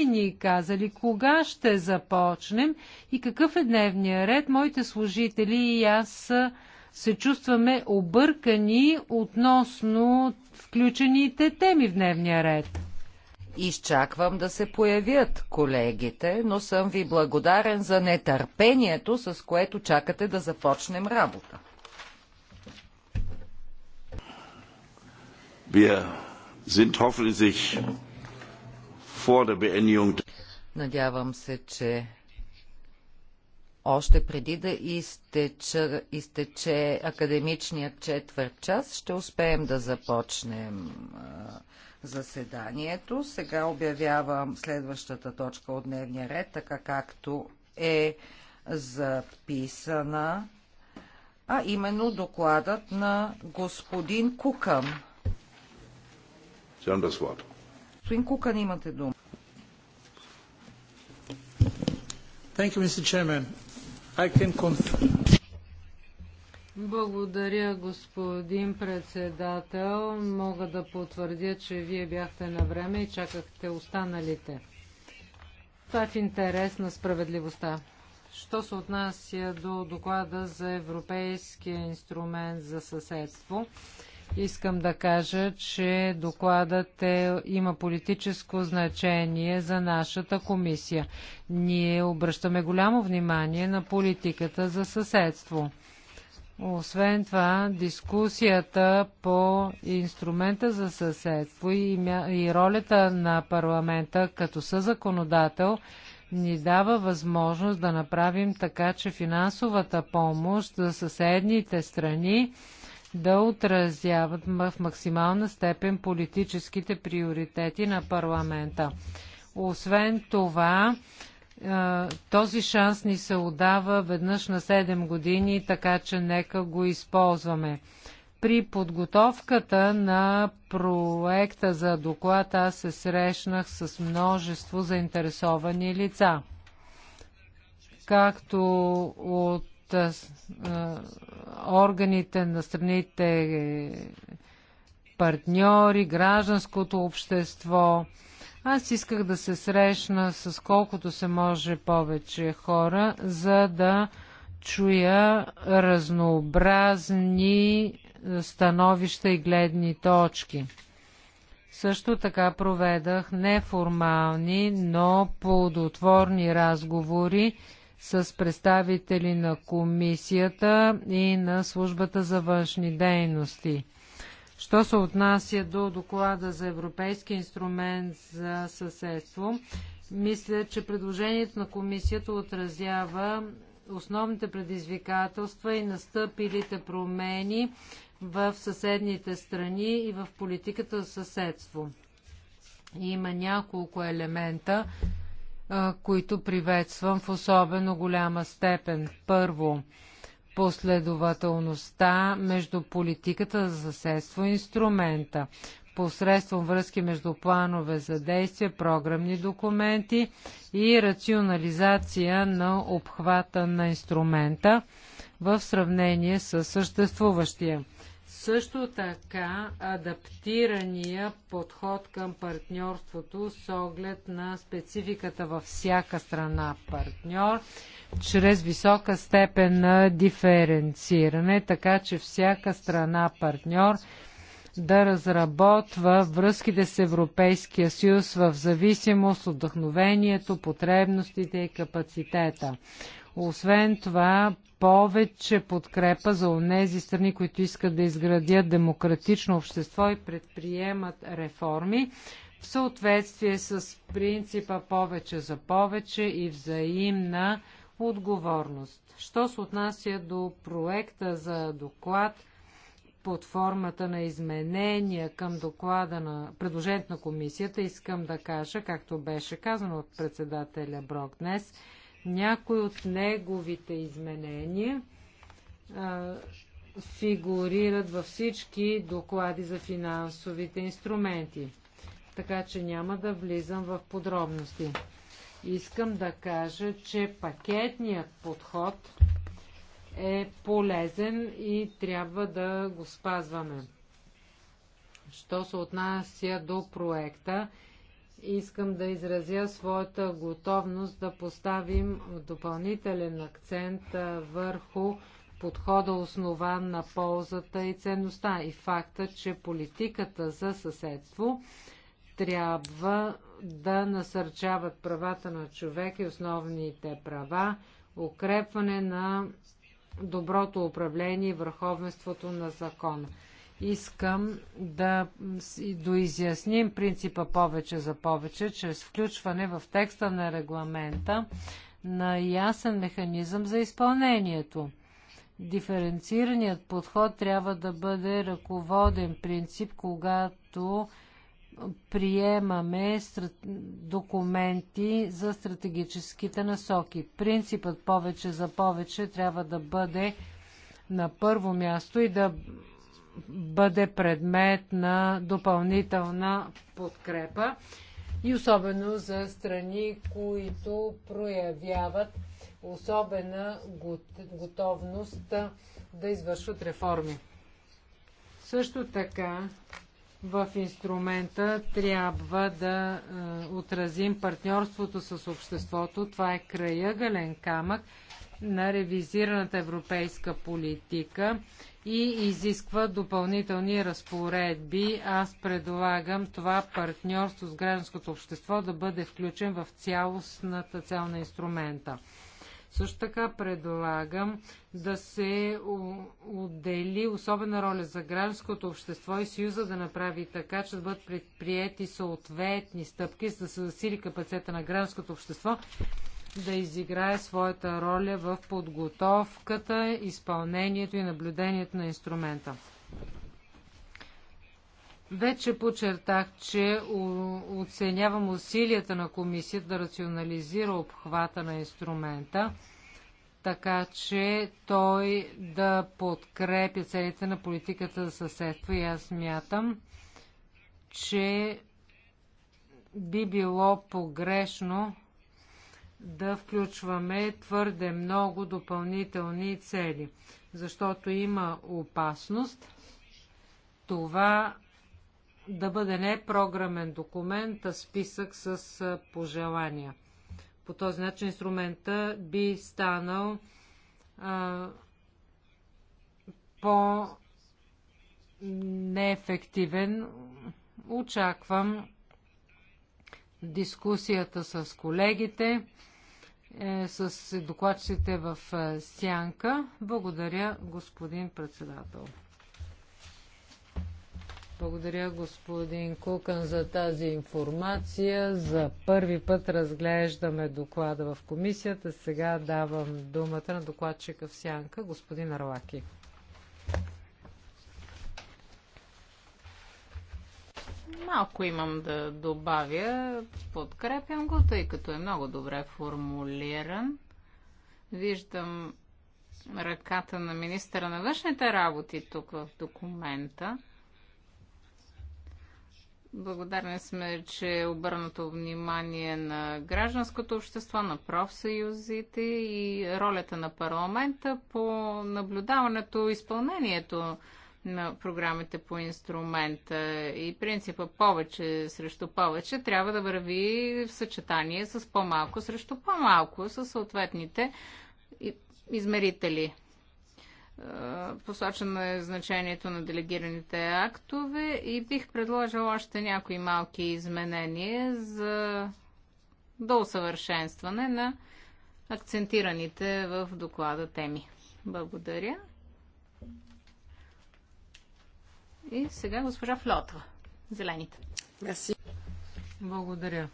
и ни казали кога ще започнем и какъв е дневния ред. Моите служители и аз се чувстваме объркани относно включените теми в дневния ред. Изчаквам да се появят колегите, но съм ви благодарен за нетърпението, с което чакате да започнем работа. Wir sind hoffentlich Надявам се, че още преди да изтече, изтече академичният четвърт час, ще успеем да започнем заседанието. Сега обявявам следващата точка от дневния ред, така както е записана, а именно докладът на господин Кукъм. Sie да Господин Кукан, имате дума. Благодаря, господин председател. Мога да потвърдя, че вие бяхте на време и чакахте останалите. Това е в интерес на справедливостта. Що се отнася до доклада за Европейския инструмент за съседство, Искам да кажа, че докладът е, има политическо значение за нашата комисия. Ние обръщаме голямо внимание на политиката за съседство. Освен това, дискусията по инструмента за съседство и, и ролята на парламента като съзаконодател ни дава възможност да направим така, че финансовата помощ за съседните страни да отразяват в максимална степен политическите приоритети на парламента. Освен това, този шанс ни се отдава веднъж на 7 години, така че нека го използваме. При подготовката на проекта за доклад аз се срещнах с множество заинтересовани лица, както от а, органите на страните е, партньори, гражданското общество. Аз исках да се срещна с колкото се може повече хора, за да чуя разнообразни становища и гледни точки. Също така проведах неформални, но плодотворни разговори с представители на комисията и на службата за външни дейности. Що се отнася до доклада за Европейски инструмент за съседство, мисля, че предложението на комисията отразява основните предизвикателства и настъпилите промени в съседните страни и в политиката за съседство. Има няколко елемента, които приветствам в особено голяма степен. Първо, последователността между политиката за съседство и инструмента, посредством връзки между планове за действие, програмни документи и рационализация на обхвата на инструмента в сравнение с съществуващия. Също така адаптирания подход към партньорството с оглед на спецификата във всяка страна партньор, чрез висока степен на диференциране, така че всяка страна партньор да разработва връзките с Европейския съюз в зависимост от вдъхновението, потребностите и капацитета. Освен това, повече подкрепа за онези страни, които искат да изградят демократично общество и предприемат реформи в съответствие с принципа повече за повече и взаимна отговорност. Що се отнася до проекта за доклад под формата на изменения към доклада на предложението на комисията, искам да кажа, както беше казано от председателя Брок днес, някои от неговите изменения а, фигурират във всички доклади за финансовите инструменти, така че няма да влизам в подробности. Искам да кажа, че пакетният подход е полезен и трябва да го спазваме. Що се отнася до проекта, Искам да изразя своята готовност да поставим допълнителен акцент върху подхода основан на ползата и ценността и факта, че политиката за съседство трябва да насърчават правата на човек и основните права, укрепване на доброто управление и върховенството на закона. Искам да доизясним принципа повече за повече, чрез включване в текста на регламента на ясен механизъм за изпълнението. Диференцираният подход трябва да бъде ръководен принцип, когато приемаме документи за стратегическите насоки. Принципът повече за повече трябва да бъде на първо място и да бъде предмет на допълнителна подкрепа и особено за страни, които проявяват особена готовност да извършват реформи. Също така в инструмента трябва да е, отразим партньорството с обществото. Това е краягален камък на ревизираната европейска политика и изисква допълнителни разпоредби. Аз предлагам това партньорство с гражданското общество да бъде включен в цялостната цел на инструмента. Също така предлагам да се отдели особена роля за гражданското общество и Съюза да направи така, че да бъдат предприяти съответни стъпки, за да се засили капацитета на гражданското общество да изиграе своята роля в подготовката, изпълнението и наблюдението на инструмента. Вече подчертах, че оценявам усилията на комисията да рационализира обхвата на инструмента, така че той да подкрепя целите на политиката за съседство и аз мятам, че би било погрешно да включваме твърде много допълнителни цели, защото има опасност това да бъде не програмен документ, а списък с пожелания. По този начин инструмента би станал а, по неефективен. Очаквам дискусията с колегите е с докладчите в е, сянка. Благодаря, господин председател. Благодаря, господин Кукан, за тази информация. За първи път разглеждаме доклада в комисията. Сега давам думата на докладчика в сянка, господин Арлаки. Малко имам да добавя. Подкрепям го, тъй като е много добре формулиран. Виждам ръката на министъра на външните работи тук в документа. Благодарни сме, че е обърнато внимание на гражданското общество, на профсъюзите и ролята на парламента по наблюдаването, изпълнението на програмите по инструмента и принципа повече срещу повече трябва да върви в съчетание с по-малко срещу по-малко, с съответните измерители. Е, посочено е значението на делегираните актове и бих предложил още някои малки изменения за до усъвършенстване на акцентираните в доклада теми. Благодаря. И сега госпожа Флотва, Зелените. Мерси. Благодаря.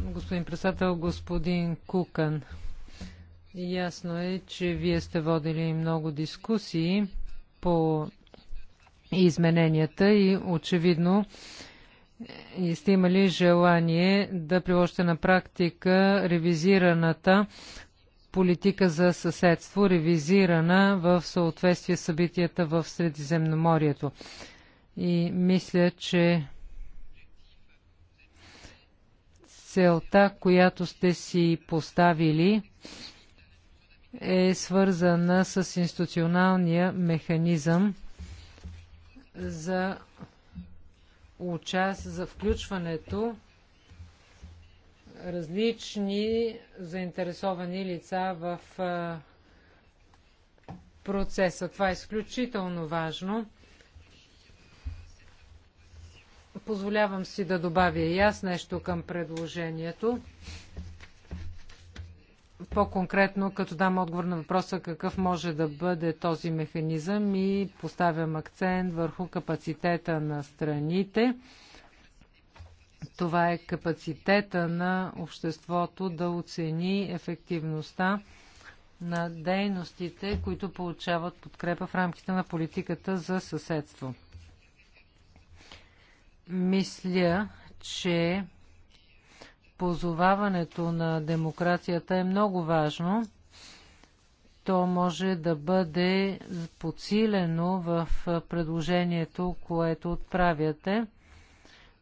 Господин председател, господин Кукан, ясно е, че вие сте водили много дискусии по измененията и очевидно и е, сте имали желание да приложите на практика ревизираната политика за съседство, ревизирана в съответствие с събитията в Средиземноморието. И мисля, че целта, която сте си поставили, е свързана с институционалния механизъм за, участ, за включването различни заинтересовани лица в процеса. Това е изключително важно. Позволявам си да добавя и аз нещо към предложението. По-конкретно, като дам отговор на въпроса какъв може да бъде този механизъм и поставям акцент върху капацитета на страните това е капацитета на обществото да оцени ефективността на дейностите, които получават подкрепа в рамките на политиката за съседство. Мисля, че позоваването на демокрацията е много важно. То може да бъде подсилено в предложението, което отправяте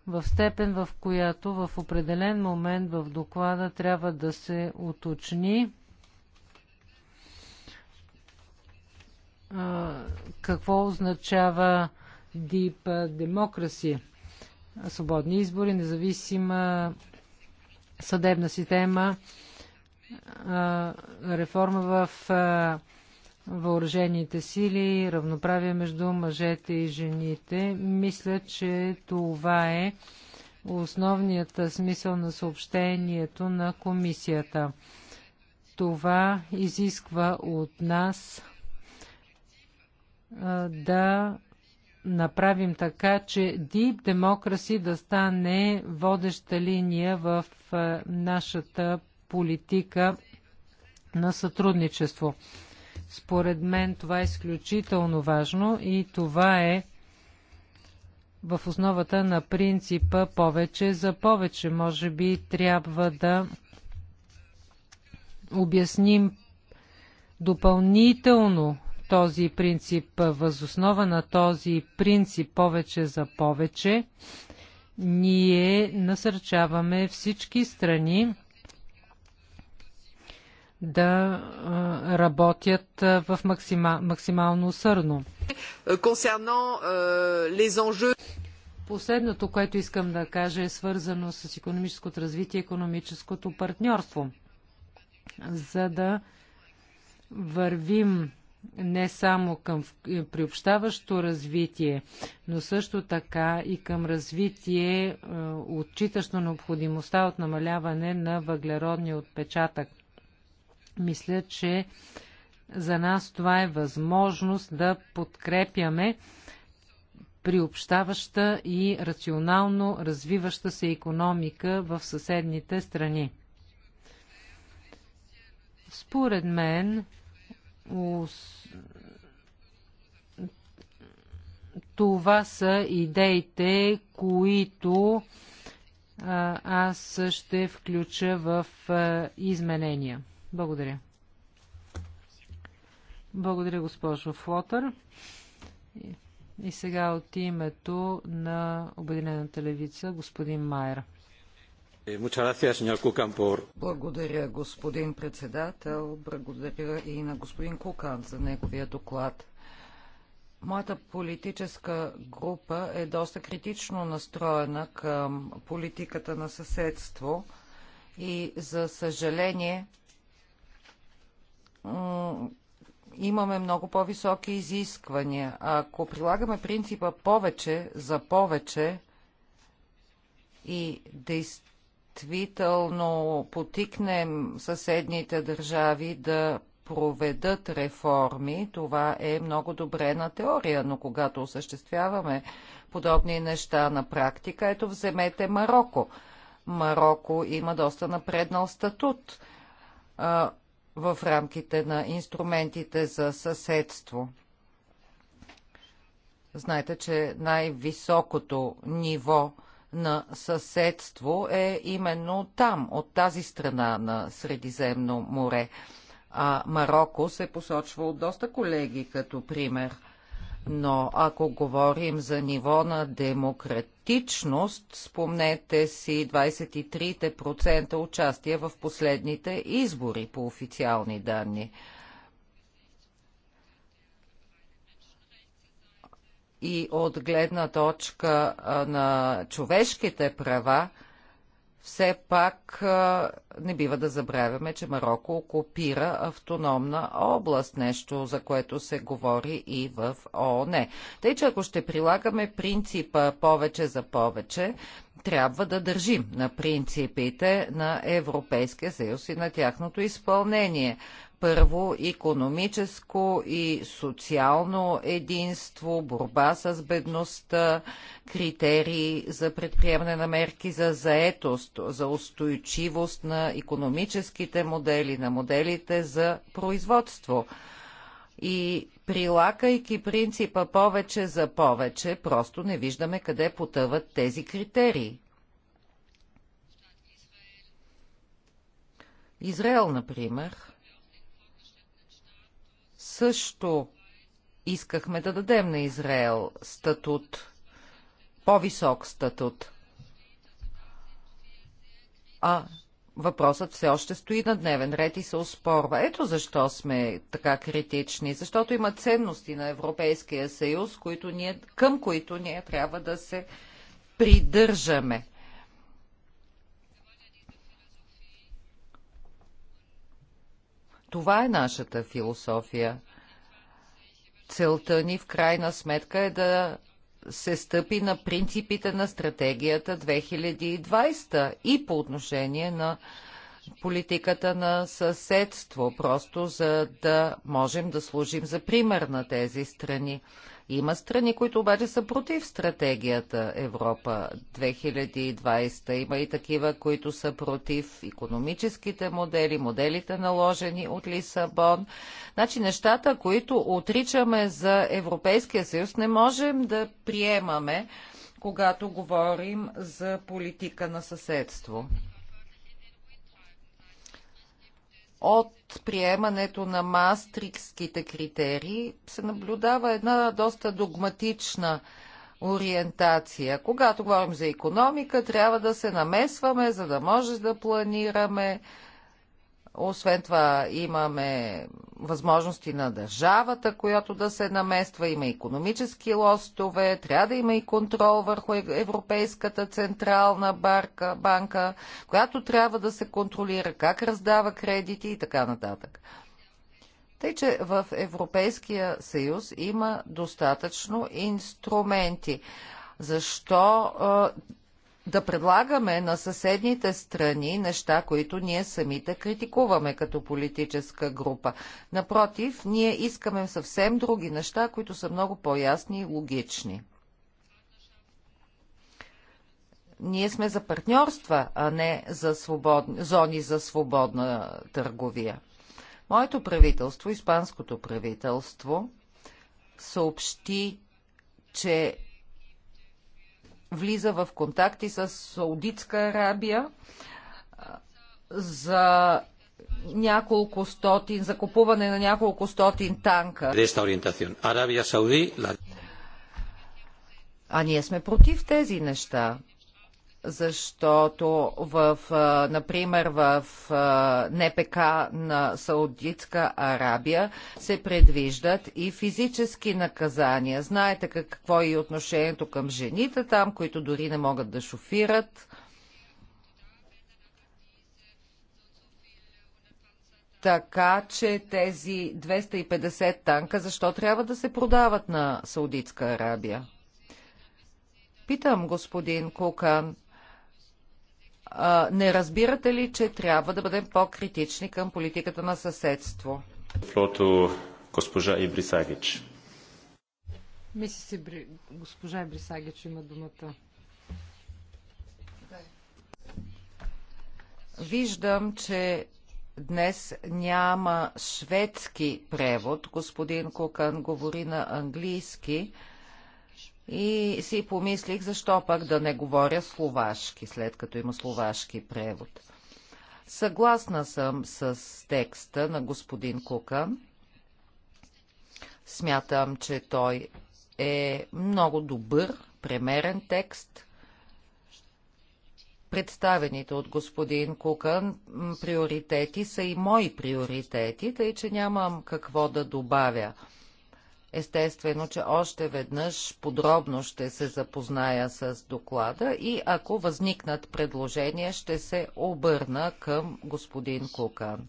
в степен, в която в определен момент в доклада трябва да се уточни какво означава deep democracy, свободни избори, независима съдебна система, реформа в въоръжените сили, равноправие между мъжете и жените. Мисля, че това е основният смисъл на съобщението на комисията. Това изисква от нас да направим така, че Deep Democracy да стане водеща линия в нашата политика на сътрудничество. Според мен това е изключително важно и това е в основата на принципа повече за повече. Може би трябва да обясним допълнително този принцип, възоснова на този принцип повече за повече, ние насърчаваме всички страни да работят в максима, максимално усърдно. Последното, което искам да кажа, е свързано с економическото развитие и економическото партньорство. За да вървим не само към е, приобщаващо развитие, но също така и към развитие, е, отчитащо необходимостта от намаляване на въглеродния отпечатък – мисля, че за нас това е възможност да подкрепяме приобщаваща и рационално развиваща се економика в съседните страни. Според мен, това са идеите, които аз ще включа в изменения. Благодаря. Благодаря, госпожо Флотър. И сега от името на Обединената левица, господин Майер. Е, Благодаря, господин председател. Благодаря и на господин Кукан за неговия доклад. Моята политическа група е доста критично настроена към политиката на съседство и за съжаление имаме много по-високи изисквания. Ако прилагаме принципа повече за повече и действително потикнем съседните държави да проведат реформи, това е много добре на теория, но когато осъществяваме подобни неща на практика, ето вземете Марокко. Марокко има доста напреднал статут в рамките на инструментите за съседство. Знаете, че най-високото ниво на съседство е именно там, от тази страна на Средиземно море. А Марокко се посочва от доста колеги като пример – но ако говорим за ниво на демократичност, спомнете си 23% участие в последните избори по официални данни. И от гледна точка на човешките права, все пак не бива да забравяме, че Марокко окупира автономна област, нещо за което се говори и в ООН. Тъй, че ако ще прилагаме принципа повече за повече, трябва да държим на принципите на Европейския съюз и на тяхното изпълнение. Първо, економическо и социално единство, борба с бедността, критерии за предприемане на мерки за заетост, за устойчивост на економическите модели, на моделите за производство. И прилагайки принципа повече за повече, просто не виждаме къде потъват тези критерии. Израел, например, също искахме да дадем на Израел статут, по-висок статут. А въпросът все още стои на дневен ред и се успорва. Ето защо сме така критични, защото има ценности на Европейския съюз, които ние, към които ние трябва да се придържаме. Това е нашата философия. Целта ни в крайна сметка е да се стъпи на принципите на стратегията 2020 и по отношение на политиката на съседство, просто за да можем да служим за пример на тези страни. Има страни, които обаче са против стратегията Европа 2020. Има и такива, които са против економическите модели, моделите наложени от Лисабон. Значи нещата, които отричаме за Европейския съюз, не можем да приемаме, когато говорим за политика на съседство. От с приемането на мастрикските критерии се наблюдава една доста догматична ориентация. Когато говорим за економика, трябва да се намесваме, за да може да планираме, освен това имаме възможности на държавата, която да се намества, има економически лостове, трябва да има и контрол върху Европейската централна барка, банка, която трябва да се контролира как раздава кредити и така нататък. Тъй, че в Европейския съюз има достатъчно инструменти. Защо да предлагаме на съседните страни неща, които ние самите критикуваме като политическа група. Напротив, ние искаме съвсем други неща, които са много по-ясни и логични. Ние сме за партньорства, а не за свобод... зони за свободна търговия. Моето правителство, испанското правителство, съобщи, че влиза в контакти с Саудитска Арабия за няколко стотин, за купуване на няколко стотин танка. А ние сме против тези неща защото в, например в НПК на Саудитска Арабия се предвиждат и физически наказания. Знаете какво е и отношението към жените там, които дори не могат да шофират. Така че тези 250 танка, защо трябва да се продават на Саудитска Арабия? Питам господин Кукан, не разбирате ли, че трябва да бъдем по-критични към политиката на съседство? Флото госпожа Ибрисагич. Мисли се, Бри... госпожа Ибрисагич има думата. Виждам, че днес няма шведски превод. Господин Кокан говори на английски и си помислих защо пък да не говоря словашки, след като има словашки превод. Съгласна съм с текста на господин Кука. Смятам, че той е много добър, премерен текст. Представените от господин Кукан приоритети са и мои приоритети, тъй че нямам какво да добавя. Естествено, че още веднъж подробно ще се запозная с доклада и ако възникнат предложения, ще се обърна към господин Кукан.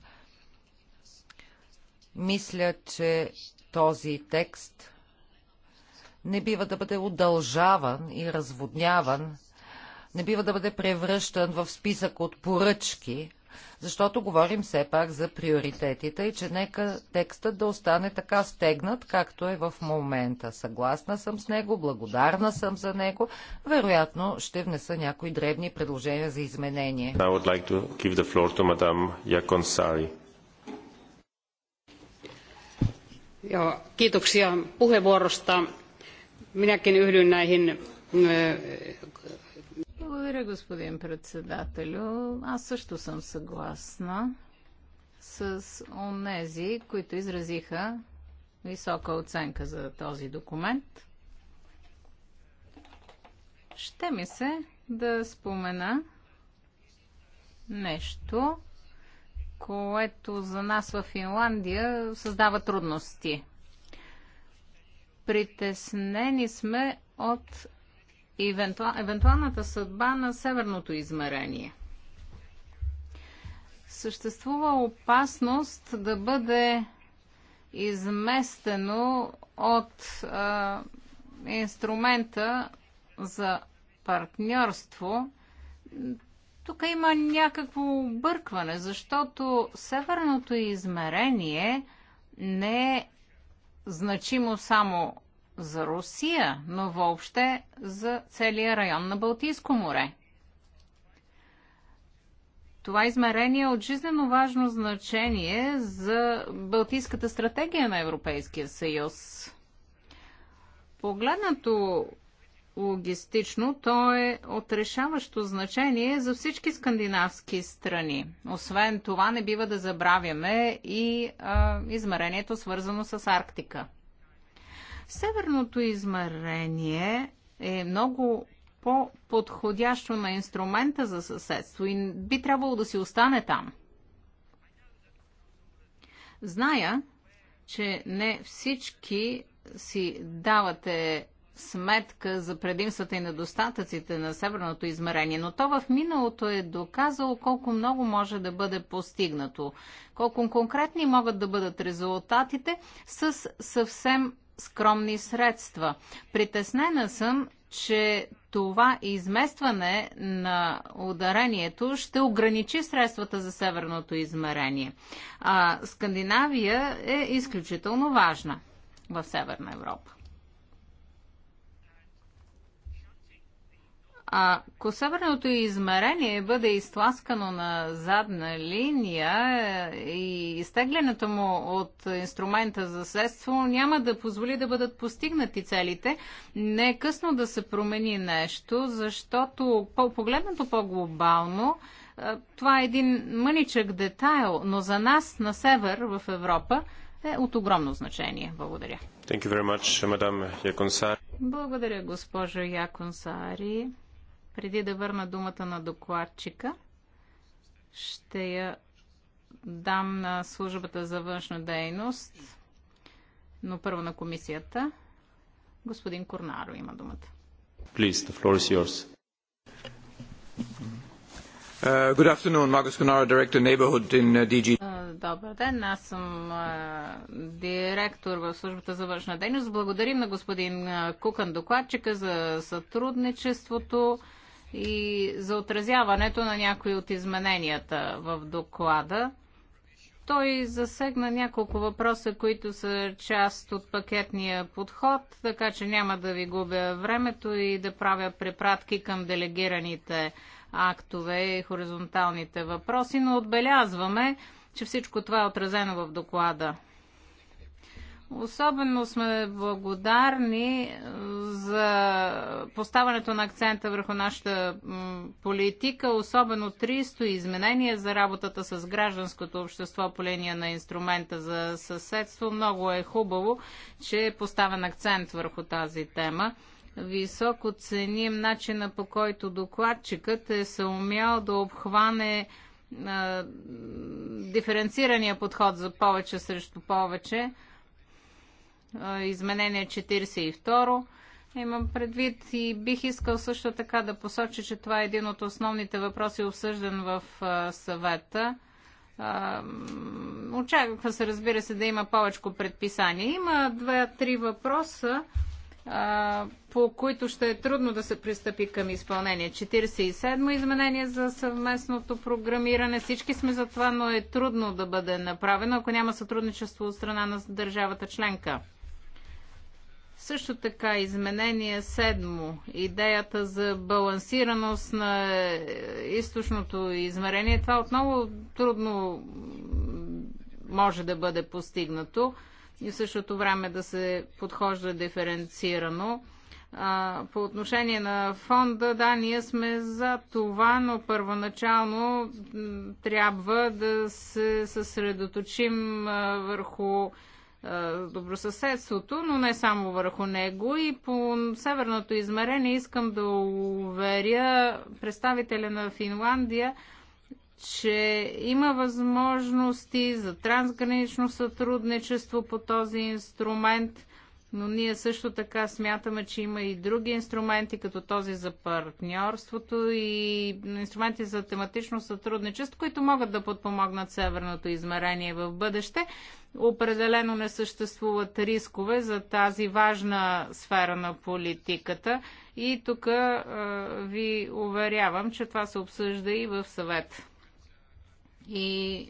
Мисля, че този текст не бива да бъде удължаван и разводняван, не бива да бъде превръщан в списък от поръчки, защото говорим все пак за приоритетите и че нека текстът да остане така стегнат, както е в момента. Съгласна съм с него, благодарна съм за него. Вероятно ще внеса някои дребни предложения за изменение. Like to Joo, kiitoksia puheenvuorosta. Minäkin yhdyn näihin благодаря, господин председателю. Аз също съм съгласна с онези, които изразиха висока оценка за този документ. Ще ми се да спомена нещо, което за нас в Финландия създава трудности. Притеснени сме от и евентуал, евентуалната съдба на северното измерение. Съществува опасност да бъде изместено от а, инструмента за партньорство. Тук има някакво объркване, защото северното измерение не е значимо само за Русия, но въобще за целия район на Балтийско море. Това измерение е от жизнено важно значение за Балтийската стратегия на Европейския съюз. Погледнато логистично, то е от решаващо значение за всички скандинавски страни. Освен това, не бива да забравяме и а, измерението свързано с Арктика. Северното измерение е много по-подходящо на инструмента за съседство и би трябвало да си остане там. Зная, че не всички си давате сметка за предимствата и недостатъците на северното измерение, но то в миналото е доказало колко много може да бъде постигнато, колко конкретни могат да бъдат резултатите с съвсем скромни средства. Притеснена съм, че това изместване на ударението ще ограничи средствата за северното измерение. А Скандинавия е изключително важна в Северна Европа. Ако северното измерение бъде изтласкано на задна линия е, и изтеглянето му от инструмента за следство няма да позволи да бъдат постигнати целите, не е късно да се промени нещо, защото по погледнато по-глобално, е, това е един мъничък детайл, но за нас на север в Европа е от огромно значение. Благодаря. Much, Благодаря, госпожо Яконсари. Преди да върна думата на докладчика, ще я дам на службата за външна дейност, но първо на комисията. Господин Корнаро има думата. Please, the floor is yours. Uh, good afternoon, Marcus Cornaro, Director Neighborhood in uh, DG. Uh, добър ден, аз съм uh, директор в службата за външна дейност. Благодарим на господин uh, Кукан докладчика за сътрудничеството и за отразяването на някои от измененията в доклада. Той засегна няколко въпроса, които са част от пакетния подход, така че няма да ви губя времето и да правя препратки към делегираните актове и хоризонталните въпроси, но отбелязваме, че всичко това е отразено в доклада. Особено сме благодарни е, за поставането на акцента върху нашата политика, особено 300 изменения за работата с гражданското общество по линия на инструмента за съседство. Много е хубаво, че е поставен акцент върху тази тема. Високо ценим начина по който докладчикът е съумял да обхване е, диференцирания подход за повече срещу повече изменение 42 имам предвид и бих искал също така да посоча, че това е един от основните въпроси, обсъждан в съвета. Очаква се, разбира се, да има повече предписания. Има два-три въпроса, по които ще е трудно да се пристъпи към изпълнение. 47-мо изменение за съвместното програмиране. Всички сме за това, но е трудно да бъде направено, ако няма сътрудничество от страна на държавата членка. Също така изменение седмо. Идеята за балансираност на източното измерение. Това отново трудно може да бъде постигнато и в същото време да се подхожда диференцирано. По отношение на фонда, да, ние сме за това, но първоначално трябва да се съсредоточим върху е, добросъседството, но не само върху него. И по северното измерение искам да уверя представителя на Финландия, че има възможности за трансгранично сътрудничество по този инструмент но ние също така смятаме, че има и други инструменти, като този за партньорството и инструменти за тематично сътрудничество, които могат да подпомогнат северното измерение в бъдеще. Определено не съществуват рискове за тази важна сфера на политиката и тук ви уверявам, че това се обсъжда и в съвет. И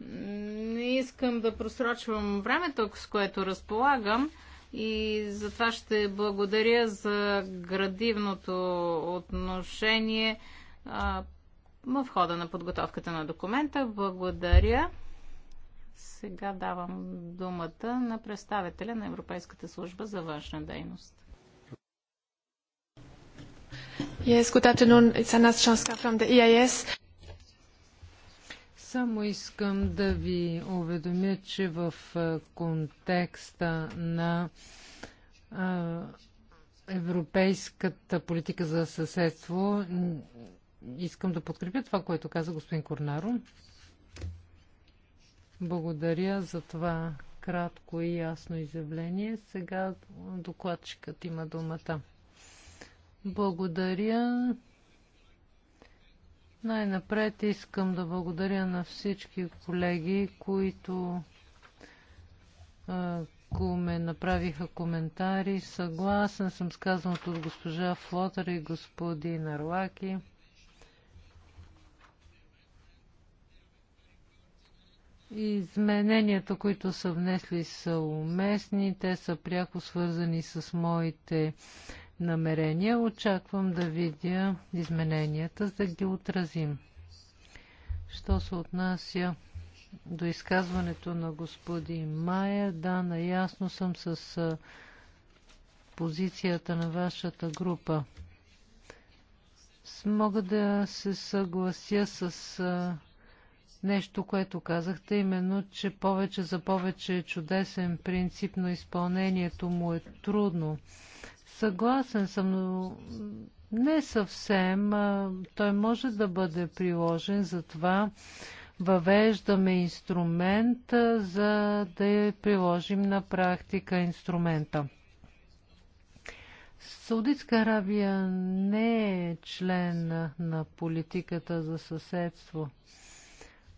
не искам да просрочвам времето, с което разполагам и затова ще благодаря за градивното отношение а, в хода на подготовката на документа. Благодаря. Сега давам думата на представителя на Европейската служба за външна дейност. Yes, good afternoon. It's Anas Shanska from the EIS. Само искам да ви уведомя, че в контекста на европейската политика за съседство искам да подкрепя това, което каза господин Корнаро. Благодаря за това кратко и ясно изявление. Сега докладчикът има думата. Благодаря. Най-напред искам да благодаря на всички колеги, които ако ме направиха коментари. Съгласен съм с казаното от госпожа Флотър и господин Арлаки. Измененията, които са внесли, са уместни. Те са пряко свързани с моите намерения. Очаквам да видя измененията, за да ги отразим. Що се отнася до изказването на господин Майя, да, наясно съм с позицията на вашата група. Мога да се съглася с нещо, което казахте, именно, че повече за повече е чудесен принцип, но изпълнението му е трудно. Съгласен съм, но не съвсем. Той може да бъде приложен, затова въвеждаме инструмент, за да приложим на практика инструмента. Саудитска Аравия не е член на политиката за съседство.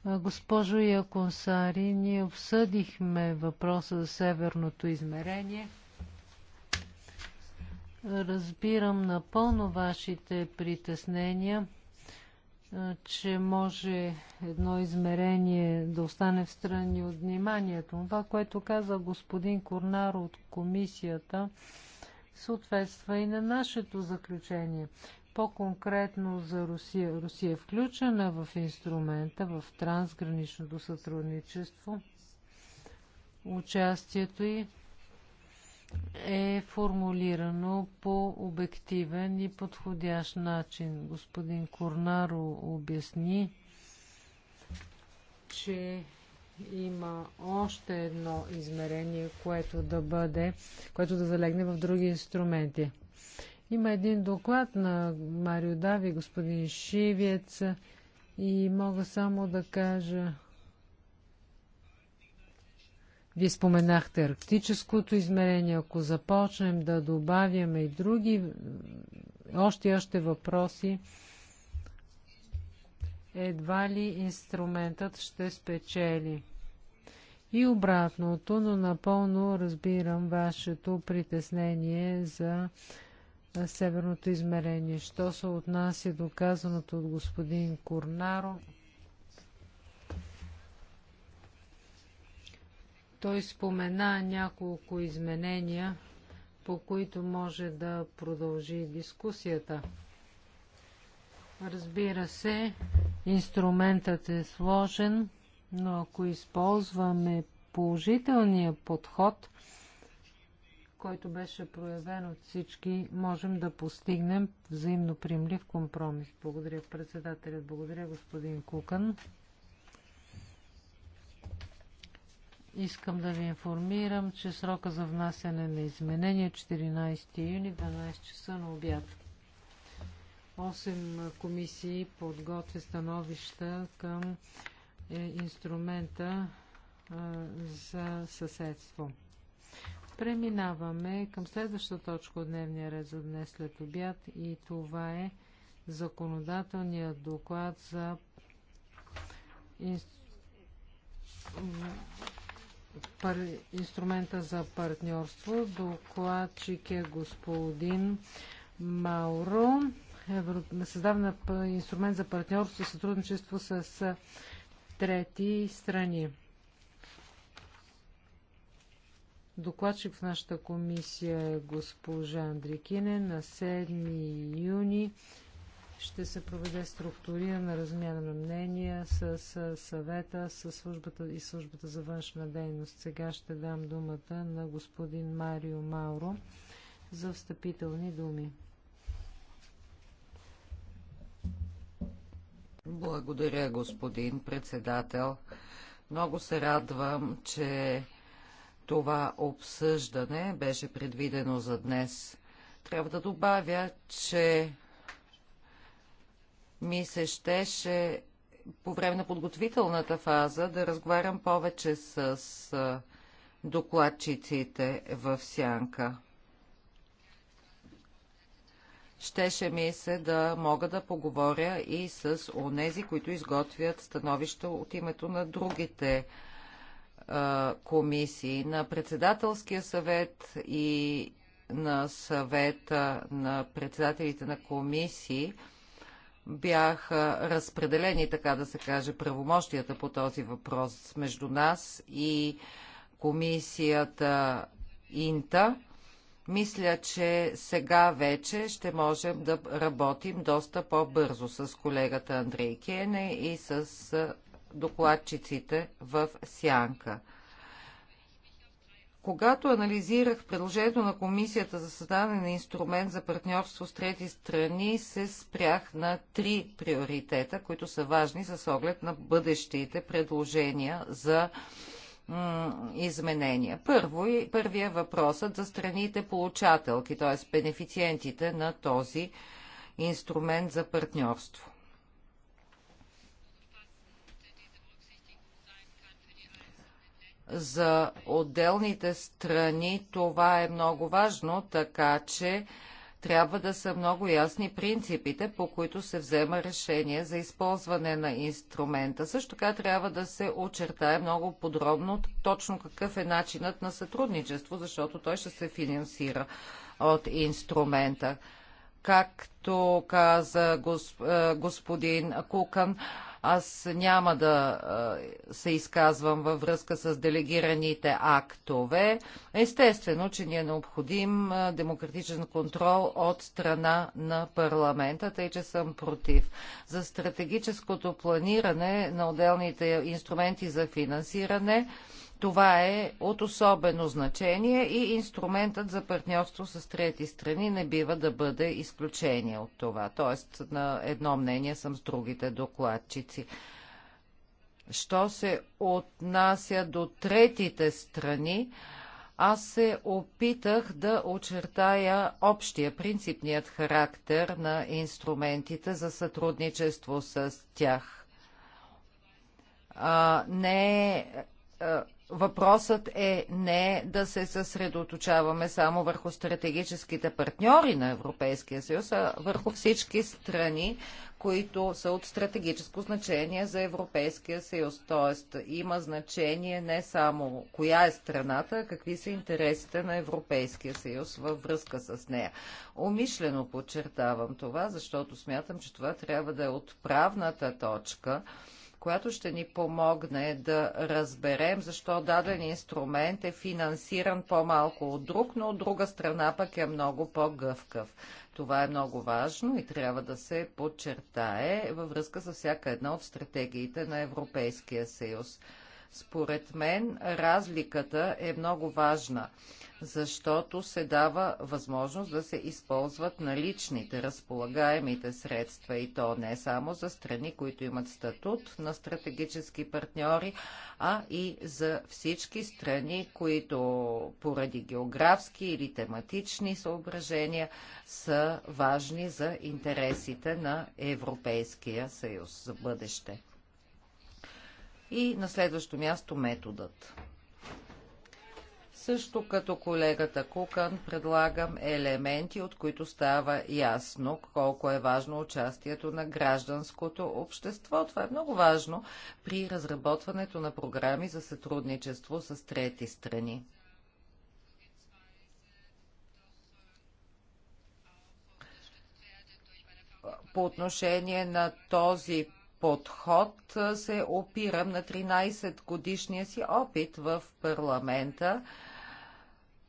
Госпожо Яконсари, ние обсъдихме въпроса за северното измерение – Разбирам напълно вашите притеснения, че може едно измерение да остане в страни от вниманието. Това, което каза господин Корнаро от комисията, съответства и на нашето заключение. По-конкретно за Русия. Русия е включена в инструмента, в трансграничното сътрудничество. Участието и е формулирано по обективен и подходящ начин. Господин Корнаро обясни, че има още едно измерение, което да бъде, което да залегне в други инструменти. Има един доклад на Марио Дави, господин Шивец и мога само да кажа, вие споменахте арктическото измерение. Ако започнем да добавяме и други, още и още въпроси, едва ли инструментът ще спечели. И обратното, но напълно разбирам вашето притеснение за северното измерение. Що се отнася до казаното от господин Корнаро, Той спомена няколко изменения, по които може да продължи дискусията. Разбира се, инструментът е сложен, но ако използваме положителния подход, който беше проявен от всички, можем да постигнем взаимно приемлив компромис. Благодаря председателят, благодаря господин Кукан. Искам да ви информирам, че срока за внасяне на изменения 14 е юни 12 часа на обяд. Осем комисии подготвя становища към е, инструмента е, за съседство. Преминаваме към следващата точка от дневния ред за днес след обяд и това е законодателният доклад за пар... инструмента за партньорство. Докладчик е господин Мауро. Евро... на инструмент за партньорство и сътрудничество с трети страни. Докладчик в нашата комисия е госпожа Андрикине на 7 юни ще се проведе структурирана размяна на мнения с, с съвета, с службата и службата за външна дейност. Сега ще дам думата на господин Марио Мауро за встъпителни думи. Благодаря, господин председател. Много се радвам, че това обсъждане беше предвидено за днес. Трябва да добавя, че ми се щеше по време на подготвителната фаза да разговарям повече с докладчиците в сянка. Щеше ми се да мога да поговоря и с онези, които изготвят становища от името на другите а, комисии. На председателския съвет и на съвета на председателите на комисии – бяха разпределени, така да се каже, правомощията по този въпрос между нас и комисията Инта. Мисля, че сега вече ще можем да работим доста по-бързо с колегата Андрей Кене и с докладчиците в Сянка. Когато анализирах предложението на Комисията за създаване на инструмент за партньорство с трети страни, се спрях на три приоритета, които са важни с оглед на бъдещите предложения за изменения. Първо, и първия въпросът е за страните получателки, т.е. бенефициентите на този инструмент за партньорство. за отделните страни това е много важно, така че трябва да са много ясни принципите, по които се взема решение за използване на инструмента. Също така трябва да се очертае много подробно точно какъв е начинът на сътрудничество, защото той ще се финансира от инструмента. Както каза госп... Е, господин Кукан, аз няма да се изказвам във връзка с делегираните актове. Естествено, че ни е необходим демократичен контрол от страна на парламента, тъй че съм против. За стратегическото планиране на отделните инструменти за финансиране, това е от особено значение и инструментът за партньорство с трети страни не бива да бъде изключение от това. Тоест, на едно мнение съм с другите докладчици. Що се отнася до третите страни, аз се опитах да очертая общия принципният характер на инструментите за сътрудничество с тях. А, не е Въпросът е не да се съсредоточаваме само върху стратегическите партньори на Европейския съюз, а върху всички страни, които са от стратегическо значение за Европейския съюз. Тоест има значение не само коя е страната, а какви са интересите на Европейския съюз във връзка с нея. Умишлено подчертавам това, защото смятам, че това трябва да е отправната точка която ще ни помогне да разберем защо даден инструмент е финансиран по-малко от друг, но от друга страна пък е много по-гъвкав. Това е много важно и трябва да се подчертае във връзка с всяка една от стратегиите на Европейския съюз. Според мен разликата е много важна защото се дава възможност да се използват наличните, разполагаемите средства и то не само за страни, които имат статут на стратегически партньори, а и за всички страни, които поради географски или тематични съображения са важни за интересите на Европейския съюз за бъдеще. И на следващо място методът. Също като колегата Кукан предлагам елементи, от които става ясно колко е важно участието на гражданското общество. Това е много важно при разработването на програми за сътрудничество с трети страни. По отношение на този подход се опирам на 13 годишния си опит в парламента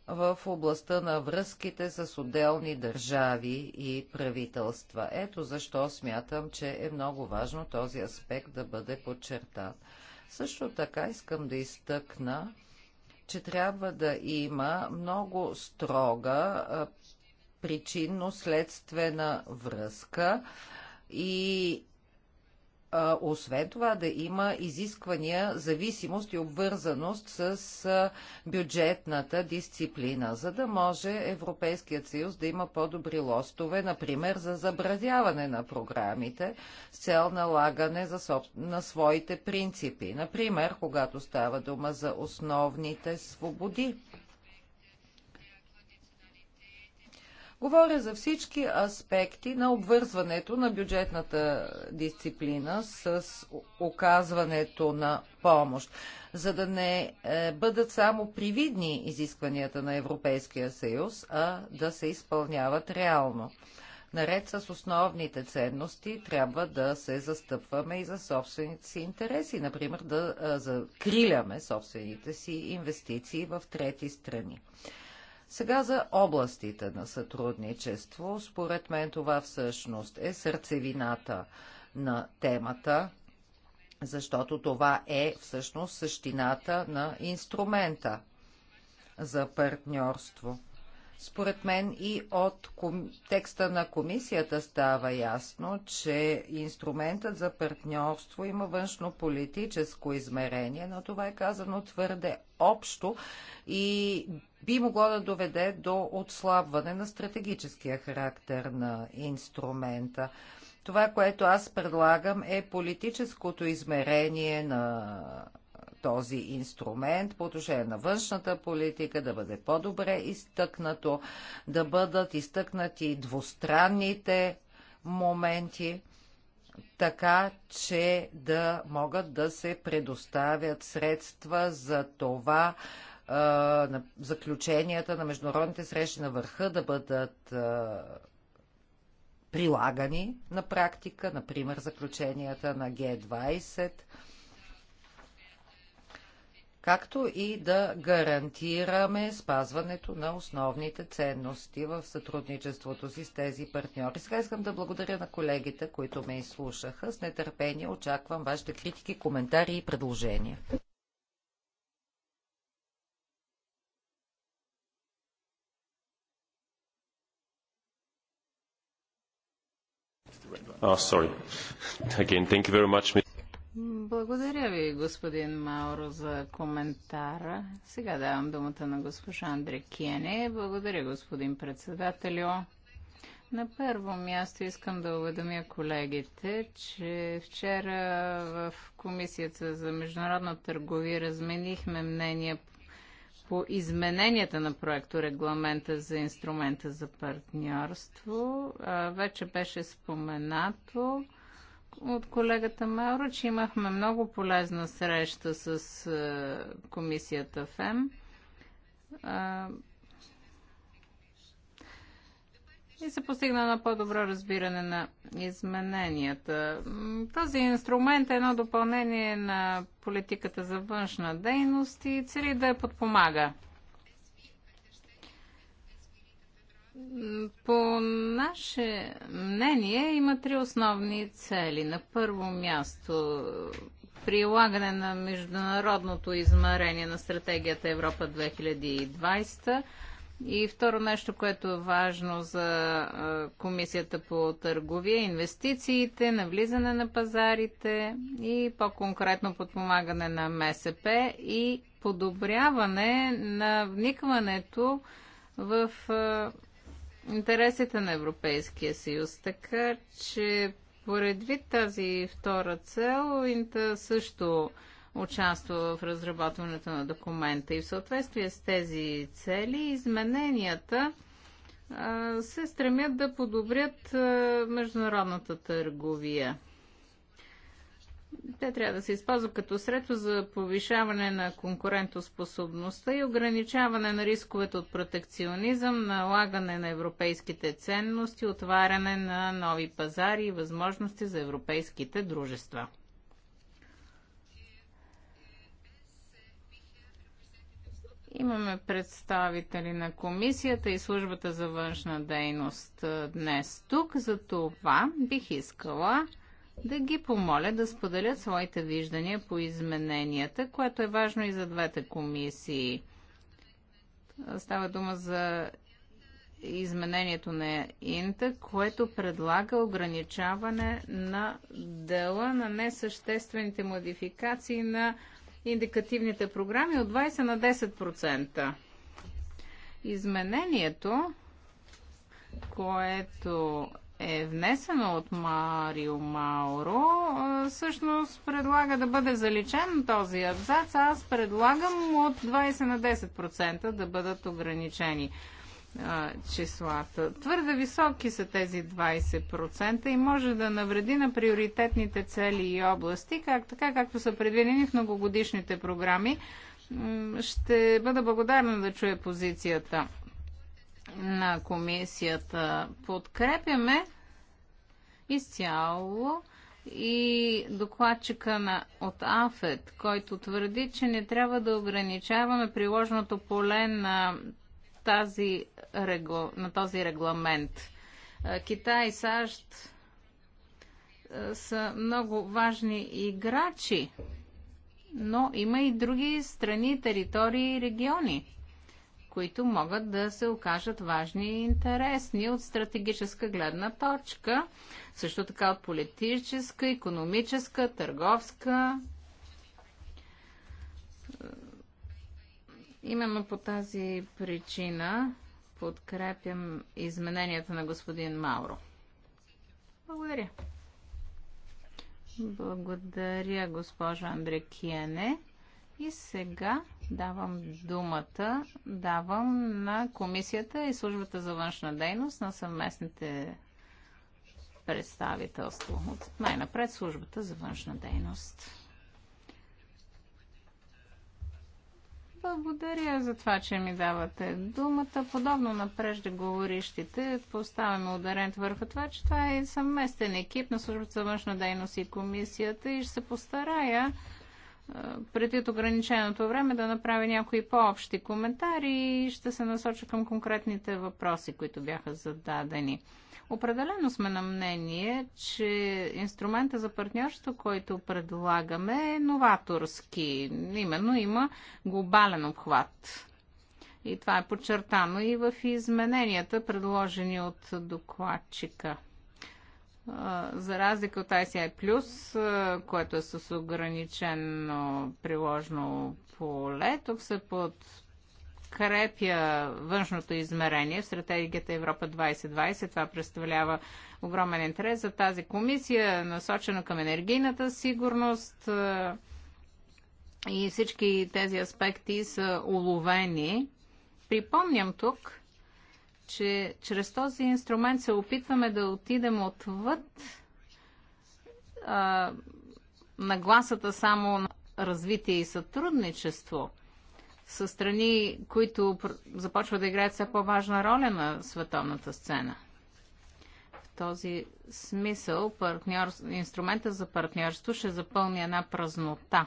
в областта на връзките с отделни държави и правителства. Ето защо смятам, че е много важно този аспект да бъде подчертан. Също така искам да изтъкна, че трябва да има много строга причинно-следствена връзка и освен това да има изисквания, зависимост и обвързаност с бюджетната дисциплина, за да може Европейският съюз да има по-добри лостове, например за забразяване на програмите с цел налагане за соб... на своите принципи. Например, когато става дума за основните свободи Говоря за всички аспекти на обвързването на бюджетната дисциплина с оказването на помощ, за да не е, бъдат само привидни изискванията на Европейския съюз, а да се изпълняват реално. Наред с основните ценности трябва да се застъпваме и за собствените си интереси, например да е, закриляме собствените си инвестиции в трети страни. Сега за областите на сътрудничество. Според мен това всъщност е сърцевината на темата, защото това е всъщност същината на инструмента за партньорство. Според мен и от ком... текста на комисията става ясно, че инструментът за партньорство има външно-политическо измерение, но това е казано твърде общо и би могло да доведе до отслабване на стратегическия характер на инструмента. Това, което аз предлагам е политическото измерение на този инструмент по отношение на външната политика да бъде по-добре изтъкнато, да бъдат изтъкнати двустранните моменти, така че да могат да се предоставят средства за това на заключенията на международните срещи на върха да бъдат прилагани на практика, например заключенията на Г-20, както и да гарантираме спазването на основните ценности в сътрудничеството си с тези партньори. Сега искам да благодаря на колегите, които ме изслушаха. С нетърпение очаквам вашите критики, коментари и предложения. Oh, sorry. Again, thank you very much. Благодаря ви, господин Мауро, за коментара. Сега давам думата на госпожа Андре Кене. Благодаря, господин председателю. На първо място искам да уведомя колегите, че вчера в Комисията за международна търговия разменихме мнения по измененията на проекто регламента за инструмента за партньорство. Вече беше споменато от колегата Мауро, че имахме много полезна среща с комисията ФЕМ и се постигна на по-добро разбиране на измененията. Този инструмент е едно допълнение на политиката за външна дейност и цели да я подпомага. По наше мнение има три основни цели. На първо място прилагане на международното измерение на стратегията Европа 2020 и второ нещо, което е важно за Комисията по търговия, инвестициите, навлизане на пазарите и по-конкретно подпомагане на МСП и подобряване на вникването в интересите на Европейския съюз. Така че, поред вид тази втора цел, Инта също участва в разработването на документа. И в съответствие с тези цели, измененията а, се стремят да подобрят а, международната търговия. Те трябва да се използват като средство за повишаване на конкурентоспособността и ограничаване на рисковете от протекционизъм, налагане на европейските ценности, отваряне на нови пазари и възможности за европейските дружества. Имаме представители на комисията и службата за външна дейност днес тук. За това бих искала да ги помоля да споделят своите виждания по измененията, което е важно и за двете комисии. Става дума за изменението на Инта, което предлага ограничаване на дела на несъществените модификации на индикативните програми от 20 на 10%. Изменението, което е внесено от Марио Мауро, всъщност предлага да бъде заличен този абзац. Аз предлагам от 20 на 10% да бъдат ограничени числата. Твърде високи са тези 20% и може да навреди на приоритетните цели и области, как, така както са предвидени в многогодишните програми. Ще бъда благодарна да чуя позицията на комисията. Подкрепяме изцяло и докладчика на, от АФЕД, който твърди, че не трябва да ограничаваме приложното поле на тази, на този регламент. Китай и САЩ са много важни играчи, но има и други страни, територии и региони, които могат да се окажат важни и интересни от стратегическа гледна точка, също така от политическа, економическа, търговска Именно по тази причина подкрепям измененията на господин Мауро. Благодаря. Благодаря, госпожо Киене. И сега давам думата, давам на комисията и службата за външна дейност на съвместните представителство. Най-напред службата за външна дейност. Благодаря за това, че ми давате думата. Подобно на преждеговорищите, поставяме ударен върху това, че това е съвместен екип на службата за външна дейност и комисията и ще се постарая предвид ограниченото време да направя някои по-общи коментари и ще се насоча към конкретните въпроси, които бяха зададени. Определено сме на мнение, че инструмента за партньорство, който предлагаме, е новаторски. Именно има глобален обхват. И това е подчертано и в измененията, предложени от докладчика. За разлика от ICI+, което е с ограничено приложно поле, тук се под подкрепя външното измерение в стратегията Европа 2020. Това представлява огромен интерес за тази комисия, насочена към енергийната сигурност е, и всички тези аспекти са уловени. Припомням тук, че чрез този инструмент се опитваме да отидем отвъд а, е, нагласата само на развитие и сътрудничество – са страни, които започват да играят все по-важна роля на световната сцена. В този смисъл партньор, инструмента за партньорство ще запълни една празнота.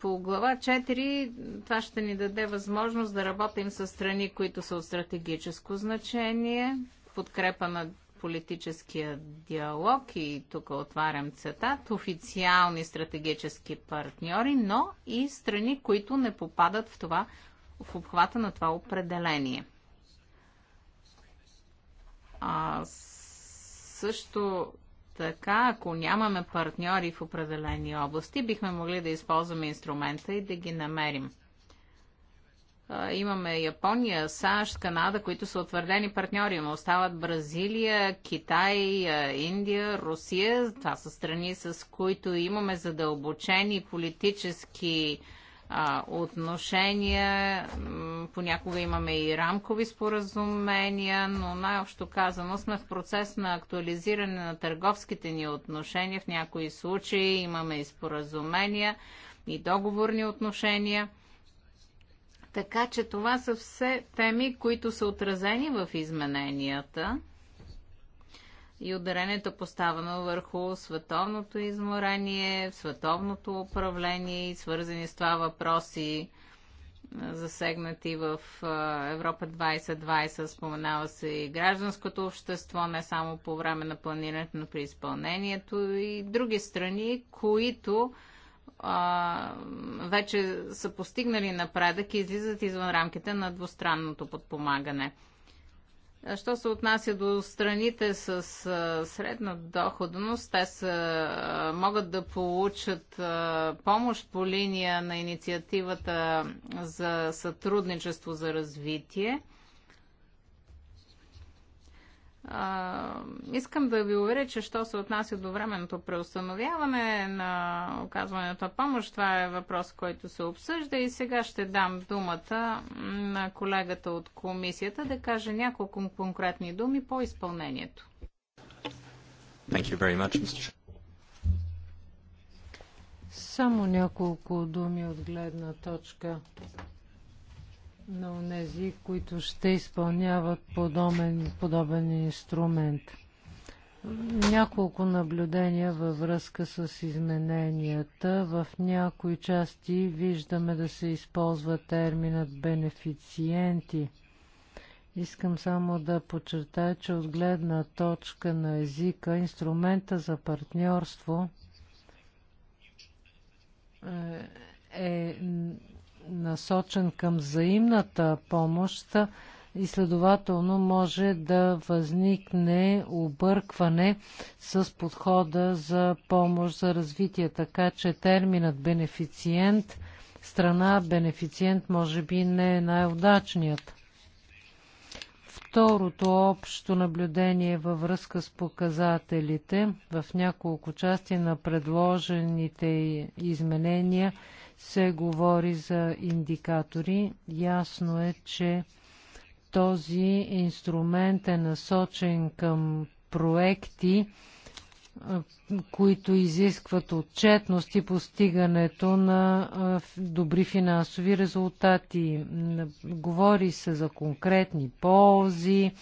По глава 4 това ще ни даде възможност да работим с страни, които са от стратегическо значение, подкрепа на политическия диалог и тук отварям цитат, официални стратегически партньори, но и страни, които не попадат в, това, в обхвата на това определение. А, също така, ако нямаме партньори в определени области, бихме могли да използваме инструмента и да ги намерим. Имаме Япония, САЩ, Канада, които са утвърдени партньори, но остават Бразилия, Китай, Индия, Русия. Това са страни, с които имаме задълбочени политически отношения, понякога имаме и рамкови споразумения, но най-общо казано сме в процес на актуализиране на търговските ни отношения. В някои случаи имаме и споразумения, и договорни отношения. Така че това са все теми, които са отразени в измененията и ударението е поставено върху световното изморение, световното управление и свързани с това въпроси, е, засегнати в е, Европа 2020. Споменава се и гражданското общество, не само по време на планирането, но при изпълнението и други страни, които а, вече са постигнали напредък и излизат извън рамките на двустранното подпомагане. Що се отнася до страните с средна доходност, те са, могат да получат помощ по линия на инициативата за сътрудничество за развитие. А, искам да ви уверя, че що се отнася до временното преустановяване на оказването на помощ, това е въпрос, който се обсъжда и сега ще дам думата на колегата от комисията да каже няколко конкретни думи по изпълнението. Much, Само няколко думи от гледна точка на онези, които ще изпълняват подобен, подобен инструмент. Няколко наблюдения във връзка с измененията. В някои части виждаме да се използва терминът бенефициенти. Искам само да подчертая, че от гледна точка на езика, инструмента за партньорство е, е насочен към взаимната помощ и следователно може да възникне объркване с подхода за помощ за развитие, така че терминът бенефициент, страна бенефициент може би не е най-удачният. Второто общо наблюдение във връзка с показателите в няколко части на предложените изменения – се говори за индикатори. Ясно е, че този инструмент е насочен към проекти, които изискват отчетност и постигането на добри финансови резултати. Говори се за конкретни ползи,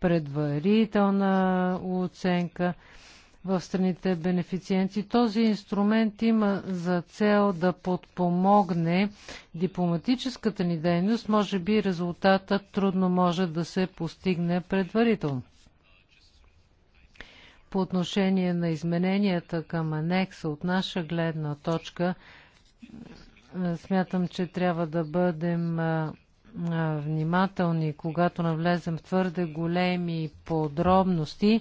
предварителна оценка в страните бенефициенти. Този инструмент има за цел да подпомогне дипломатическата ни дейност. Може би резултатът трудно може да се постигне предварително. По отношение на измененията към анекса от наша гледна точка, смятам, че трябва да бъдем внимателни, когато навлезем в твърде големи подробности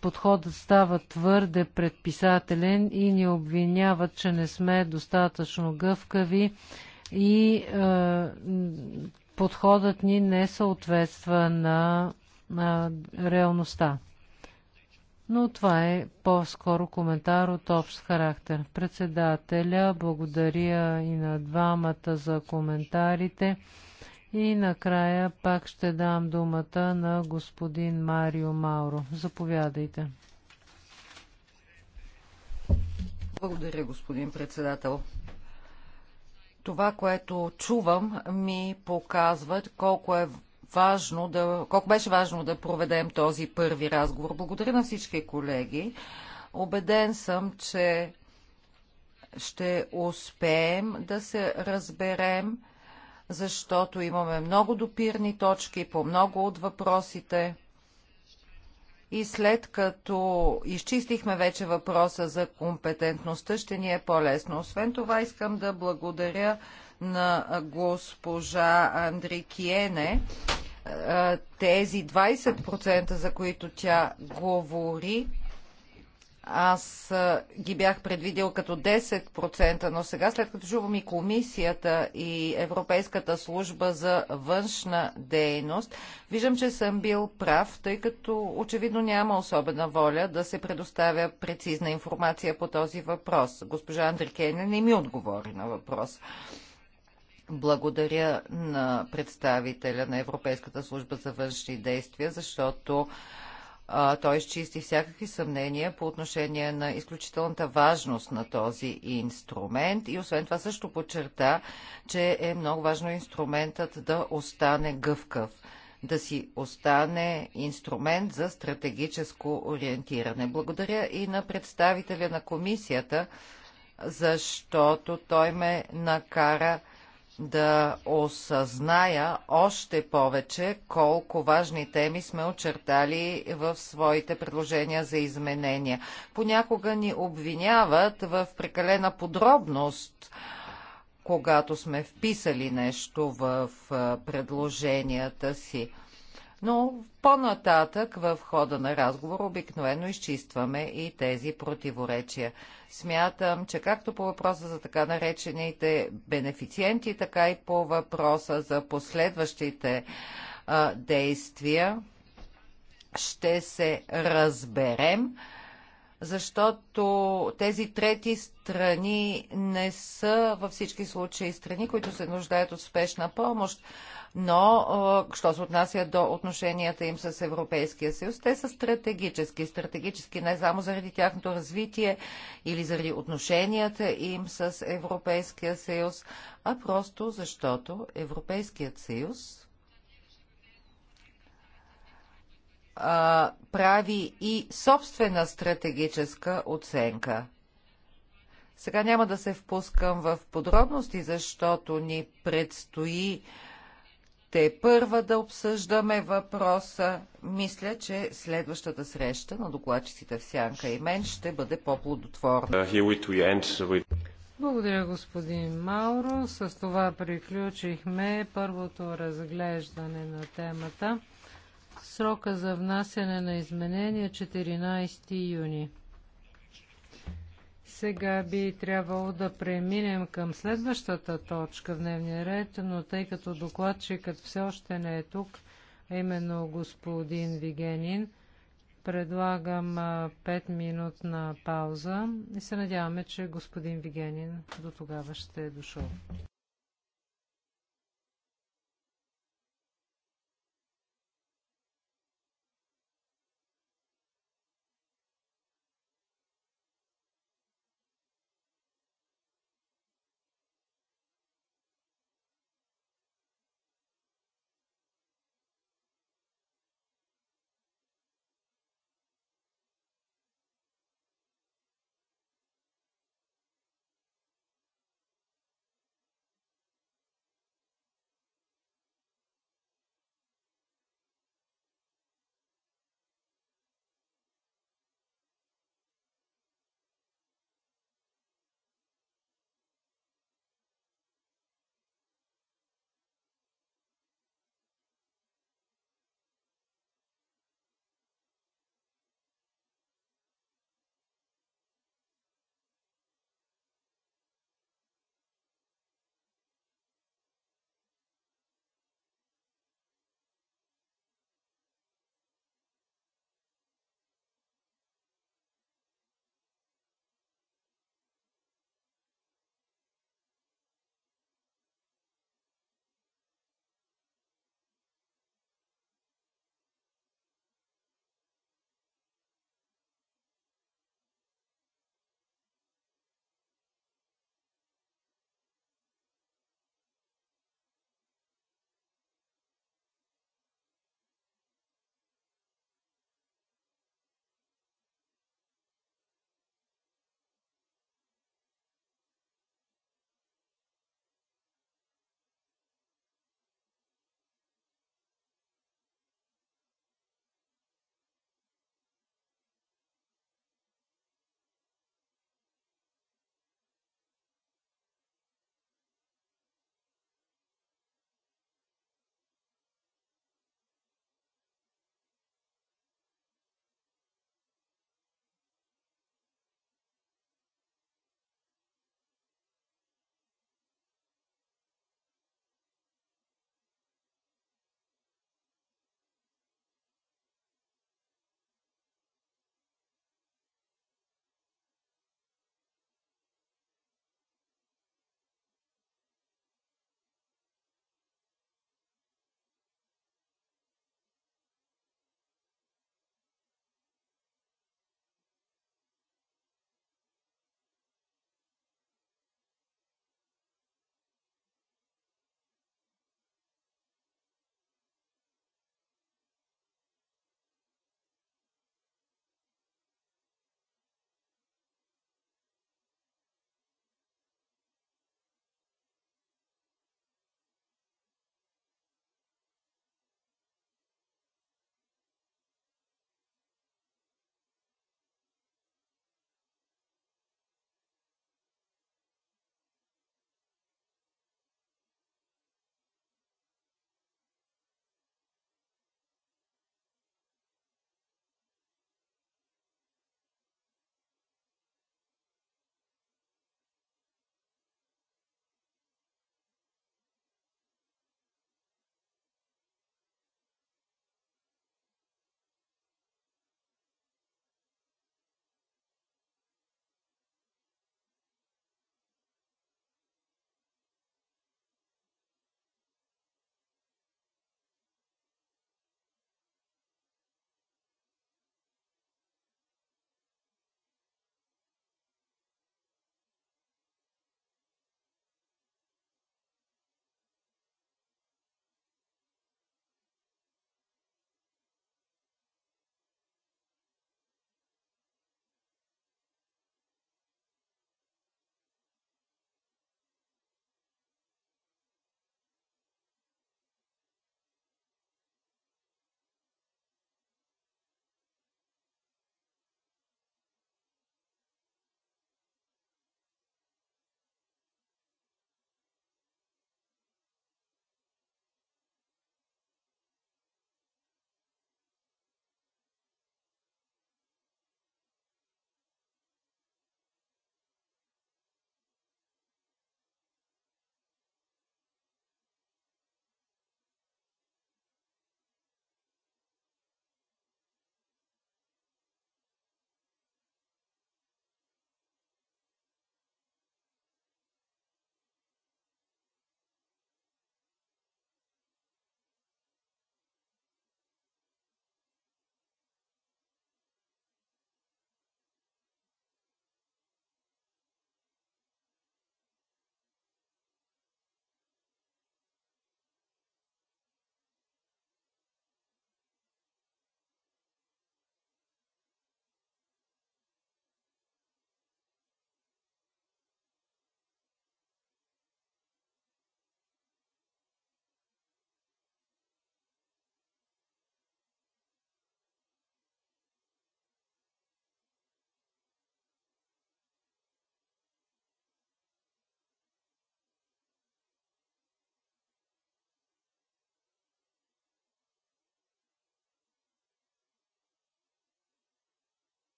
подходът става твърде предписателен и ни обвиняват, че не сме достатъчно гъвкави и подходът ни не съответства на, на реалността. Но това е по-скоро коментар от общ характер. Председателя, благодаря и на двамата за коментарите. И накрая пак ще дам думата на господин Марио Мауро. Заповядайте. Благодаря, господин председател. Това, което чувам, ми показва колко е важно да, колко беше важно да проведем този първи разговор. Благодаря на всички колеги. Обеден съм, че ще успеем да се разберем защото имаме много допирни точки по много от въпросите. И след като изчистихме вече въпроса за компетентността, ще ни е по-лесно. Освен това искам да благодаря на госпожа Андри Киене. Е, тези 20%, за които тя говори, аз ги бях предвидил като 10%, но сега след като чувам и комисията и Европейската служба за външна дейност, виждам, че съм бил прав, тъй като очевидно няма особена воля да се предоставя прецизна информация по този въпрос. Госпожа Андрикейна не ми отговори на въпрос. Благодаря на представителя на Европейската служба за външни действия, защото а, той изчисти всякакви съмнения по отношение на изключителната важност на този инструмент и освен това също подчерта, че е много важно инструментът да остане гъвкав да си остане инструмент за стратегическо ориентиране. Благодаря и на представителя на комисията, защото той ме накара да осъзная още повече колко важни теми сме очертали в своите предложения за изменения. Понякога ни обвиняват в прекалена подробност, когато сме вписали нещо в предложенията си. Но по-нататък в хода на разговор обикновено изчистваме и тези противоречия. Смятам, че както по въпроса за така наречените бенефициенти, така и по въпроса за последващите а, действия ще се разберем защото тези трети страни не са във всички случаи страни, които се нуждаят от спешна помощ но що се отнася до отношенията им с Европейския съюз, те са стратегически. Стратегически не само заради тяхното развитие или заради отношенията им с Европейския съюз, а просто защото Европейският съюз прави и собствена стратегическа оценка. Сега няма да се впускам в подробности, защото ни предстои те първа да обсъждаме въпроса. Мисля, че следващата среща на докладчиците в Сянка и мен ще бъде по-плодотворна. Uh, Благодаря, господин Мауро. С това приключихме първото разглеждане на темата. Срока за внасяне на изменения 14 е юни. Сега би трябвало да преминем към следващата точка в дневния ред, но тъй като докладчикът все още не е тук, а именно господин Вигенин, предлагам 5-минутна пауза и се надяваме, че господин Вигенин до тогава ще е дошъл.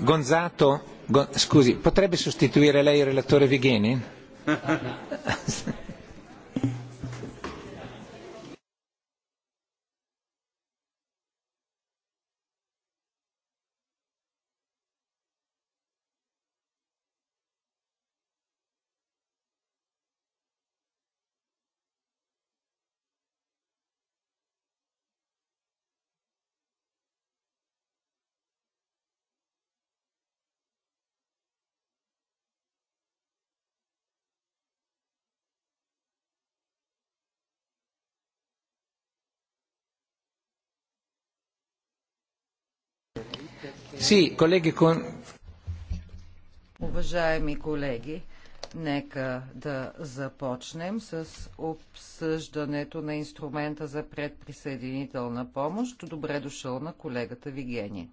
Gonzato, scusi, potrebbe sostituire lei il relatore Vigheni? Си, колеги, кон... Уважаеми колеги, нека да започнем с обсъждането на инструмента за предприсъединителна помощ. Добре дошъл на колегата Вигенин.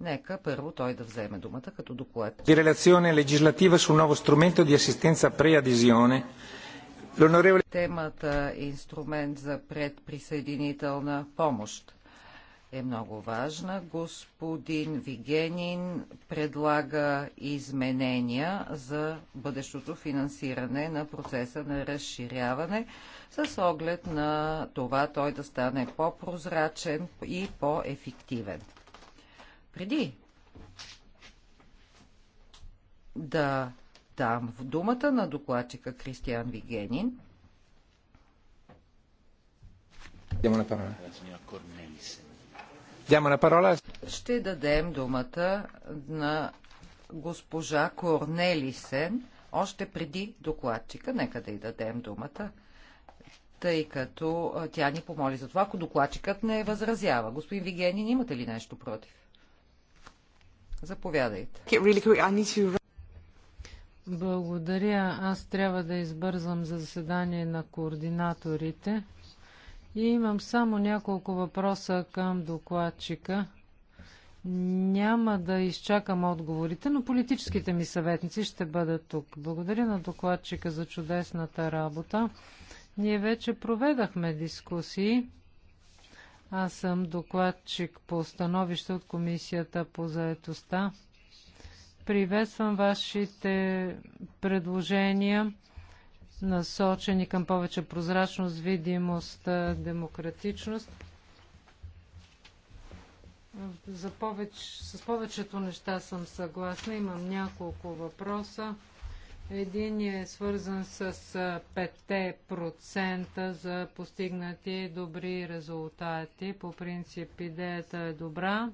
Нека първо той да вземе думата като доклад. Di relazione legislativa sul nuovo strumento di assistenza preadesione Темата е инструмент за предприсъединителна помощ е много важна. Господин Вигенин предлага изменения за бъдещото финансиране на процеса на разширяване с оглед на това той да стане по-прозрачен и по-ефективен. Преди да дам в думата на докладчика Кристиан Вигенин, Diamo la parola. La signora Cornelissen. Ще дадем думата на госпожа Корнелисен още преди докладчика. Нека да й дадем думата, тъй като тя ни помоли за това, ако докладчикът не възразява. Господин Вигенин, имате ли нещо против? Заповядайте. Благодаря. Аз трябва да избързам за заседание на координаторите. И имам само няколко въпроса към докладчика. Няма да изчакам отговорите, но политическите ми съветници ще бъдат тук. Благодаря на докладчика за чудесната работа. Ние вече проведахме дискусии. Аз съм докладчик по становище от Комисията по заетостта. Приветствам вашите предложения насочени към повече прозрачност, видимост, демократичност. За повече, с повечето неща съм съгласна. Имам няколко въпроса. Един е свързан с 5% за постигнати добри резултати. По принцип идеята е добра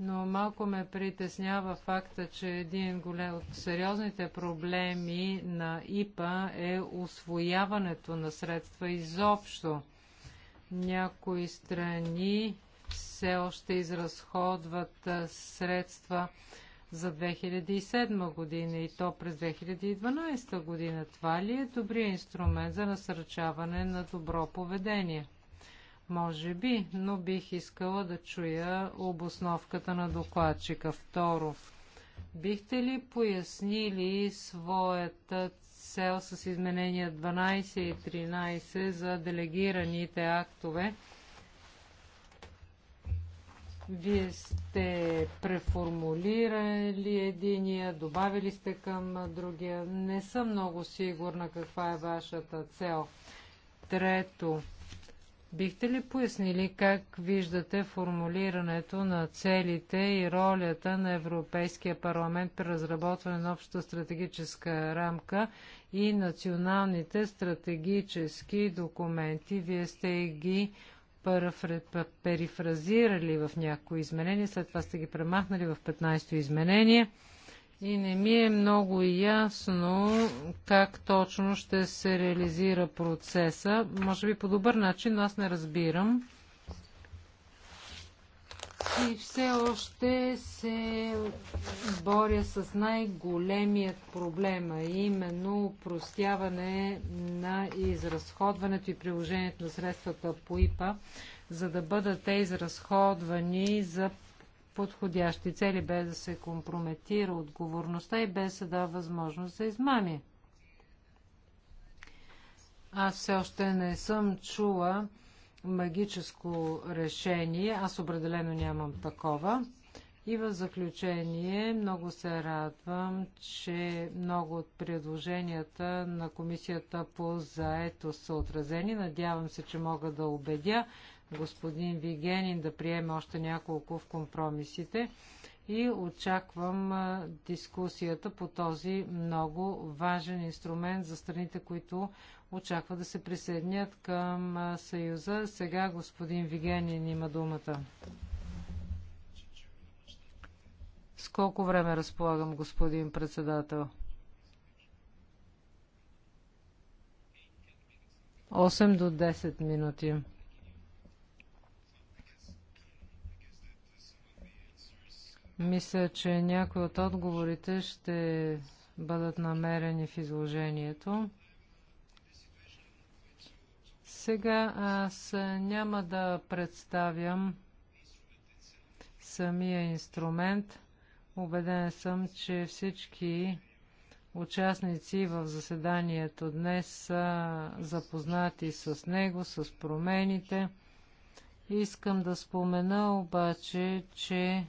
но малко ме притеснява факта, че един голем от сериозните проблеми на ИПА е освояването на средства изобщо. Някои страни все още изразходват средства за 2007 година и то през 2012 година. Това ли е добрият инструмент за насърчаване на добро поведение? Може би, но бих искала да чуя обосновката на докладчика. Второ, бихте ли пояснили своята цел с изменения 12 и 13 за делегираните актове? Вие сте преформулирали единия, добавили сте към другия. Не съм много сигурна каква е вашата цел. Трето, Бихте ли пояснили как виждате формулирането на целите и ролята на Европейския парламент при разработване на общата стратегическа рамка и националните стратегически документи? Вие сте ги перифразирали в някои изменения, след това сте ги премахнали в 15-то изменение. И не ми е много ясно как точно ще се реализира процеса. Може би по добър начин, но аз не разбирам. И все още се боря с най-големият проблем, а именно упростяване на изразходването и приложението на средствата по ИПА, за да бъдат те изразходвани за подходящи цели, без да се компрометира отговорността и без да се дава възможност за измами. Аз все още не съм чула магическо решение. Аз определено нямам такова. И в заключение много се радвам, че много от предложенията на Комисията по заето са отразени. Надявам се, че мога да убедя господин Вигенин да приеме още няколко в компромисите и очаквам дискусията по този много важен инструмент за страните, които очаква да се присъединят към Съюза. Сега господин Вигенин има думата. С колко време разполагам, господин председател? 8 до 10 минути. Мисля, че някои от отговорите ще бъдат намерени в изложението. Сега аз няма да представям самия инструмент. Обеден съм, че всички участници в заседанието днес са запознати с него, с промените. Искам да спомена обаче, че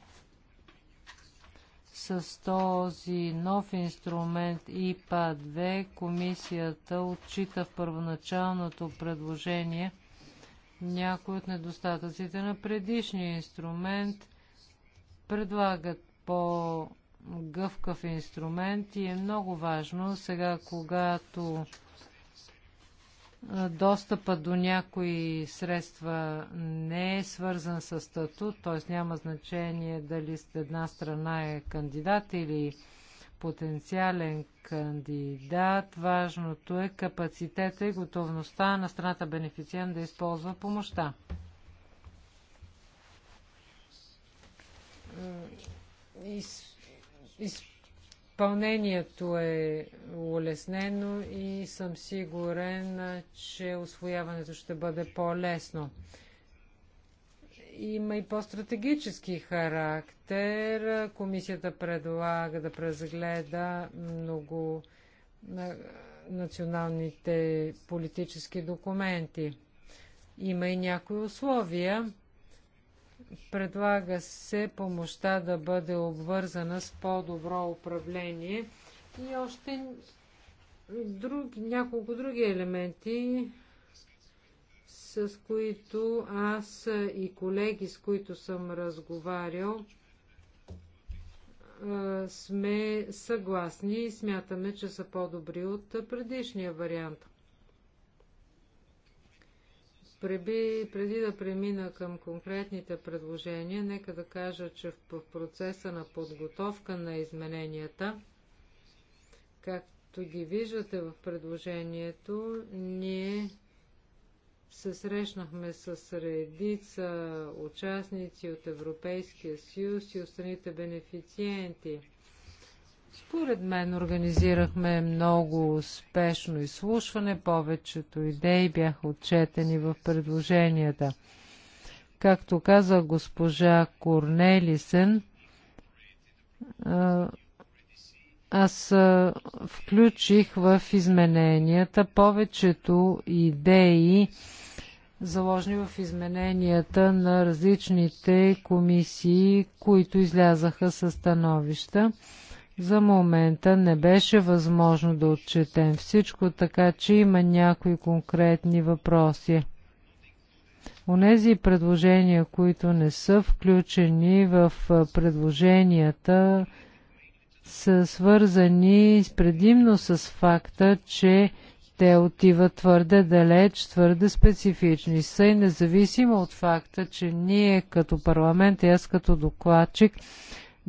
с този нов инструмент ИПА-2 комисията отчита в първоначалното предложение някои от недостатъците на предишния инструмент, предлагат по-гъвкав инструмент и е много важно сега, когато Достъпа до някои средства не е свързан с статут, т.е. няма значение дали с една страна е кандидат или потенциален кандидат. Важното е капацитета и готовността на страната бенефициент да използва помощта. Из, из, Изпълнението е улеснено и съм сигурен, че освояването ще бъде по-лесно. Има и по-стратегически характер. Комисията предлага да презгледа много националните политически документи. Има и някои условия предлага се помощта да бъде обвързана с по-добро управление и още друг, няколко други елементи, с които аз и колеги, с които съм разговарял, сме съгласни и смятаме, че са по-добри от предишния вариант. Преби, преди да премина към конкретните предложения, нека да кажа, че в процеса на подготовка на измененията, както ги виждате в предложението, ние се срещнахме с редица участници от Европейския съюз и от страните бенефициенти – според мен организирахме много успешно изслушване. Повечето идеи бяха отчетени в предложенията. Както каза госпожа Корнелисен, аз включих в измененията повечето идеи, заложени в измененията на различните комисии, които излязаха със становища. За момента не беше възможно да отчетем всичко, така че има някои конкретни въпроси. Онези предложения, които не са включени в предложенията, са свързани предимно с факта, че те отиват твърде далеч, твърде специфични са и независимо от факта, че ние като парламент и аз като докладчик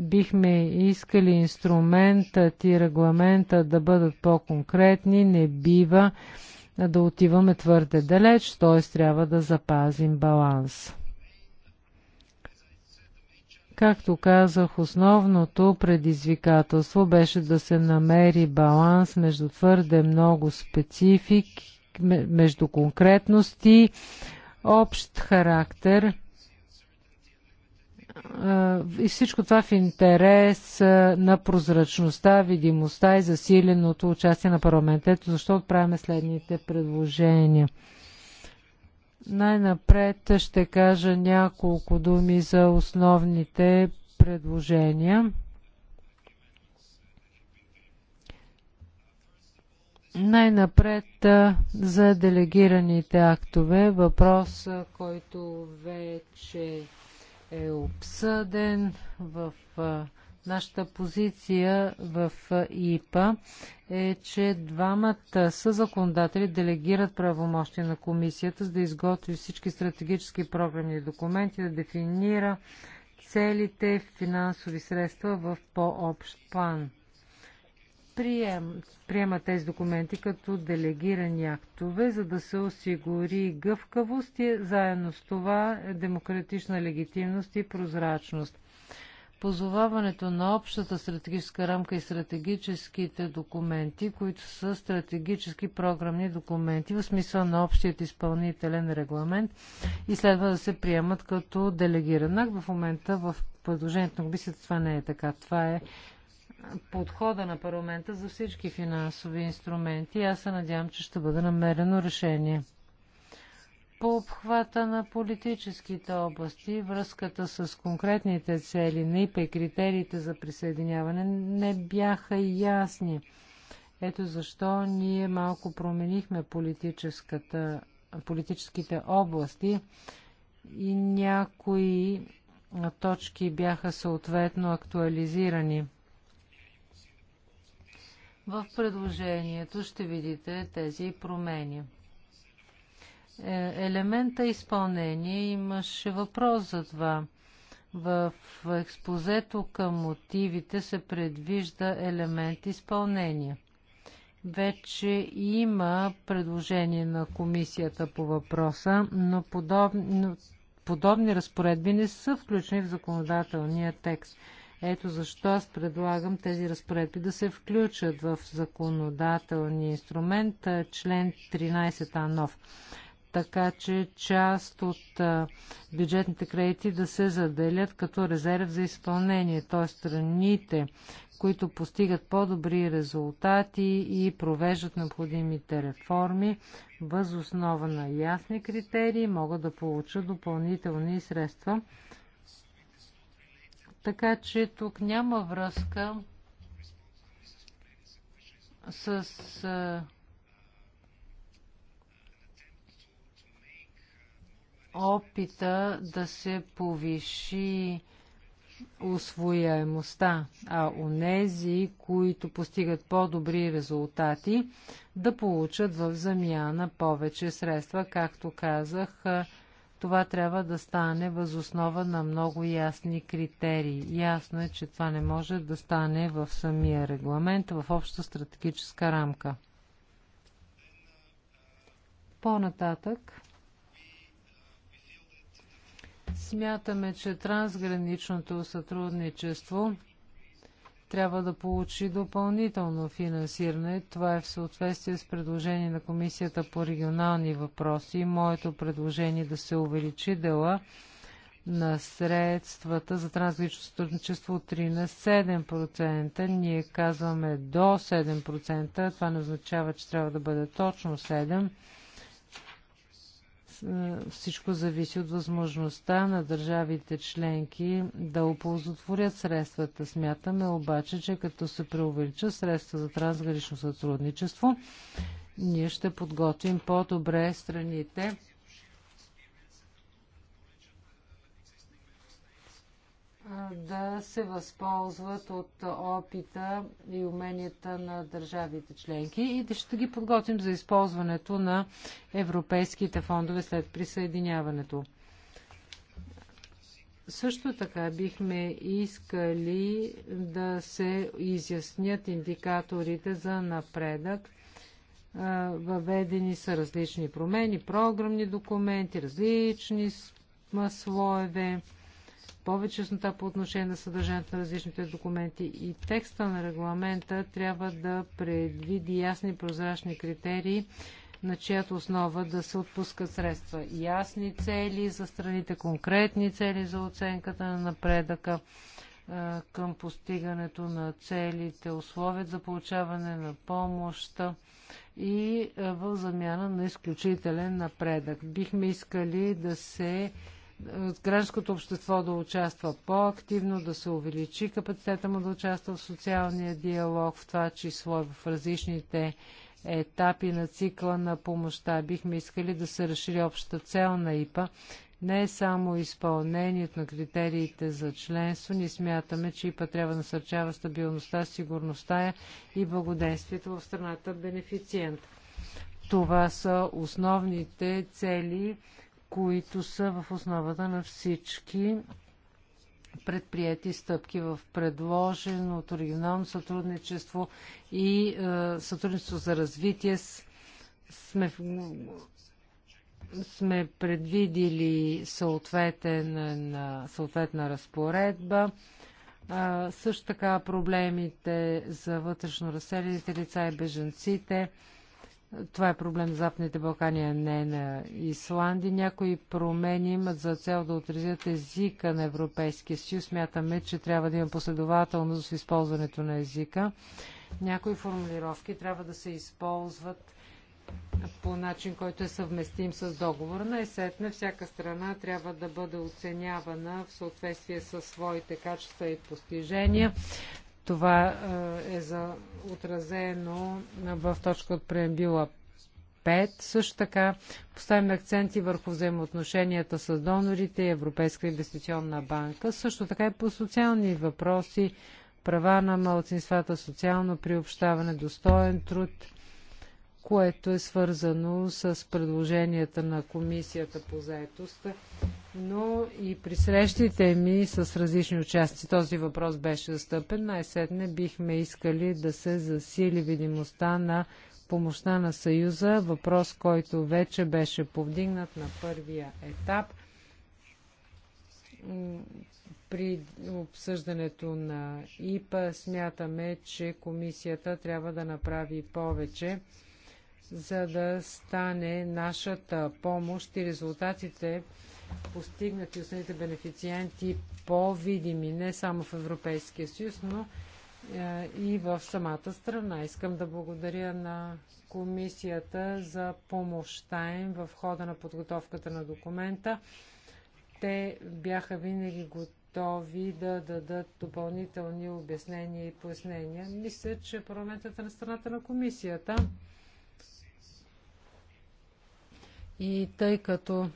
Бихме искали инструментът и регламента да бъдат по-конкретни. Не бива да отиваме твърде далеч, т.е. трябва да запазим баланс. Както казах, основното предизвикателство беше да се намери баланс между твърде много специфик, между конкретности, общ характер – и всичко това в интерес на прозрачността, видимостта и засиленото участие на парламента. Ето защо отправяме следните предложения. Най-напред ще кажа няколко думи за основните предложения. Най-напред за делегираните актове, въпрос, който вече е обсъден в нашата позиция в ИПА е, че двамата са законодатели делегират правомощия на комисията за да изготви всички стратегически програмни документи, да дефинира целите финансови средства в по-общ план прием, приема тези документи като делегирани актове, за да се осигури гъвкавост и заедно с това демократична легитимност и прозрачност. Позоваването на общата стратегическа рамка и стратегическите документи, които са стратегически програмни документи в смисъл на общият изпълнителен регламент и следва да се приемат като делегиран акт. В момента в предложението на комисията това не е така. Това е подхода на парламента за всички финансови инструменти. Аз се надявам, че ще бъде намерено решение. По обхвата на политическите области, връзката с конкретните цели на и и критериите за присъединяване не бяха ясни. Ето защо ние малко променихме политическите области и някои точки бяха съответно актуализирани. В предложението ще видите тези промени. Е, елемента изпълнение имаше въпрос за това. В експозето към мотивите се предвижда елемент изпълнение. Вече има предложение на комисията по въпроса, но подобни, подобни разпоредби не са включени в законодателния текст. Ето защо аз предлагам тези разпоредби да се включат в законодателния инструмент, член 13А нов. Така че част от бюджетните кредити да се заделят като резерв за изпълнение, т.е. страните, които постигат по-добри резултати и провеждат необходимите реформи, възоснова основа на ясни критерии могат да получат допълнителни средства така че тук няма връзка с опита да се повиши усвояемостта, а нези, които постигат по-добри резултати, да получат в замяна повече средства. Както казах, това трябва да стане възоснова на много ясни критерии. Ясно е, че това не може да стане в самия регламент, в обща стратегическа рамка. По-нататък смятаме, че трансграничното сътрудничество трябва да получи допълнително финансиране. Това е в съответствие с предложение на Комисията по регионални въпроси. Моето предложение е да се увеличи дела на средствата за трансгранично сътрудничество от 3 на 7%. Ние казваме до 7%. Това не означава, че трябва да бъде точно 7%. Е, всичко зависи от възможността на държавите членки да оползотворят средствата. Смятаме обаче, че като се преувеличат средства за трансгранично сътрудничество, ние ще подготвим по-добре страните да се възползват от опита и уменията на държавите членки и да ще ги подготвим за използването на европейските фондове след присъединяването. Също така бихме искали да се изяснят индикаторите за напредък. Въведени са различни промени, програмни документи, различни слоеве повече яснота по отношение на съдържанието на различните документи и текста на регламента трябва да предвиди ясни прозрачни критерии, на чиято основа да се отпускат средства. Ясни цели за страните, конкретни цели за оценката на напредъка към постигането на целите, условия за получаване на помощта и в замяна на изключителен напредък. Бихме искали да се гражданското общество да участва по-активно, да се увеличи капацитета му да участва в социалния диалог, в това число в различните етапи на цикла на помощта. Бихме искали да се разшири общата цел на ИПА, не е само изпълнението на критериите за членство. Ние смятаме, че ИПА трябва да насърчава стабилността, сигурността и благоденствието в страната бенефициент. Това са основните цели които са в основата на всички предприяти стъпки в предложеното оригинално сътрудничество и е, сътрудничество за развитие с, сме, сме предвидили съответен, съответна разпоредба. А, е, също така проблемите за вътрешно разселените лица и беженците това е проблем за Западните Балкани, а не на Исландия. Някои промени имат за цел да отразят езика на Европейския съюз. Смятаме, че трябва да има последователност в използването на езика. Някои формулировки трябва да се използват по начин, който е съвместим с договора. На сетне всяка страна трябва да бъде оценявана в съответствие с своите качества и постижения, това е, е за отразено в точка от преембила 5. Също така поставим акценти върху взаимоотношенията с донорите и Европейска инвестиционна банка. Също така и по социални въпроси, права на малцинствата, социално приобщаване, достоен труд – което е свързано с предложенията на Комисията по заетост, но и при срещите ми с различни участи този въпрос беше застъпен. Най-сетне бихме искали да се засили видимостта на помощта на Съюза, въпрос, който вече беше повдигнат на първия етап при обсъждането на ИПА смятаме, че комисията трябва да направи повече за да стане нашата помощ и резултатите постигнати от бенефициенти по-видими не само в Европейския съюз, но е, и в самата страна. Искам да благодаря на комисията за помощта им в хода на подготовката на документа. Те бяха винаги готови да дадат допълнителни обяснения и пояснения. Мисля, че парламентът е на страната на комисията И тъй като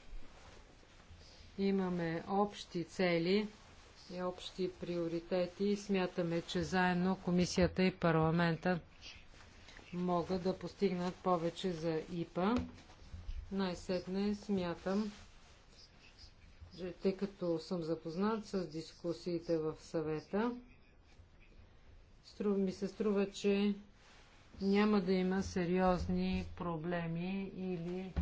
имаме общи цели и общи приоритети, смятаме, че заедно комисията и парламента могат да постигнат повече за ИПА. Най-сетне смятам, че тъй като съм запознат с дискусиите в съвета, ми се струва, че няма да има сериозни проблеми или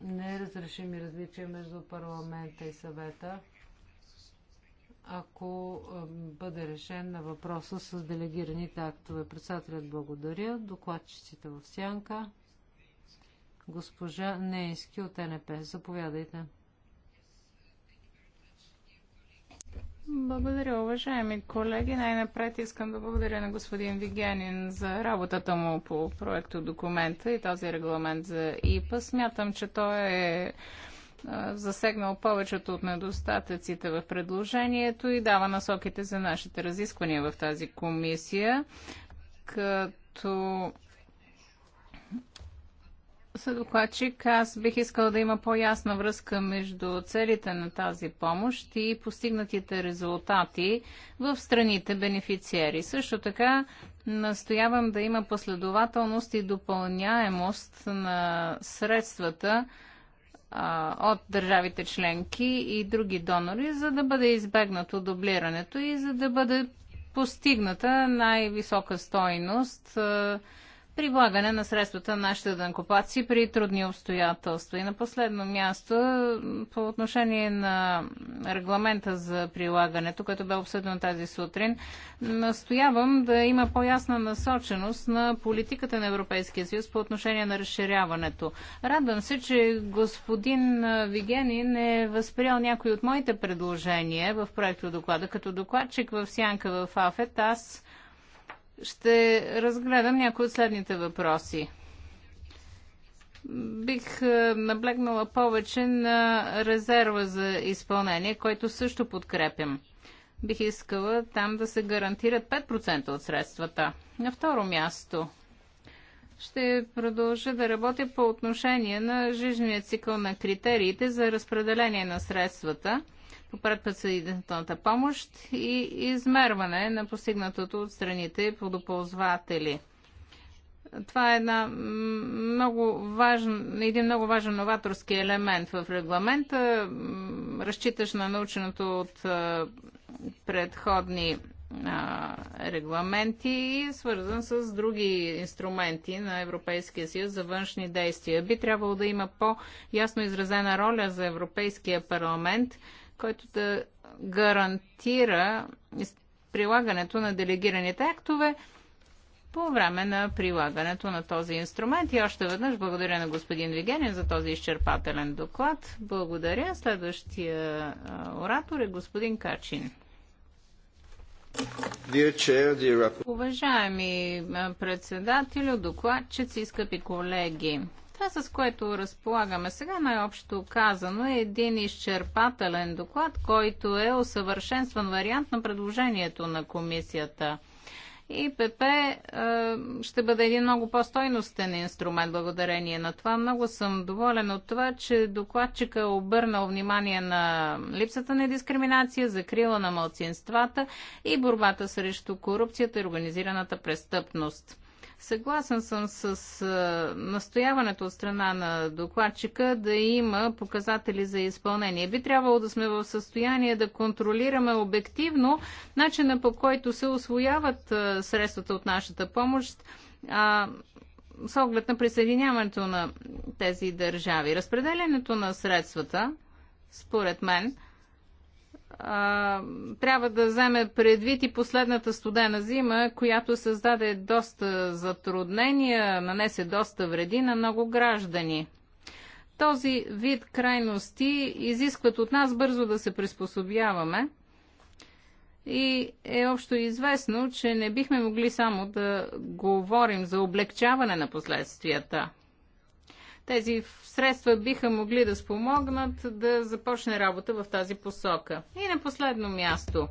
неразрешими различия между парламента и съвета, ако бъде решен на въпроса с делегираните актове. Председателят благодаря. Докладчиците в сянка. Госпожа Нейски от НП. Заповядайте. Благодаря, уважаеми колеги. Най-напред искам да благодаря на господин Вигенин за работата му по проекто документа и този регламент за ИПА. Смятам, че той е засегнал повечето от недостатъците в предложението и дава насоките за нашите разисквания в тази комисия, като Съдокладчик, аз бих искал да има по-ясна връзка между целите на тази помощ и постигнатите резултати в страните бенефициери. Също така настоявам да има последователност и допълняемост на средствата а, от държавите членки и други донори, за да бъде избегнато дублирането и за да бъде постигната най-висока стойност а, прилагане на средствата на нашите дънкопаци при трудни обстоятелства. И на последно място, по отношение на регламента за прилагането, което бе обсъдено тази сутрин, настоявам да има по-ясна насоченост на политиката на Европейския съюз по отношение на разширяването. Радвам се, че господин Вигенин е възприял някои от моите предложения в проекта доклада. Като докладчик в Сянка в Афет, аз ще разгледам някои от следните въпроси. Бих е, наблегнала повече на резерва за изпълнение, който също подкрепям. Бих искала там да се гарантират 5% от средствата. На второ място ще продължа да работя по отношение на жижния цикъл на критериите за разпределение на средствата – предпредсъединителната помощ и измерване на постигнатото от страните водоползватели. Това е една много важен, един много важен новаторски елемент в регламента. Разчиташ на наученото от предходни регламенти и е свързан с други инструменти на Европейския съюз за външни действия. Би трябвало да има по-ясно изразена роля за Европейския парламент – който да гарантира прилагането на делегираните актове по време на прилагането на този инструмент. И още веднъж благодаря на господин Вигенин за този изчерпателен доклад. Благодаря. Следващия оратор е господин Качин. Dear chair, dear... Уважаеми председатели, докладчици, скъпи колеги, това, с което разполагаме сега, най-общо казано, е един изчерпателен доклад, който е усъвършенстван вариант на предложението на комисията. ПП е, ще бъде един много по-стойностен инструмент благодарение на това. Много съм доволен от това, че докладчика е обърнал внимание на липсата на дискриминация, закрила на малцинствата и борбата срещу корупцията и организираната престъпност. Съгласен съм с а, настояването от страна на докладчика да има показатели за изпълнение. Би трябвало да сме в състояние да контролираме обективно начина по който се освояват а, средствата от нашата помощ. А, с оглед на присъединяването на тези държави. Разпределянето на средствата, според мен, а, трябва да вземе предвид и последната студена зима, която създаде доста затруднения, нанесе доста вреди на много граждани. Този вид крайности изискват от нас бързо да се приспособяваме и е общо известно, че не бихме могли само да говорим за облегчаване на последствията тези средства биха могли да спомогнат да започне работа в тази посока. И на последно място,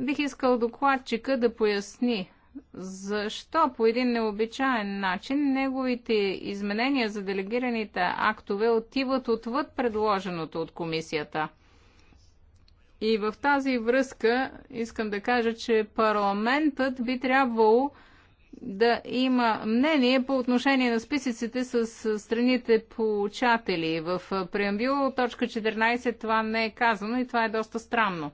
бих искал докладчика да поясни защо по един необичаен начин неговите изменения за делегираните актове отиват отвъд предложеното от комисията. И в тази връзка искам да кажа, че парламентът би трябвало да има мнение по отношение на списъците с страните получатели. В преамбюл точка 14 това не е казано и това е доста странно.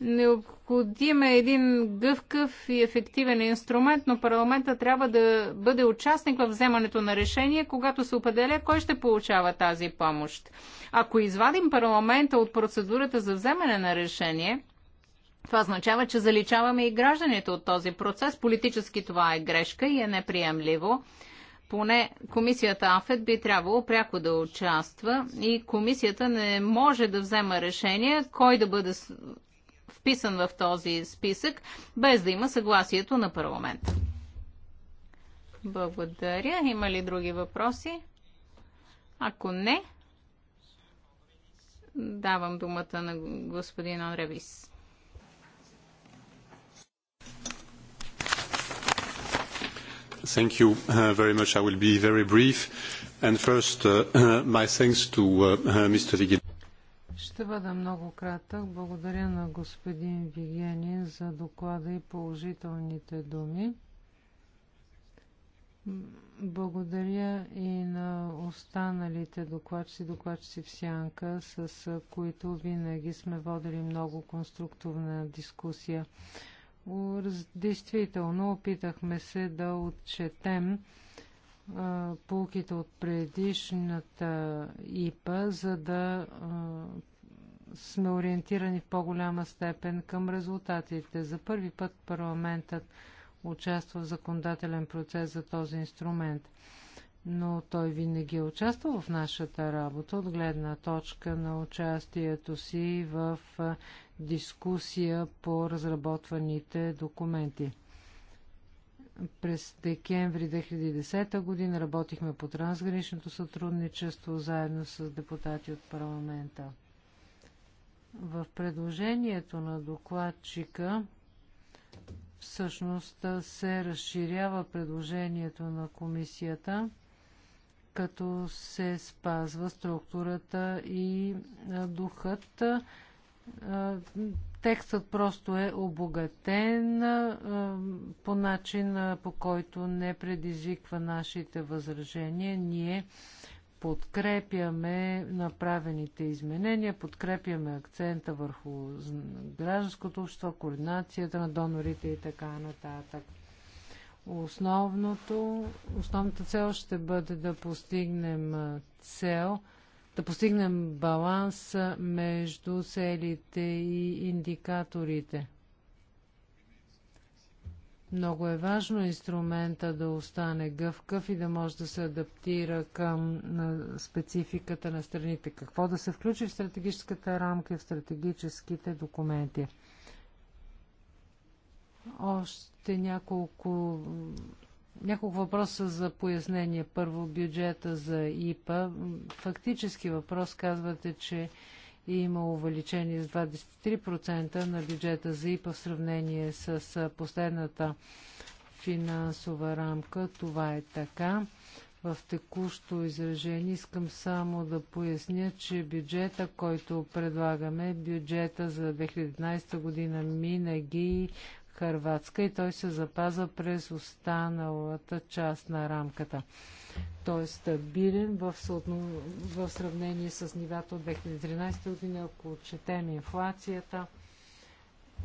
Необходим е един гъвкав и ефективен инструмент, но парламента трябва да бъде участник в вземането на решение, когато се определя кой ще получава тази помощ. Ако извадим парламента от процедурата за вземане на решение – това означава, че заличаваме и гражданите от този процес. Политически това е грешка и е неприемливо. Поне комисията АФЕД би трябвало пряко да участва и комисията не може да взема решение кой да бъде вписан в този списък, без да има съгласието на парламента. Благодаря. Има ли други въпроси? Ако не, давам думата на господин Анревис. Thank you uh, very much. I will be very brief. And first, uh, uh, my thanks to Mr. Ще бъда много кратък. Благодаря на господин Вигенин за доклада и положителните думи. Благодаря и на останалите докладчици, докладчици в Сянка, с които винаги сме водили много конструктивна дискусия. Действително, опитахме се да отчетем полките от предишната ИПА, за да сме ориентирани в по-голяма степен към резултатите. За първи път парламентът участва в законодателен процес за този инструмент но той винаги е участвал в нашата работа от гледна точка на участието си в дискусия по разработваните документи. През декември 2010 година работихме по трансграничното сътрудничество заедно с депутати от парламента. В предложението на докладчика всъщност се разширява предложението на комисията – като се спазва структурата и духът. Текстът просто е обогатен по начин, по който не предизвиква нашите възражения. Ние подкрепяме направените изменения, подкрепяме акцента върху гражданското общество, координацията на донорите и така нататък. Основното, основната цел ще бъде да постигнем цел, да постигнем баланс между целите и индикаторите. Много е важно инструмента да остане гъвкав и да може да се адаптира към спецификата на страните. Какво да се включи в стратегическата рамка и в стратегическите документи? Още няколко, няколко въпроса за пояснение. Първо бюджета за ИПА. Фактически въпрос казвате, че има увеличение с 23% на бюджета за ИПА в сравнение с последната финансова рамка. Това е така. В текущо изражение искам само да поясня, че бюджета, който предлагаме, бюджета за 2011 година, минаги Харватска и той се запаза през останалата част на рамката. Той е стабилен в, съотно, в сравнение с нивата от 2013 година, ако отчетем инфлацията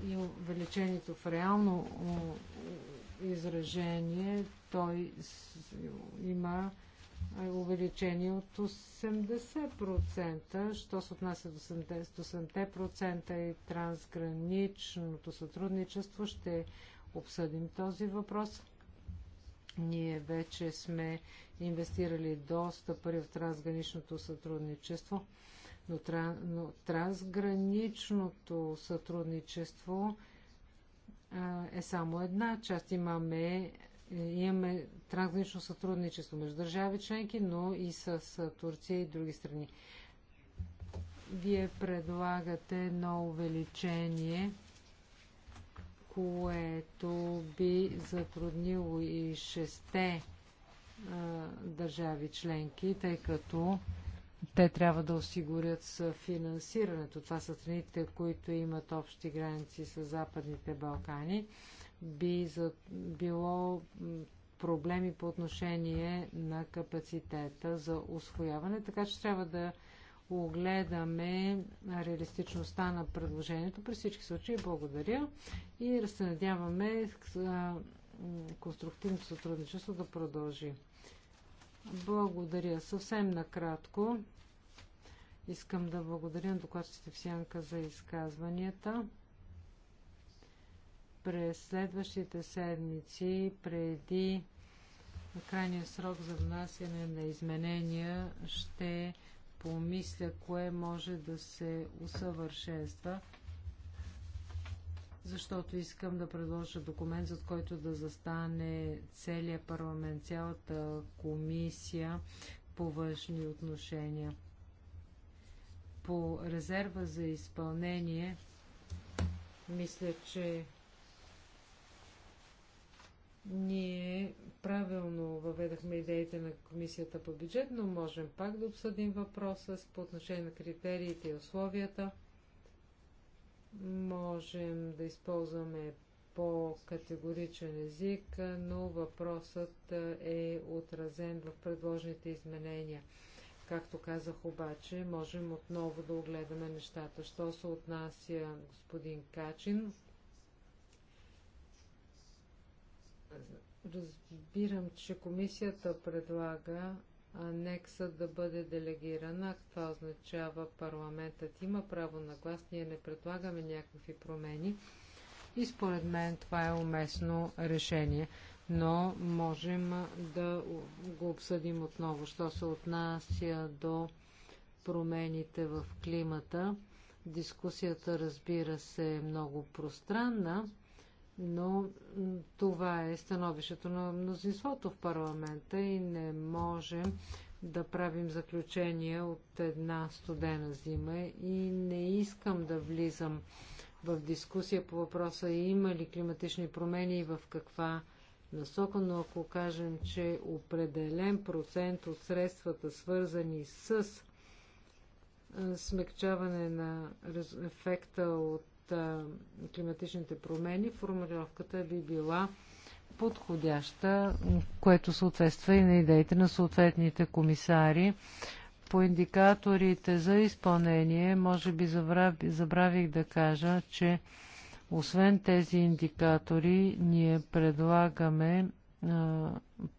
и увеличението в реално изражение, той има е увеличение от 80%. Що се отнася до 80% и трансграничното сътрудничество, ще обсъдим този въпрос. Ние вече сме инвестирали доста пари в трансграничното сътрудничество, но, тран, но трансграничното сътрудничество а, е само една част. Имаме Имаме трансгранично сътрудничество между държави членки, но и с Турция и други страни. Вие предлагате едно увеличение, което би затруднило и шесте държави членки, тъй като те трябва да осигурят финансирането. Това са страните, които имат общи граници с Западните Балкани би за, било проблеми по отношение на капацитета за освояване, така че трябва да огледаме реалистичността на предложението. При всички случаи благодаря и се надяваме конструктивното сътрудничество да продължи. Благодаря. Съвсем накратко искам да благодаря на докладчите в Сянка за изказванията през следващите седмици, преди крайния срок за внасяне на изменения, ще помисля кое може да се усъвършенства, защото искам да предложа документ, за който да застане целият парламент, цялата комисия по външни отношения. По резерва за изпълнение, мисля, че ние правилно въведахме идеите на комисията по бюджет, но можем пак да обсъдим въпроса с по отношение на критериите и условията. Можем да използваме по-категоричен език, но въпросът е, е отразен в предложените изменения. Както казах обаче, можем отново да огледаме нещата. Що се отнася господин Качин, Разбирам, че комисията предлага анекса да бъде делегирана. Това означава парламентът има право на глас. Ние не предлагаме някакви промени. И според мен това е уместно решение. Но можем да го обсъдим отново. Що се отнася до промените в климата, дискусията, разбира се, е много пространна но това е становището на мнозинството в парламента и не можем да правим заключения от една студена зима и не искам да влизам в дискусия по въпроса има ли климатични промени и в каква насока, но ако кажем, че определен процент от средствата, свързани с смягчаване на ефекта от от климатичните промени, формулировката би била подходяща, което съответства и на идеите на съответните комисари. По индикаторите за изпълнение, може би забравих да кажа, че освен тези индикатори, ние предлагаме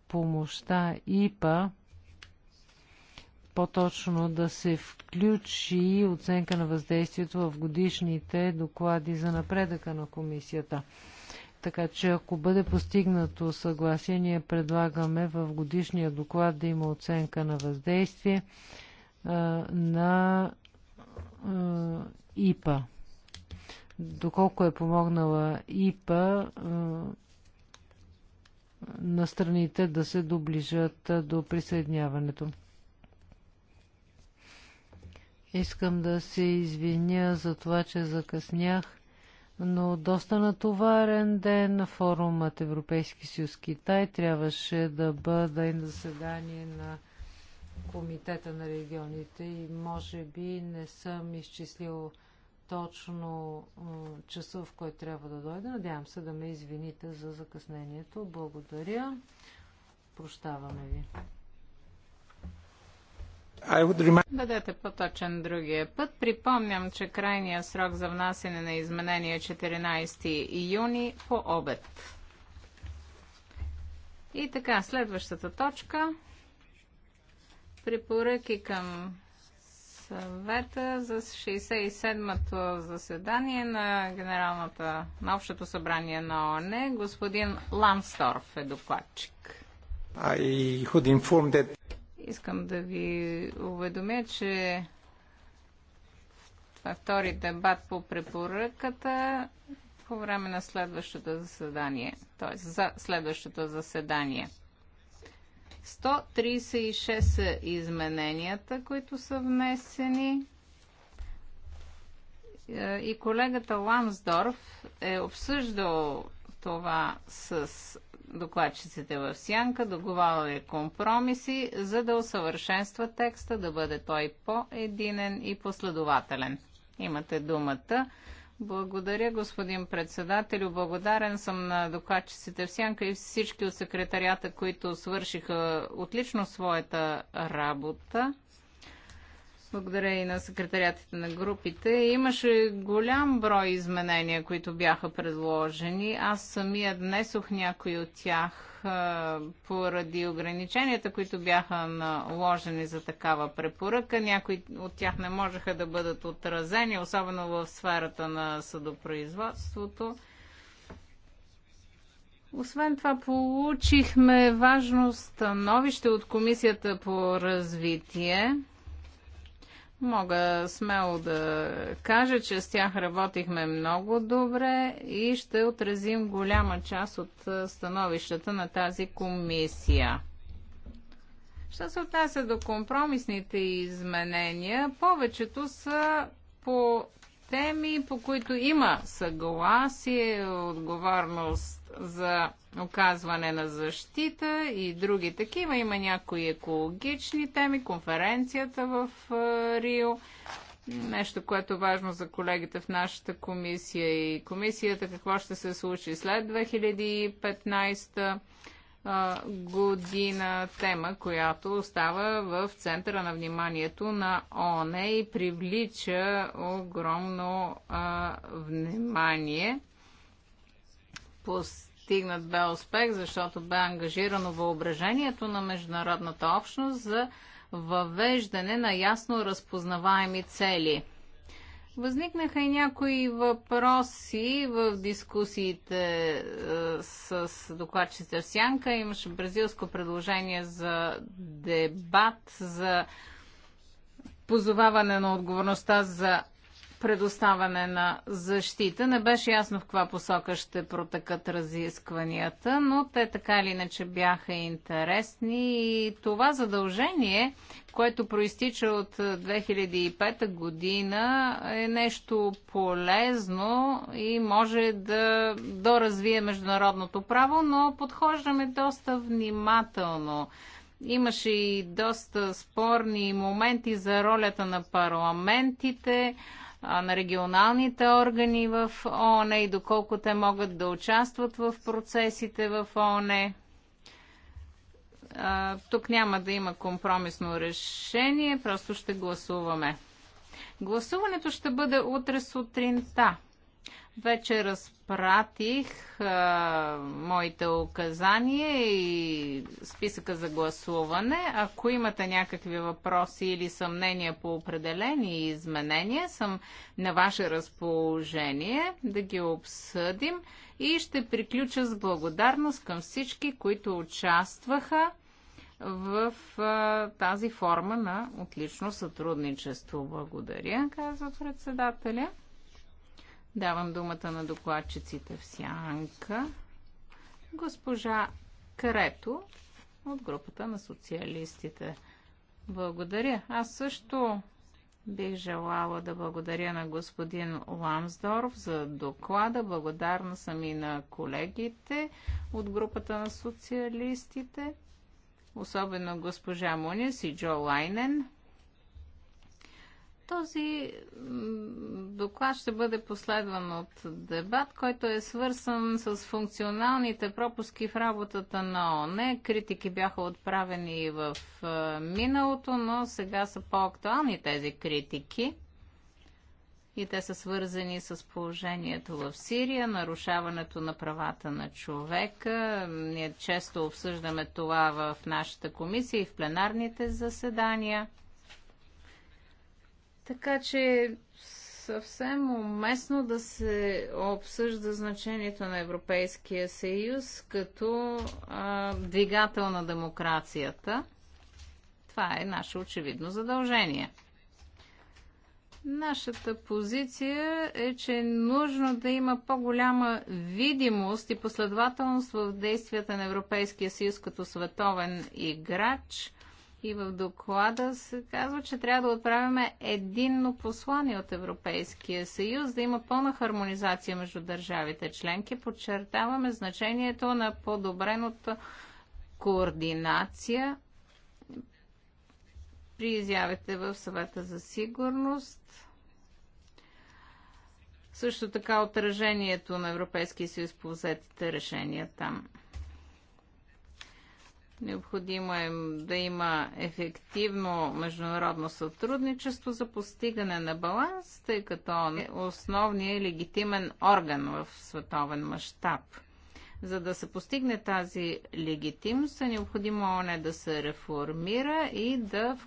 помощта ИПА по-точно да се включи оценка на въздействието в годишните доклади за напредъка на комисията. Така че ако бъде постигнато съгласие, ние предлагаме в годишния доклад да има оценка на въздействие а, на а, ИПА. Доколко е помогнала ИПА а, на страните да се доближат до присъединяването. Искам да се извиня за това, че закъснях, но доста натоварен ден на форумът Европейски съюз Китай трябваше да бъде и заседание на Комитета на регионите и може би не съм изчислил точно часа, в който трябва да дойда. Надявам се да ме извините за закъснението. Благодаря. Прощаваме ви. Бъдете поточен другия път. Припомням, че крайния срок за внасене на изменения е 14 юни по обед. И така, следващата точка. Препоръки към съвета за 67-то заседание на Генералната, на Общото събрание на ОНЕ Господин Ламсторф е докладчик. I could inform that Искам да ви уведомя, че това е втори дебат по препоръката по време на следващото заседание, т.е. за следващото заседание. 136 са измененията, които са внесени. Е, и колегата Ламсдорф е обсъждал това с докладчиците в сянка, договаряли е компромиси, за да усъвършенства текста, да бъде той по-единен и последователен. Имате думата. Благодаря, господин председателю. Благодарен съм на докладчиците в сянка и всички от секретарията, които свършиха отлично своята работа. Благодаря и на секретарятите на групите. Имаше голям брой изменения, които бяха предложени. Аз самия днесох някои от тях поради ограниченията, които бяха наложени за такава препоръка. Някои от тях не можеха да бъдат отразени, особено в сферата на съдопроизводството. Освен това, получихме важно становище от Комисията по развитие Мога смело да кажа, че с тях работихме много добре и ще отразим голяма част от становищата на тази комисия. Що се отнася до компромисните изменения, повечето са по теми, по които има съгласие, отговорност за оказване на защита и други такива. Има някои екологични теми, конференцията в е, Рио, нещо, което е важно за колегите в нашата комисия и комисията, какво ще се случи след 2015 е, година тема, която остава в центъра на вниманието на ОНЕ и привлича огромно а, е, внимание постигнат бе успех, защото бе ангажирано въображението на международната общност за въвеждане на ясно разпознаваеми цели. Възникнаха и някои въпроси в дискусиите е, с докладчите в Сянка. Имаше бразилско предложение за дебат за позоваване на отговорността за предоставяне на защита. Не беше ясно в каква посока ще протекат разискванията, но те така или иначе бяха интересни и това задължение, което проистича от 2005 година е нещо полезно и може да доразвие международното право, но подхождаме доста внимателно имаше и доста спорни моменти за ролята на парламентите на регионалните органи в ООН и доколко те могат да участват в процесите в ООН. Тук няма да има компромисно решение, просто ще гласуваме. Гласуването ще бъде утре сутринта. Вече разпратих а, моите указания и списъка за гласуване. Ако имате някакви въпроси или съмнения по определени изменения, съм на ваше разположение да ги обсъдим и ще приключа с благодарност към всички, които участваха в а, тази форма на отлично сътрудничество. Благодаря, казва председателя. Давам думата на докладчиците в сянка. Госпожа Карето от групата на социалистите. Благодаря. Аз също бих желала да благодаря на господин Ламсдорф за доклада. Благодарна съм и на колегите от групата на социалистите, особено госпожа Мунис и Джо Лайнен. Този доклад ще бъде последван от дебат, който е свързан с функционалните пропуски в работата на ОНЕ. Критики бяха отправени и в е, миналото, но сега са по-актуални тези критики. И те са свързани с положението в Сирия, нарушаването на правата на човека. Ние често обсъждаме това в нашата комисия и в пленарните заседания – така че съвсем уместно да се обсъжда значението на Европейския съюз като а, двигател на демокрацията. Това е наше очевидно задължение. Нашата позиция е, че е нужно да има по-голяма видимост и последователност в действията на Европейския съюз като световен играч – и в доклада се казва, че трябва да отправяме единно послание от Европейския съюз, да има пълна хармонизация между държавите членки. Подчертаваме значението на подобреното координация при изявите в съвета за сигурност. Също така отражението на Европейския съюз по взетите решения там. Необходимо е да има ефективно международно сътрудничество за постигане на баланс, тъй като он е основният легитимен орган в световен мащаб. За да се постигне тази легитимност е необходимо ОНЕ да се реформира и да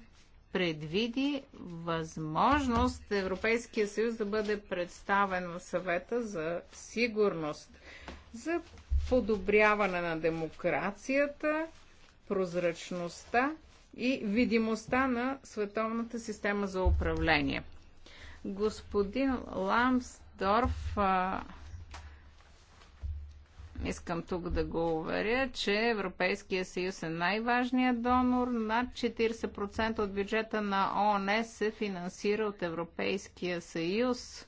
предвиди възможност Европейския съюз да бъде представен в съвета за сигурност, за подобряване на демокрацията прозрачността и видимостта на световната система за управление. Господин Ламсдорф, искам тук да го уверя, че Европейския съюз е най-важният донор. Над 40% от бюджета на ООН се финансира от Европейския съюз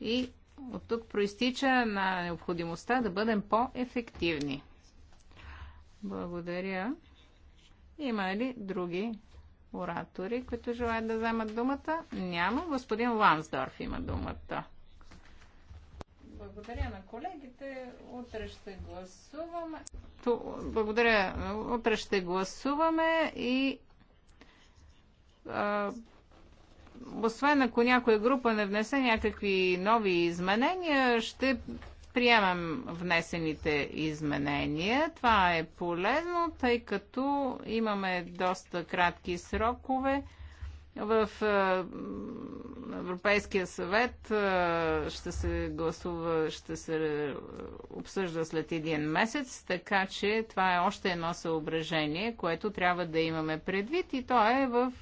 и от тук проистича на необходимостта да бъдем по-ефективни. Благодаря. Има ли други оратори, които желаят да вземат думата? Няма. Господин Лансдорф има думата. Благодаря на колегите. Утре ще гласуваме. благодаря. Утре ще гласуваме и а, освен ако някоя група не внесе някакви нови изменения, ще Приемам внесените изменения. Това е полезно, тъй като имаме доста кратки срокове. В е, Европейския съвет е, ще се гласува, ще се е, обсъжда след един месец, така че това е още едно съображение, което трябва да имаме предвид и то е в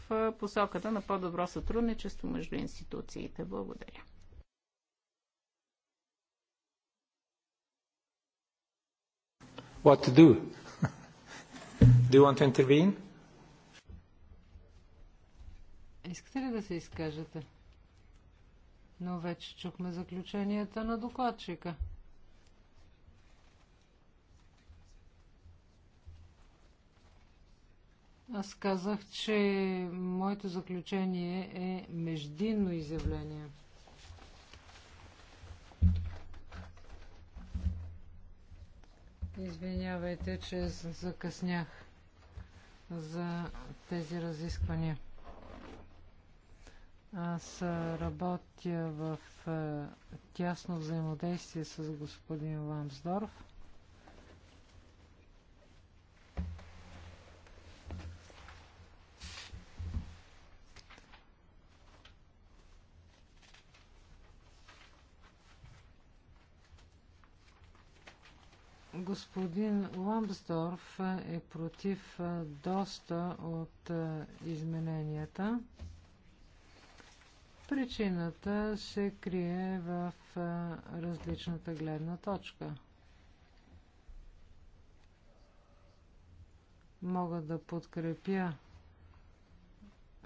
посоката на по-добро сътрудничество между институциите. Благодаря. what to do. do you want to intervene? Искате ли да се изкажете? Но вече чухме заключенията на докладчика. Аз казах, че моето заключение е междинно изявление. Извинявайте, че закъснях за тези разисквания. Аз работя в е, тясно взаимодействие с господин Ламсдорф. Господин Ламбсдорф е против доста от измененията. Причината се крие в различната гледна точка. Мога да подкрепя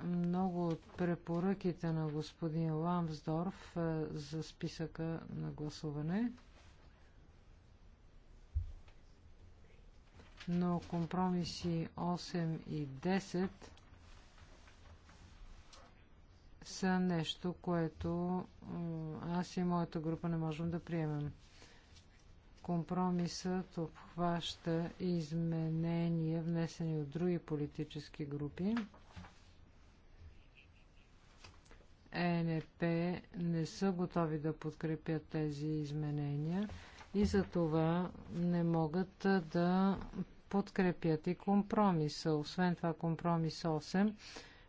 много от препоръките на господин Ламсдорф за списъка на гласуване. но компромиси 8 и 10 са нещо, което аз и моята група не можем да приемем. Компромисът обхваща изменения, внесени от други политически групи. ЕНП не са готови да подкрепят тези изменения и за това не могат да подкрепят и компромиса. Освен това компромис 8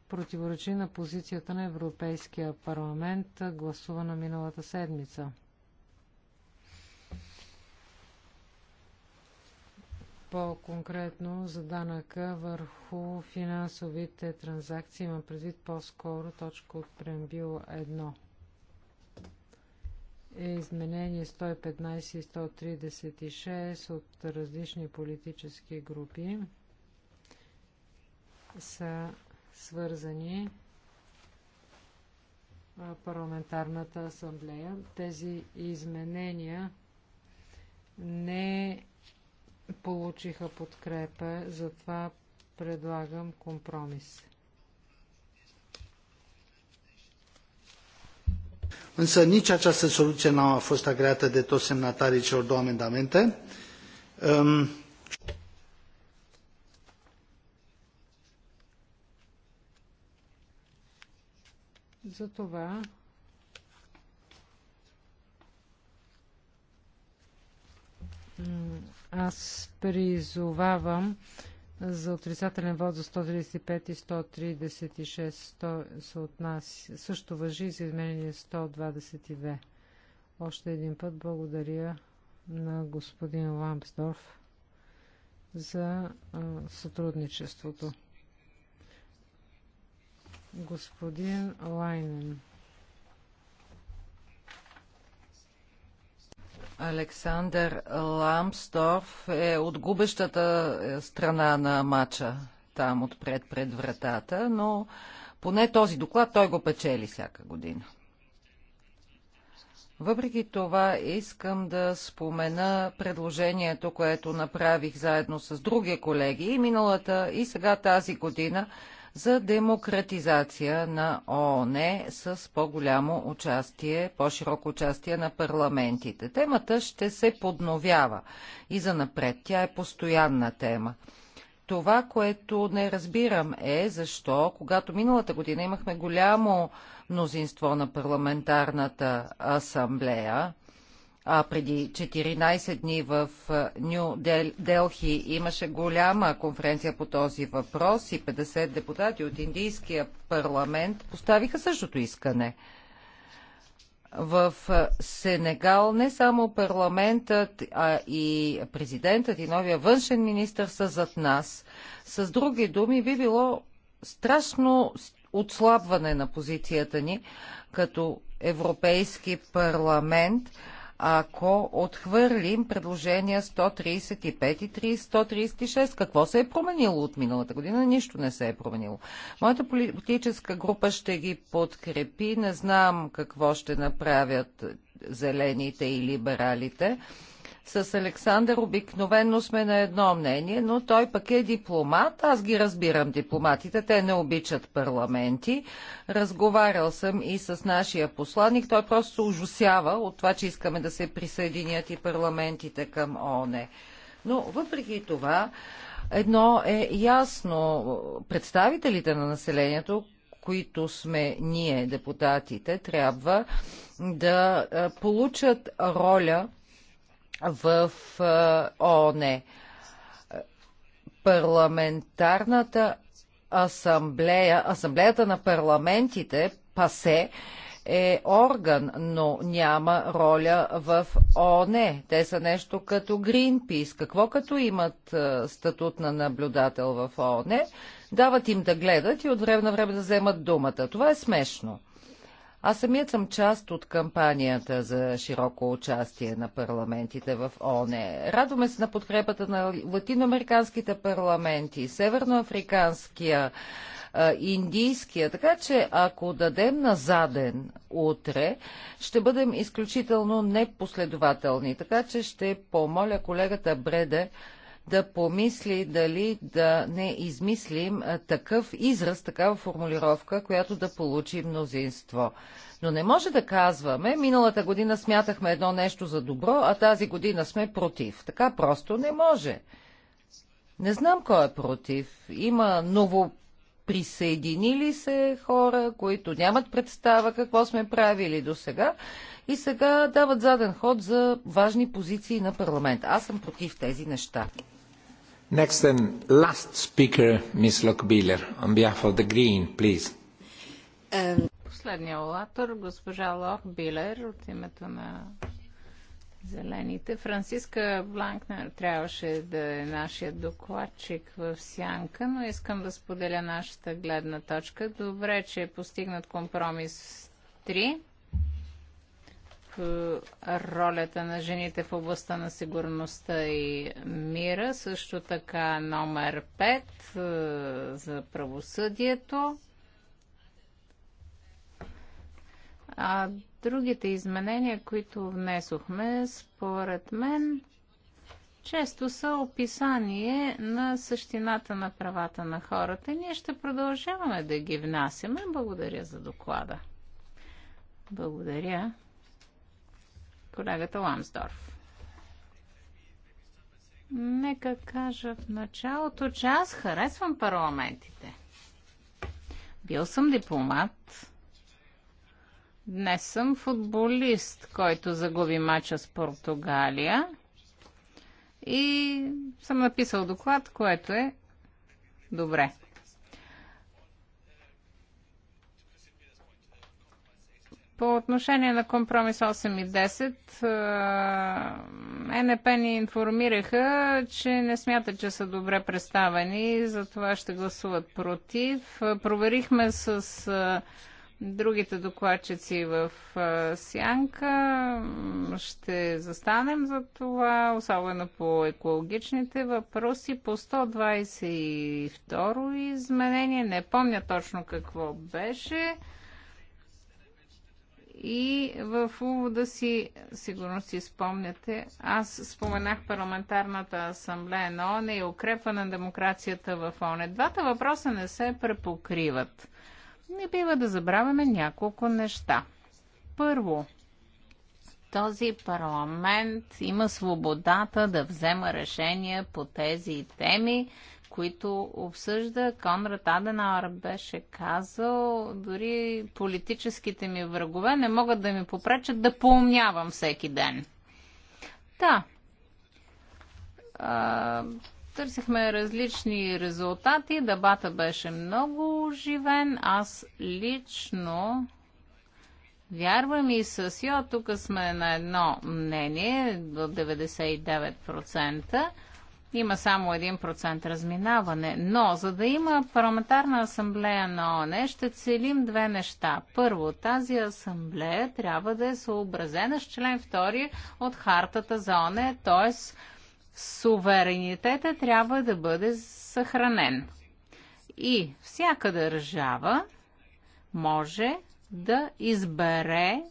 противоречи на позицията на Европейския парламент, гласувана миналата седмица. По-конкретно за данъка върху финансовите транзакции има предвид по-скоро точка от преамбил 1 е изменение 115 и 136 от различни политически групи са свързани парламентарната асамблея. Тези изменения не получиха подкрепа, затова предлагам компромис. Însă nici această soluție nu a fost agreată de toți semnatarii celor două amendamente. аз призовавам за отрицателен вод за 135 и 136 100 се отнася. Също въжи за изменение 122. Още един път благодаря на господин Ламсдорф за а, сътрудничеството. Господин Лайнен. Александър Ламсторф е от губещата е, страна на Мача там отпред пред вратата, но поне този доклад той го печели всяка година. Въпреки това искам да спомена предложението, което направих заедно с други колеги и миналата и сега тази година за демократизация на ООН с по-голямо участие, по-широко участие на парламентите. Темата ще се подновява и за напред. Тя е постоянна тема. Това, което не разбирам е защо, когато миналата година имахме голямо мнозинство на парламентарната асамблея, преди 14 дни в Нью Делхи имаше голяма конференция по този въпрос и 50 депутати от Индийския парламент поставиха същото искане. В Сенегал не само парламентът, а и президентът и новия външен министр са зад нас. С други думи, би било страшно отслабване на позицията ни като Европейски парламент – ако отхвърлим предложения 135 и 136. Какво се е променило от миналата година? Нищо не се е променило. Моята политическа група ще ги подкрепи. Не знам какво ще направят зелените и либералите. С Александър обикновено сме на едно мнение, но той пък е дипломат. Аз ги разбирам дипломатите. Те не обичат парламенти. Разговарял съм и с нашия посланник. Той просто се ужасява от това, че искаме да се присъединят и парламентите към ООН. Но въпреки това, едно е ясно. Представителите на населението, които сме ние, депутатите, трябва да получат роля в ООН. Парламентарната асамблея, асамблеята на парламентите, ПАСЕ, е орган, но няма роля в ООН. Те са нещо като Гринпис. Какво като имат статут на наблюдател в ООН, Дават им да гледат и от време на време да вземат думата. Това е смешно. Аз самият съм част от кампанията за широко участие на парламентите в ОНЕ. Радваме се на подкрепата на латиноамериканските парламенти, северноафриканския, индийския. Така че, ако дадем на заден утре, ще бъдем изключително непоследователни. Така че ще помоля колегата Бреде да помисли дали да не измислим такъв израз, такава формулировка, която да получи мнозинство. Но не може да казваме, миналата година смятахме едно нещо за добро, а тази година сме против. Така просто не може. Не знам кой е против. Има ново присъединили се хора, които нямат представа какво сме правили до сега и сега дават заден ход за важни позиции на парламент. Аз съм против тези неща. Next and last speaker, Ms. Lockbiller, on behalf of the Green, please. Последния оратор, госпожа Лохбилер, от името на Зелените. Франциска Бланкнер трябваше да е нашия докладчик в Сянка, но искам да споделя нашата гледна точка. Добре, че е постигнат компромис ролята на жените в областта на сигурността и мира, също така номер 5 е, за правосъдието. А другите изменения, които внесохме, според мен, често са описание на същината на правата на хората. Ние ще продължаваме да ги внасяме. Благодаря за доклада. Благодаря колегата Ламсдорф. Нека кажа в началото, че аз харесвам парламентите. Бил съм дипломат. Днес съм футболист, който загуби мача с Португалия. И съм написал доклад, което е добре. По отношение на компромис 8 и 10, НП ни информираха, че не смятат, че са добре представени затова ще гласуват против. Проверихме с другите докладчици в Сянка. Ще застанем за това, особено по екологичните въпроси. По 122 изменение, не помня точно какво беше. И в увода си, сигурно си спомняте, аз споменах парламентарната асамблея на ОНЕ и укрепа на демокрацията в ОНЕ. Двата въпроса не се препокриват. Не бива да забравяме няколко неща. Първо, този парламент има свободата да взема решения по тези теми които обсъжда. Конрад Аденауер беше казал, дори политическите ми врагове не могат да ми попречат да поумнявам всеки ден. Да. А, търсихме различни резултати. Дебата беше много живен. Аз лично Вярвам и с Йо, тук сме на едно мнение до 99% има само 1% разминаване, но за да има парламентарна асамблея на ОНЕ, ще целим две неща. Първо, тази асамблея трябва да е съобразена с член 2 от хартата за ОНЕ, т.е. суверенитета трябва да бъде съхранен. И всяка държава може да избере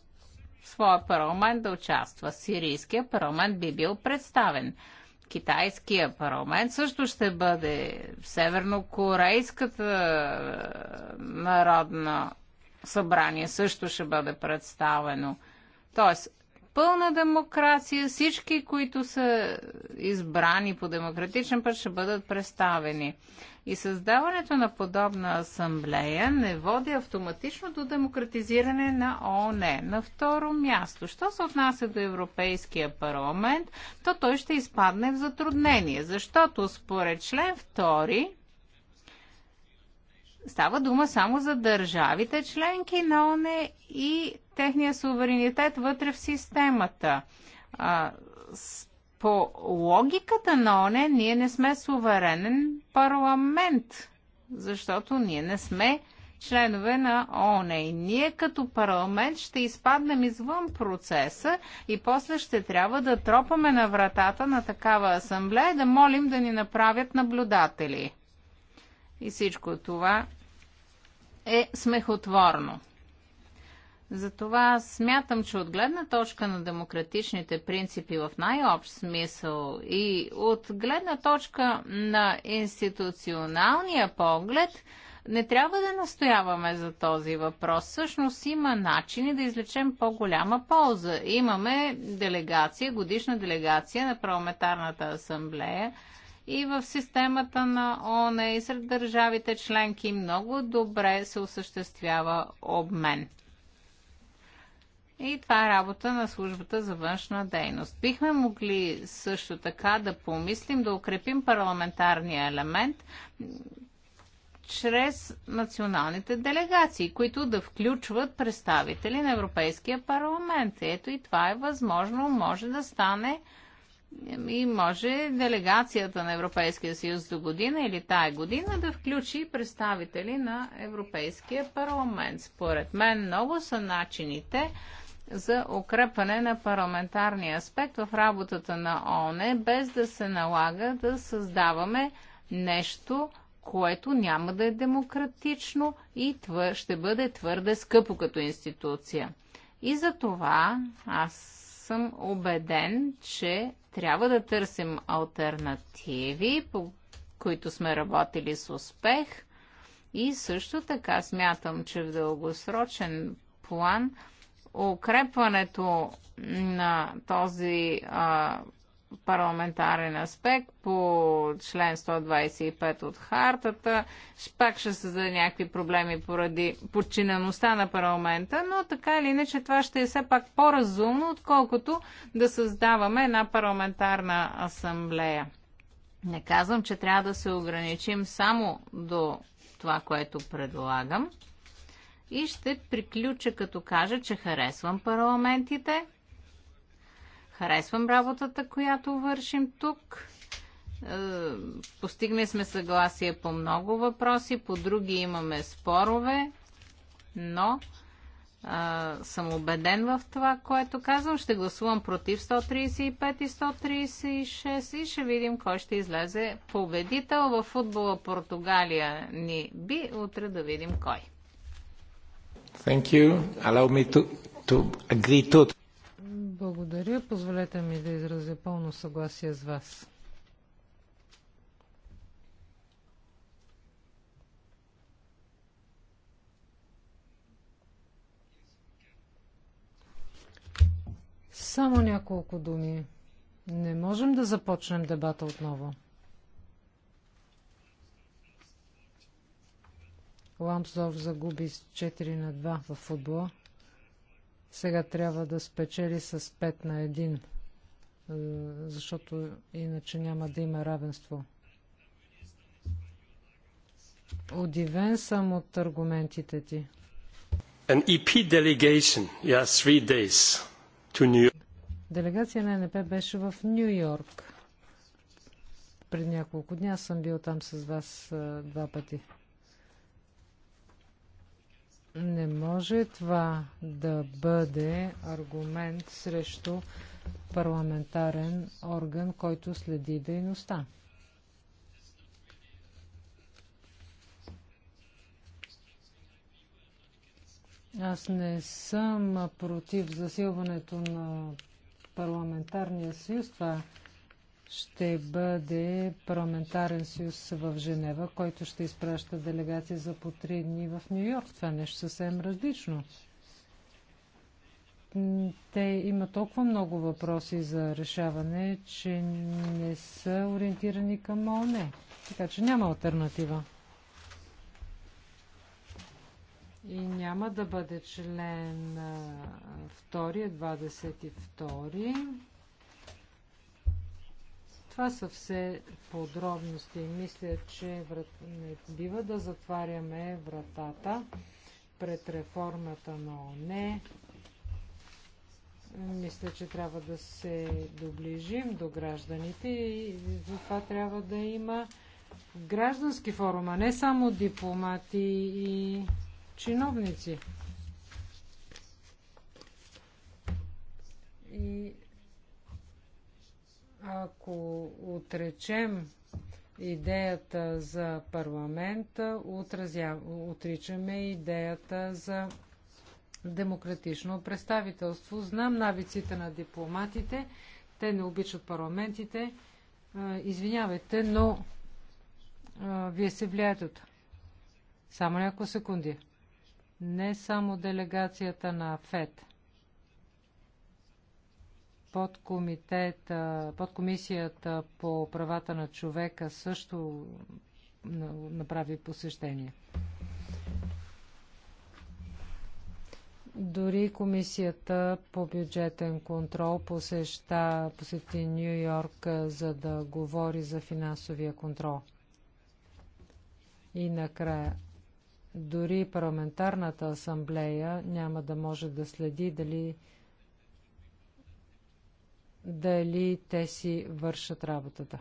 своя парламент да участва. Сирийския парламент би бил представен китайския парламент също ще бъде Севернокорейската е, народна събрание също ще бъде представено. Тоест, пълна демокрация, всички, които са избрани по демократичен път, ще бъдат представени. И създаването на подобна асамблея не води автоматично до демократизиране на ООН. На второ място, що се отнася до Европейския парламент, то той ще изпадне в затруднение, защото според член 2 Става дума само за държавите членки на ООН и техния суверенитет вътре в системата. А, по логиката на ОНЕ ние не сме суверенен парламент, защото ние не сме членове на ОНЕ. И ние като парламент ще изпаднем извън процеса и после ще трябва да тропаме на вратата на такава асамблея и да молим да ни направят наблюдатели. И всичко това е смехотворно. Затова смятам, че от гледна точка на демократичните принципи в най-общ смисъл и от гледна точка на институционалния поглед, не трябва да настояваме за този въпрос. Всъщност има начини да излечем по-голяма полза. Имаме делегация, годишна делегация на парламентарната асамблея и в системата на ОНЕ и сред държавите членки много добре се осъществява обмен. И това е работа на службата за външна дейност. Бихме могли също така да помислим да укрепим парламентарния елемент чрез националните делегации, които да включват представители на Европейския парламент. Ето и това е възможно, може да стане и може делегацията на Европейския съюз до година или тая година да включи представители на Европейския парламент. Според мен много са начините за укрепване на парламентарния аспект в работата на ООН, без да се налага да създаваме нещо, което няма да е демократично и твър, ще бъде твърде скъпо като институция. И за това аз съм убеден, че трябва да търсим альтернативи, по които сме работили с успех. И също така смятам, че в дългосрочен план – укрепването на този а, парламентарен аспект по член 125 от хартата. Пак ще създаде някакви проблеми поради подчинеността на парламента, но така или иначе това ще е все пак по-разумно, отколкото да създаваме една парламентарна асамблея. Не казвам, че трябва да се ограничим само до това, което предлагам. И ще приключа като кажа, че харесвам парламентите, харесвам работата, която вършим тук. Е, Постигне сме съгласие по много въпроси, по други имаме спорове, но а, съм убеден в това, което казвам. Ще гласувам против 135 и 136 и ще видим кой ще излезе победител в футбола Португалия. Ни би утре да видим кой. Thank you. Allow me to, to agree to... Благодаря. Позволете ми да изразя пълно съгласие с вас. Само няколко думи. Не можем да започнем дебата отново. Ламсдорф загуби с 4 на 2 в футбола. Сега трябва да спечели с 5 на 1, е, защото иначе няма да има равенство. Удивен съм от аргументите ти. An EP delegation, three days to New York. Делегация на НП беше в Нью Йорк. Пред няколко дня съм бил там с вас е, два пъти. Не може това да бъде аргумент срещу парламентарен орган, който следи дейността. Аз не съм против засилването на парламентарния съюз. Това ще бъде парламентарен съюз в Женева, който ще изпраща делегация за по три дни в Нью Йорк. Това е нещо съвсем различно. Те има толкова много въпроси за решаване, че не са ориентирани към ООН. Така че няма альтернатива. И няма да бъде член 2, 22. Това са все подробности. Мисля, че врат... не бива да затваряме вратата пред реформата на ОНЕ. Мисля, че трябва да се доближим до гражданите и за това трябва да има граждански форума, не само дипломати и чиновници. И ако отречем идеята за парламента, отразя, отричаме идеята за демократично представителство. Знам навиците на дипломатите. Те не обичат парламентите. Извинявайте, но вие се влияете от. Само няколко секунди. Не само делегацията на ФЕД – под комисията по правата на човека също направи посещение. Дори комисията по бюджетен контрол посеща, посети Нью Йорк, за да говори за финансовия контрол. И накрая, дори парламентарната асамблея няма да може да следи дали дали те си вършат работата.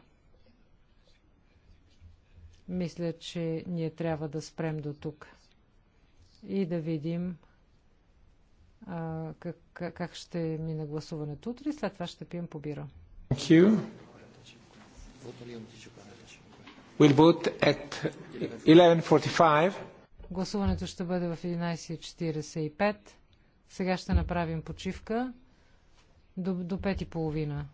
Мисля, че ние трябва да спрем до тук и да видим а, как, как ще мине гласуването утре и след това ще пием по бира. We'll Гласуването ще бъде в 11.45. Сега ще направим почивка до, до пет и половина.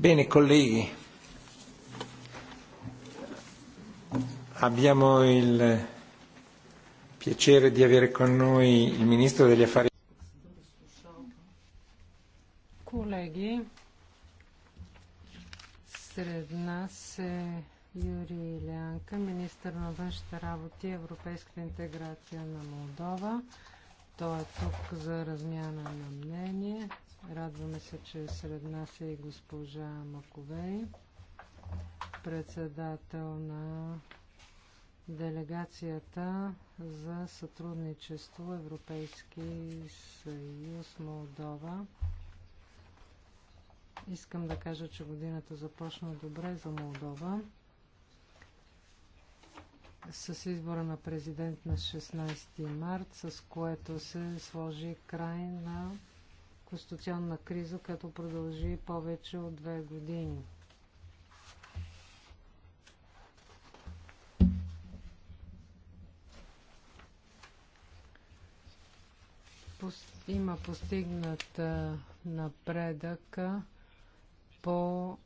Bene, colleghi, abbiamo il piacere di avere con noi il Ministro degli Affari. Колеги, сред нас е Юрий Илянка, министър на външните работи и европейската интеграция на Молдова. Той е тук за размяна на мнение. Радваме се, че сред нас е и госпожа Маковей, председател на делегацията за сътрудничество Европейски съюз Молдова. Искам да кажа, че годината започна добре за Молдова с избора на президент на 16 март, с което се сложи край на конституционна криза, като продължи повече от две години. Има постигнат напредък по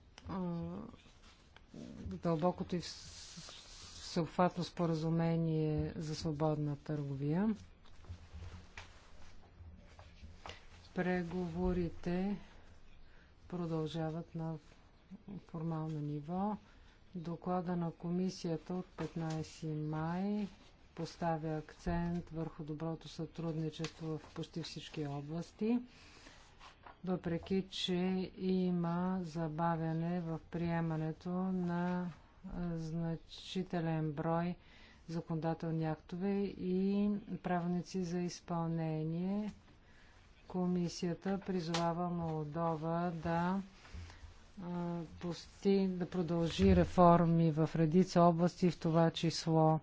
дълбокото и всеобхватно споразумение за свободна търговия. Преговорите продължават на формално ниво. Доклада на комисията от 15 май поставя акцент върху доброто сътрудничество в почти всички области, въпреки че има забавяне в приемането на значителен брой законодателни актове и правници за изпълнение Комисията призовава Молдова да да продължи реформи в редица области, в това число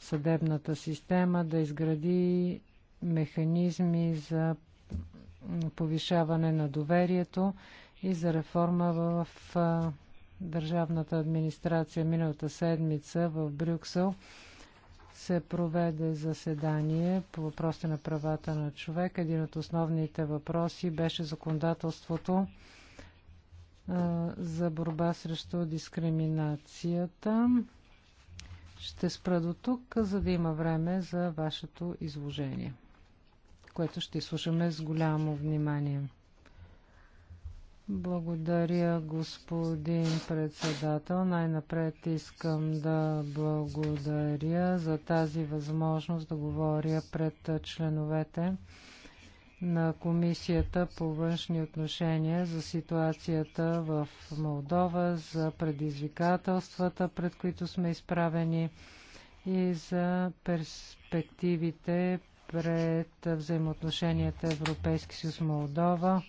съдебната система, да изгради механизми за повишаване на доверието и за реформа в държавната администрация. Миналата седмица в Брюксел се проведе заседание по въпросите на правата на човек. Един от основните въпроси беше законодателството за борба срещу дискриминацията. Ще спра до тук, за да има време за вашето изложение, което ще слушаме с голямо внимание. Благодаря, господин председател. Най-напред искам да благодаря за тази възможност да говоря пред членовете на Комисията по външни отношения за ситуацията в Молдова, за предизвикателствата, пред които сме изправени и за перспективите пред взаимоотношенията Европейски съюз Молдова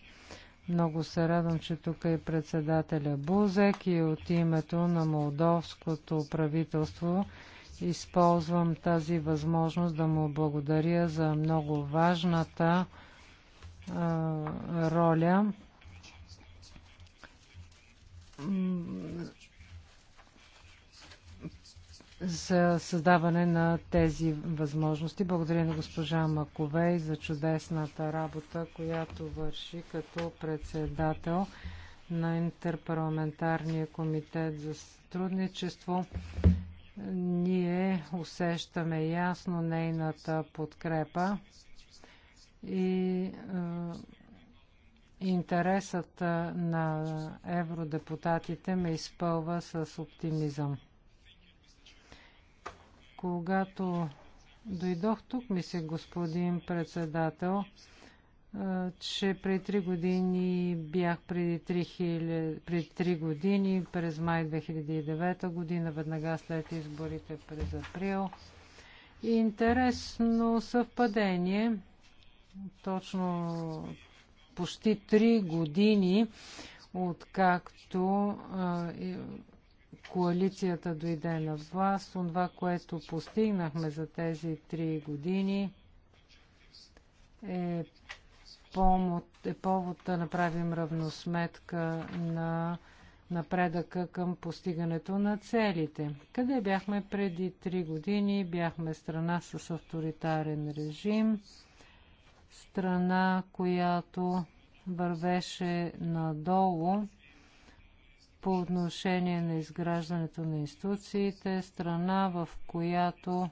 много се радвам, че тук е председателя Бузек и от името на молдовското правителство използвам тази възможност да му благодаря за много важната а, роля за създаване на тези възможности. Благодаря на госпожа Маковей за чудесната работа, която върши като председател на Интерпарламентарния комитет за сътрудничество. Ние усещаме ясно нейната подкрепа и интересът на евродепутатите ме изпълва с оптимизъм. Когато дойдох тук, мисля, господин председател, че преди три години бях преди 3000, преди 3 години, през май 2009 година, веднага след изборите през април. Интересно съвпадение. Точно почти 3 години, откакто коалицията дойде на власт, това, което постигнахме за тези три години е, помод, е повод да направим равносметка на напредъка към постигането на целите. Къде бяхме преди три години? Бяхме страна с авторитарен режим, страна, която вървеше надолу по отношение на изграждането на институциите, страна в която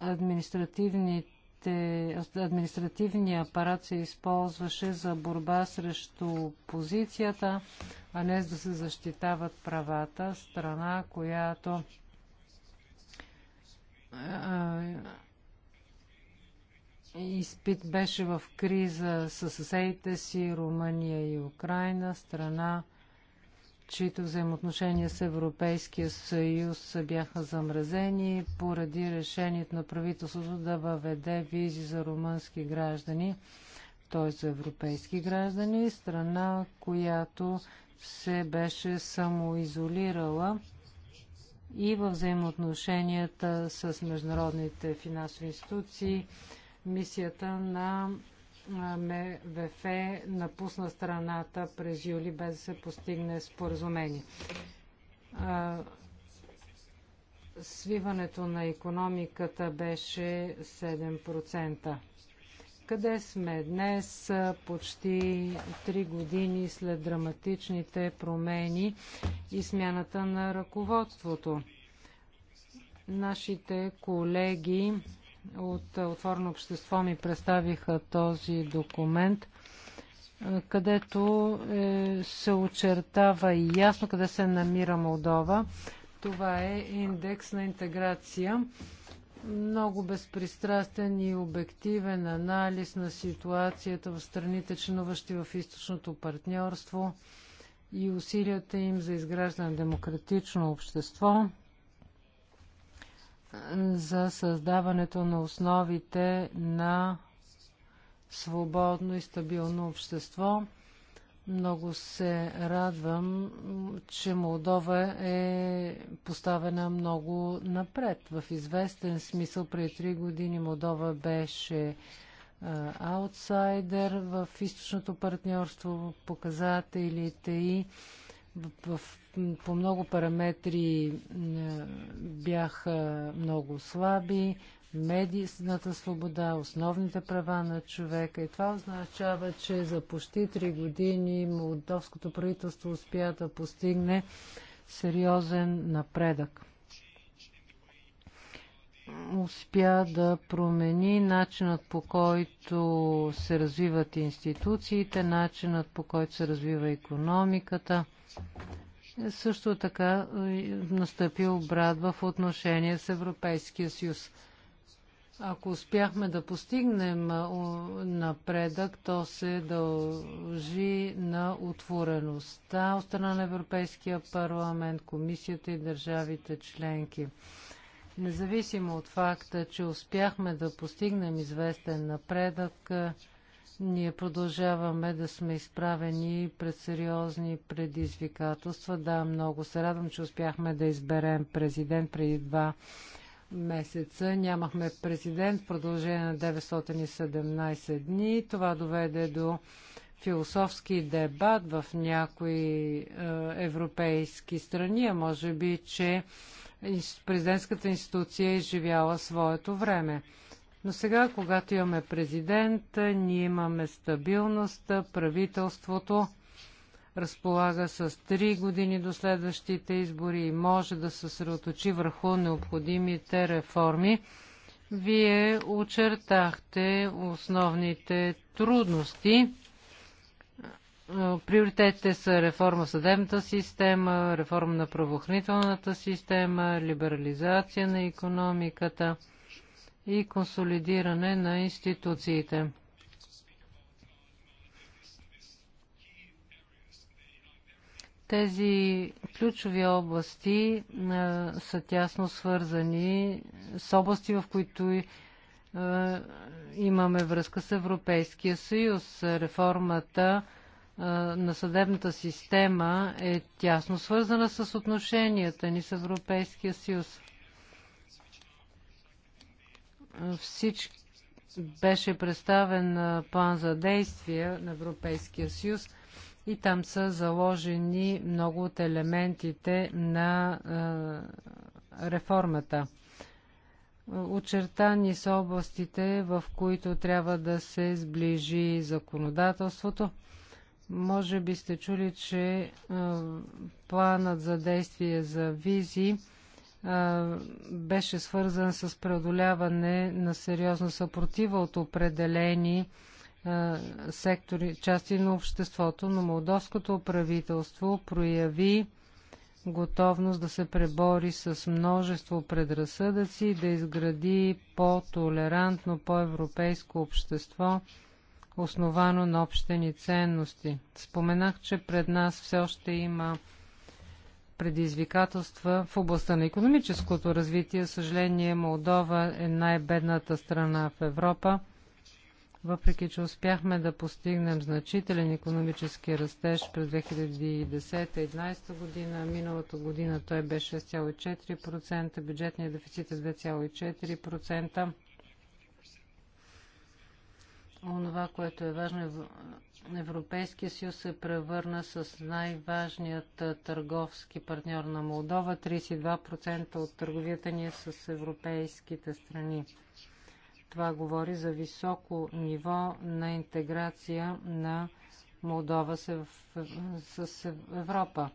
административният апарат се използваше за борба срещу позицията, а не за да се защитават правата. Страна, която изпит беше в криза с съседите си, Румъния и Украина, страна, чието взаимоотношения с Европейския съюз бяха замразени поради решението на правителството да въведе визи за румънски граждани, т.е. за европейски граждани, страна, която се беше самоизолирала и във взаимоотношенията с международните финансови институции, Мисията на МВФ напусна страната през юли без да се постигне споразумение. Свиването на економиката беше 7%. Къде сме днес, почти 3 години след драматичните промени и смяната на ръководството? Нашите колеги от Отворено общество ми представиха този документ, където е, се очертава и ясно къде се намира Молдова. Това е индекс на интеграция. Много безпристрастен и обективен анализ на ситуацията в страните, членуващи в източното партньорство и усилията им за изграждане на демократично общество за създаването на основите на свободно и стабилно общество. Много се радвам, че Молдова е поставена много напред. В известен смисъл преди три години Молдова беше аутсайдер в източното партньорство, показателите и в по много параметри е, бяха много слаби. Медийната свобода, основните права на човека. И това означава, че за почти три години молдовското правителство успя да постигне сериозен напредък. Успя да промени начинът по който се развиват институциите, начинът по който се развива економиката. Също така е, настъпи обрат в отношение с Европейския съюз. Ако успяхме да постигнем е, напредък, то се дължи на отвореността от страна на Европейския парламент, комисията и държавите членки. Независимо от факта, че успяхме да постигнем известен напредък, е, ние продължаваме да сме изправени пред сериозни предизвикателства. Да, много се радвам, че успяхме да изберем президент преди два месеца. Нямахме президент в продължение на 917 дни. Това доведе до философски дебат в някои е, европейски страни, а може би, че президентската институция е изживяла своето време. Но сега, когато имаме президент, ние имаме стабилност, правителството разполага с три години до следващите избори и може да се съсредоточи върху необходимите реформи. Вие очертахте основните трудности. Приоритетите са реформа в съдебната система, реформа на правоохранителната система, либерализация на економиката – и консолидиране на институциите. Тези ключови области а, са тясно свързани с области, в които а, имаме връзка с Европейския съюз. Реформата а, на съдебната система е тясно свързана с отношенията ни с Европейския съюз всички беше представен план за действие на Европейския съюз и там са заложени много от елементите на реформата. Очертани са областите, в които трябва да се сближи законодателството. Може би сте чули, че планът за действие за визи беше свързан с преодоляване на сериозна съпротива от определени сектори, части на обществото, но молдовското правителство прояви готовност да се пребори с множество предразсъдъци и да изгради по-толерантно, по-европейско общество, основано на общени ценности. Споменах, че пред нас все още има предизвикателства в областта на економическото развитие. Съжаление, Молдова е най-бедната страна в Европа. Въпреки, че успяхме да постигнем значителен економически растеж през 2010-2011 година, миналата година той бе 6,4%, бюджетният дефицит е 2,4% онова, което е важно, е Европейския съюз се превърна с най-важният търговски партньор на Молдова. 32% от търговията ни е с европейските страни. Това говори за високо ниво на интеграция на Молдова с Европа.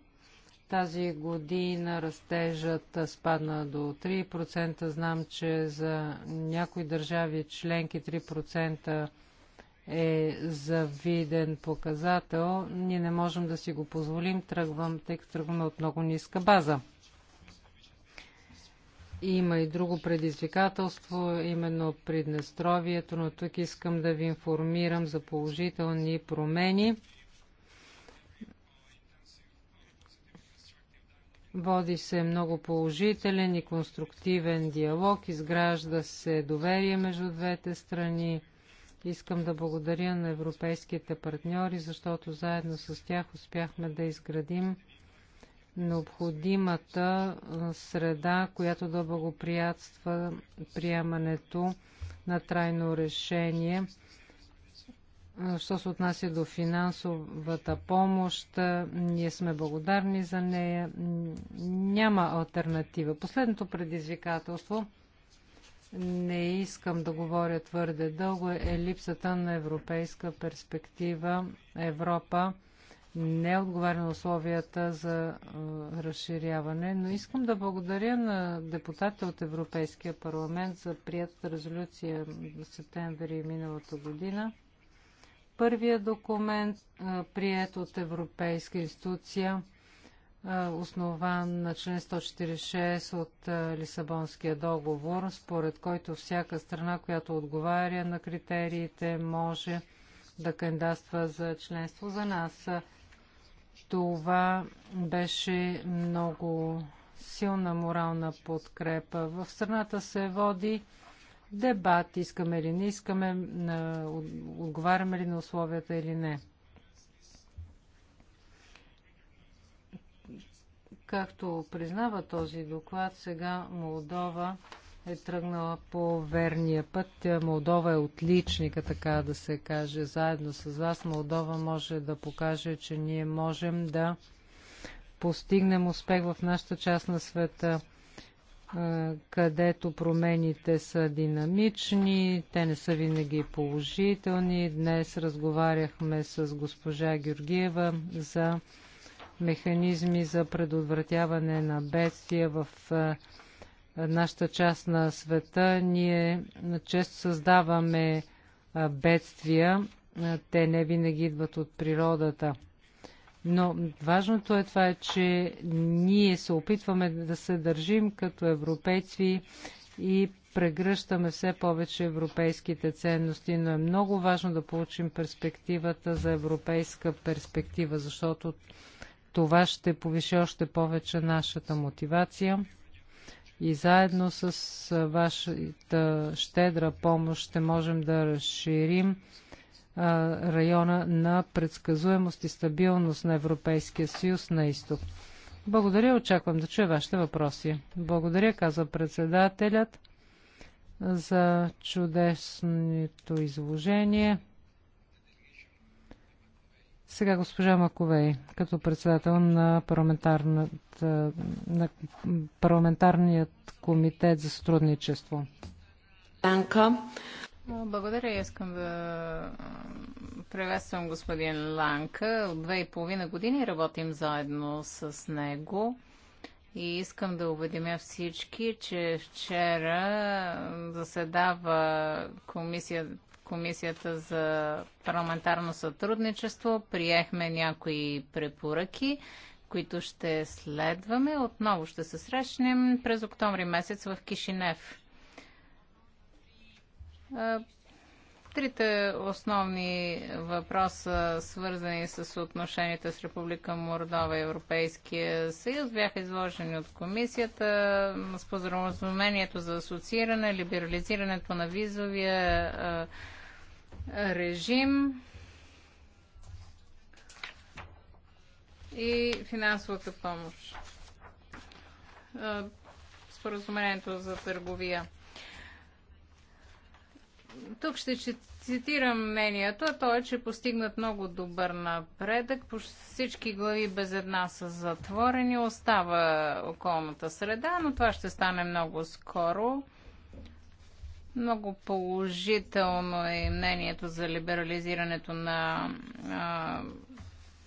Тази година растежът спадна до 3%. Знам, че за някои държави членки 3% е завиден показател. Ние не можем да си го позволим, тръгвам, тъй като тръгваме от много ниска база. Има и друго предизвикателство, именно преднестровието, но тук искам да ви информирам за положителни промени. Води се много положителен и конструктивен диалог, изгражда се доверие между двете страни. Искам да благодаря на европейските партньори, защото заедно с тях успяхме да изградим необходимата среда, която да благоприятства приемането на трайно решение. Що се отнася до финансовата помощ, ние сме благодарни за нея. Няма альтернатива. Последното предизвикателство – не искам да говоря твърде дълго, е липсата на европейска перспектива. Европа не отговаря на условията за разширяване, но искам да благодаря на депутата от Европейския парламент за прията резолюция в септември миналата година. Първият документ, прият от Европейска институция, основан на член 146 от Лисабонския договор, според който всяка страна, която отговаря на критериите, може да кандидатства за членство за нас. Това беше много силна морална подкрепа. В страната се води дебат, искаме ли не искаме, отговаряме ли на условията или не. Както признава този доклад, сега Молдова е тръгнала по верния път. Молдова е отличника, така да се каже. Заедно с вас Молдова може да покаже, че ние можем да постигнем успех в нашата част на света, е, където промените са динамични, те не са винаги положителни. Днес разговаряхме с госпожа Георгиева за механизми за предотвратяване на бедствия в е, нашата част на света. Ние често създаваме е, бедствия. Е, те не винаги идват от природата. Но важното е това, че ние се опитваме да се държим като европейци и прегръщаме все повече европейските ценности, но е много важно да получим перспективата за европейска перспектива, защото това ще повиши още повече нашата мотивация и заедно с вашата щедра помощ ще можем да разширим района на предсказуемост и стабилност на Европейския съюз на изток. Благодаря, очаквам да чуя вашите въпроси. Благодаря, каза председателят за чудесното изложение. Сега госпожа Маковей, като председател на, на парламентарният комитет за сътрудничество. Данка. Благодаря. Искам да приветствам господин Ланка. От две и половина години работим заедно с него. И искам да уведомя всички, че вчера заседава комисия Комисията за парламентарно сътрудничество приехме някои препоръки, които ще следваме. Отново ще се срещнем през октомври месец в Кишинев. Трите основни въпроса, свързани с отношенията с Република Мордова и Европейския съюз, бяха изложени от комисията. Споразумението за асоцииране, либерализирането на визовия режим и финансовата помощ. Споразумението за търговия. Тук ще цитирам мнението, а то е, че постигнат много добър напредък. По всички глави без една са затворени. Остава околната среда, но това ще стане много скоро. Много положително е мнението за либерализирането на а,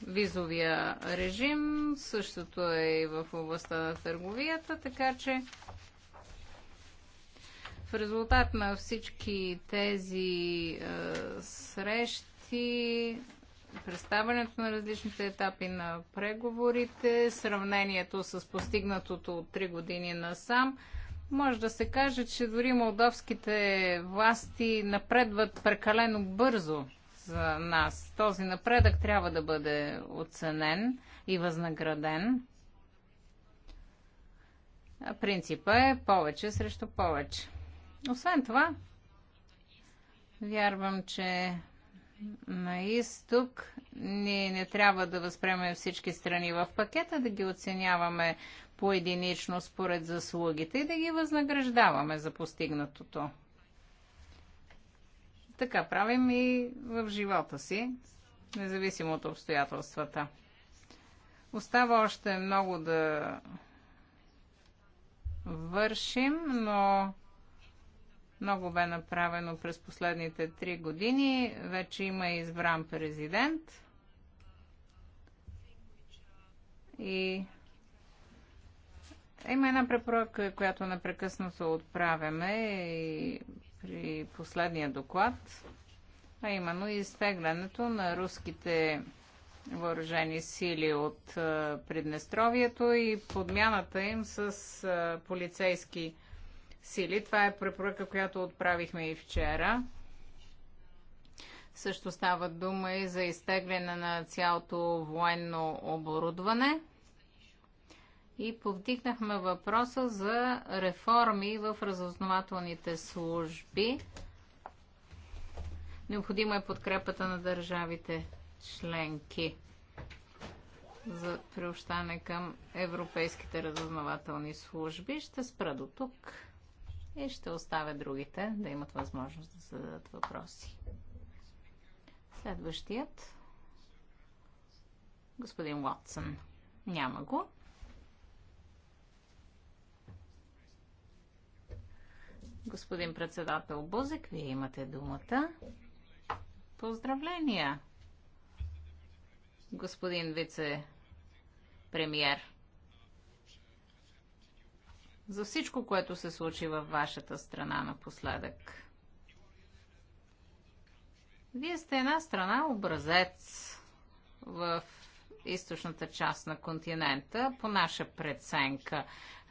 визовия режим. Същото е и в областта на търговията, така че в резултат на всички тези а, срещи, представянето на различните етапи на преговорите, сравнението с постигнатото от 3 години насам, сам, може да се каже, че дори молдовските власти напредват прекалено бързо за нас. Този напредък трябва да бъде оценен и възнаграден. Принципа е повече срещу повече. Освен това, вярвам, че на изток ние не трябва да възприемем всички страни в пакета, да ги оценяваме поединично според заслугите и да ги възнаграждаваме за постигнатото. Така правим и в живота си, независимо от обстоятелствата. Остава още много да вършим, но много бе направено през последните три години. Вече има избран президент. И има една препоръка, която непрекъснато отправяме и при последния доклад, а именно изтеглянето на руските въоръжени сили от Приднестровието и подмяната им с полицейски сили. Това е препоръка, която отправихме и вчера. Също става дума и за изтегляне на цялото военно оборудване – и повдигнахме въпроса за реформи в разузнавателните служби. Необходима е подкрепата на държавите членки за приобщане към европейските разузнавателни служби. Ще спра до тук и ще оставя другите да имат възможност да зададат въпроси. Следващият господин Уотсън. Няма го. Господин председател Бозек, вие имате думата. Поздравления, господин вице-премьер, за всичко, което се случи във вашата страна напоследък. Вие сте една страна образец в източната част на континента, по наша преценка.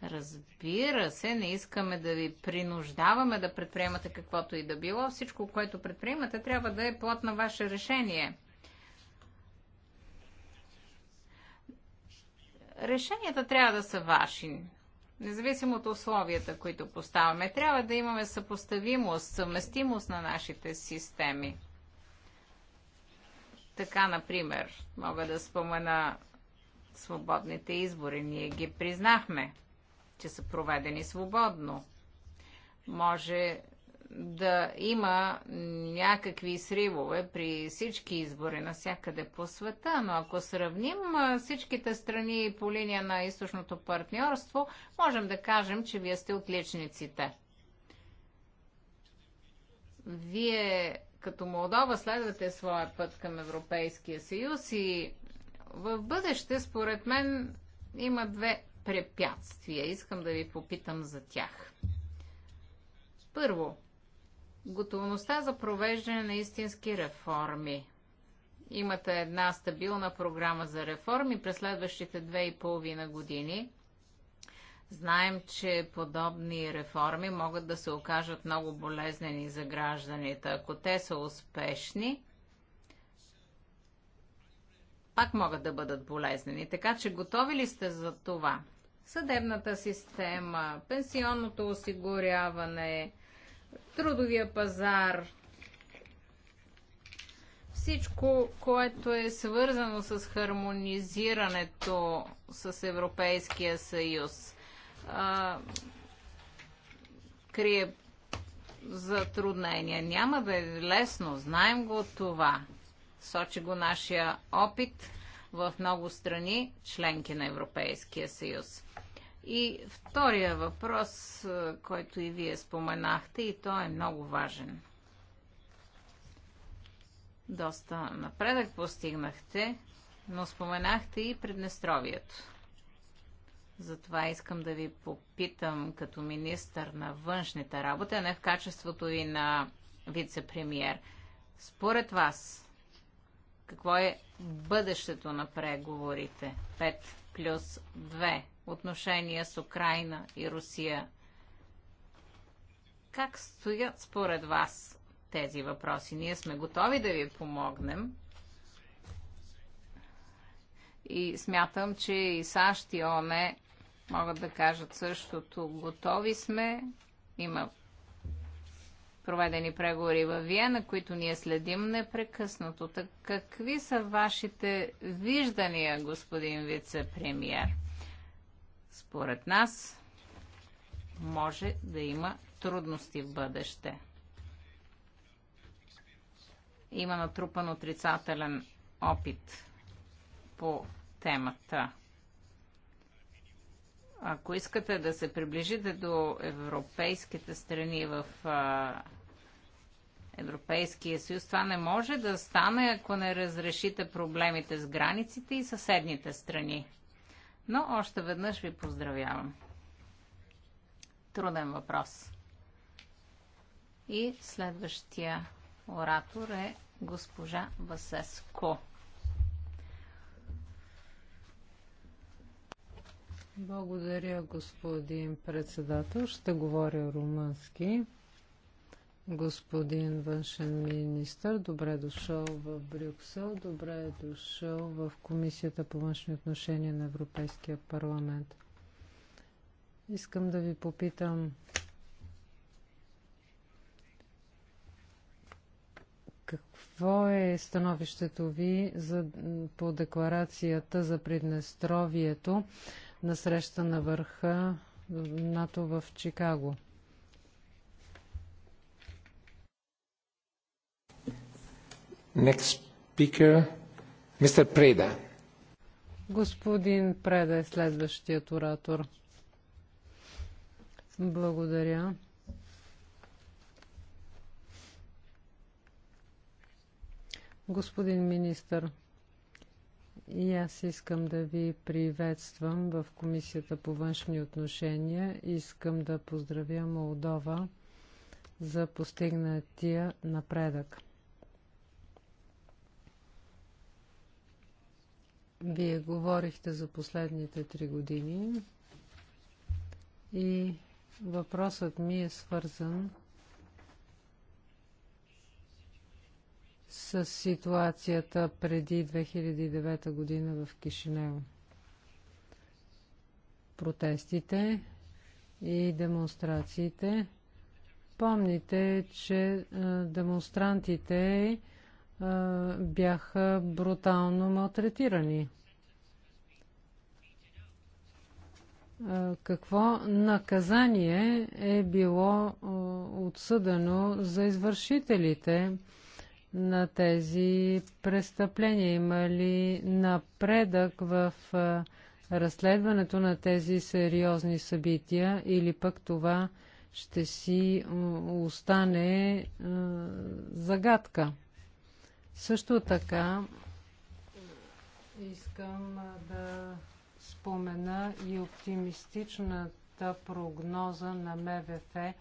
Разбира се, не искаме да ви принуждаваме да предприемате каквото и да било. Всичко, което предприемате, трябва да е плод на ваше решение. Решенията трябва да са ваши независимо от условията, които поставяме. Трябва да имаме съпоставимост, съвместимост на нашите системи. Така, например, мога да спомена свободните избори. Ние ги признахме, че са проведени свободно. Може да има някакви сривове при всички избори навсякъде по света, но ако сравним всичките страни по линия на източното партньорство, можем да кажем, че вие сте отличниците. Вие като Молдова следвате своя път към Европейския съюз и в бъдеще, според мен, има две препятствия. Искам да ви попитам за тях. Първо, готовността за провеждане на истински реформи. Имате една стабилна програма за реформи през следващите две и половина години. Знаем, че подобни реформи могат да се окажат много болезнени за гражданите. Ако те са успешни, пак могат да бъдат болезнени. Така че готови ли сте за това? Съдебната система, пенсионното осигуряване, трудовия пазар, всичко, което е свързано с хармонизирането с Европейския съюз а, крие затруднения. Няма да е лесно, знаем го от това. Сочи го нашия опит в много страни, членки на Европейския съюз. И втория въпрос, който и вие споменахте, и той е много важен. Доста напредък постигнахте, но споменахте и Преднестровието. Затова искам да ви попитам като министър на външните работи, а не в качеството и на вице-премьер. Според вас, какво е бъдещето на преговорите 5 плюс 2 отношения с Украина и Русия? Как стоят според вас тези въпроси? Ние сме готови да ви помогнем. И смятам, че и САЩ и ОНЕ могат да кажат същото. Готови сме. Има проведени преговори във Виена, които ние следим непрекъснато. Так, какви са вашите виждания, господин вице-премьер? Според нас може да има трудности в бъдеще. Има натрупан отрицателен опит по темата ако искате да се приближите до европейските страни в а, Европейския съюз, това не може да стане, ако не разрешите проблемите с границите и съседните страни. Но още веднъж ви поздравявам. Труден въпрос. И следващия оратор е госпожа Васеско. Благодаря, господин председател. Ще говоря румънски. Господин външен министр, добре дошъл в Брюксел, добре е дошъл в Комисията по външни отношения на Европейския парламент. Искам да ви попитам какво е становището ви за, по декларацията за Приднестровието? на среща на върха НАТО в Чикаго. Next speaker, Mr. Preda. Господин Преда е следващият оратор. Благодаря. Господин министър, и аз искам да ви приветствам в Комисията по външни отношения. Искам да поздравя Молдова за постигнатия напредък. Вие говорихте за последните три години и въпросът ми е свързан с ситуацията преди 2009 година в Кишинево. Протестите и демонстрациите. Помните, че демонстрантите бяха брутално малтретирани. Какво наказание е било отсъдено за извършителите? на тези престъпления? Има ли напредък в разследването на тези сериозни събития или пък това ще си остане загадка? Също така искам да спомена и оптимистичната прогноза на МВФ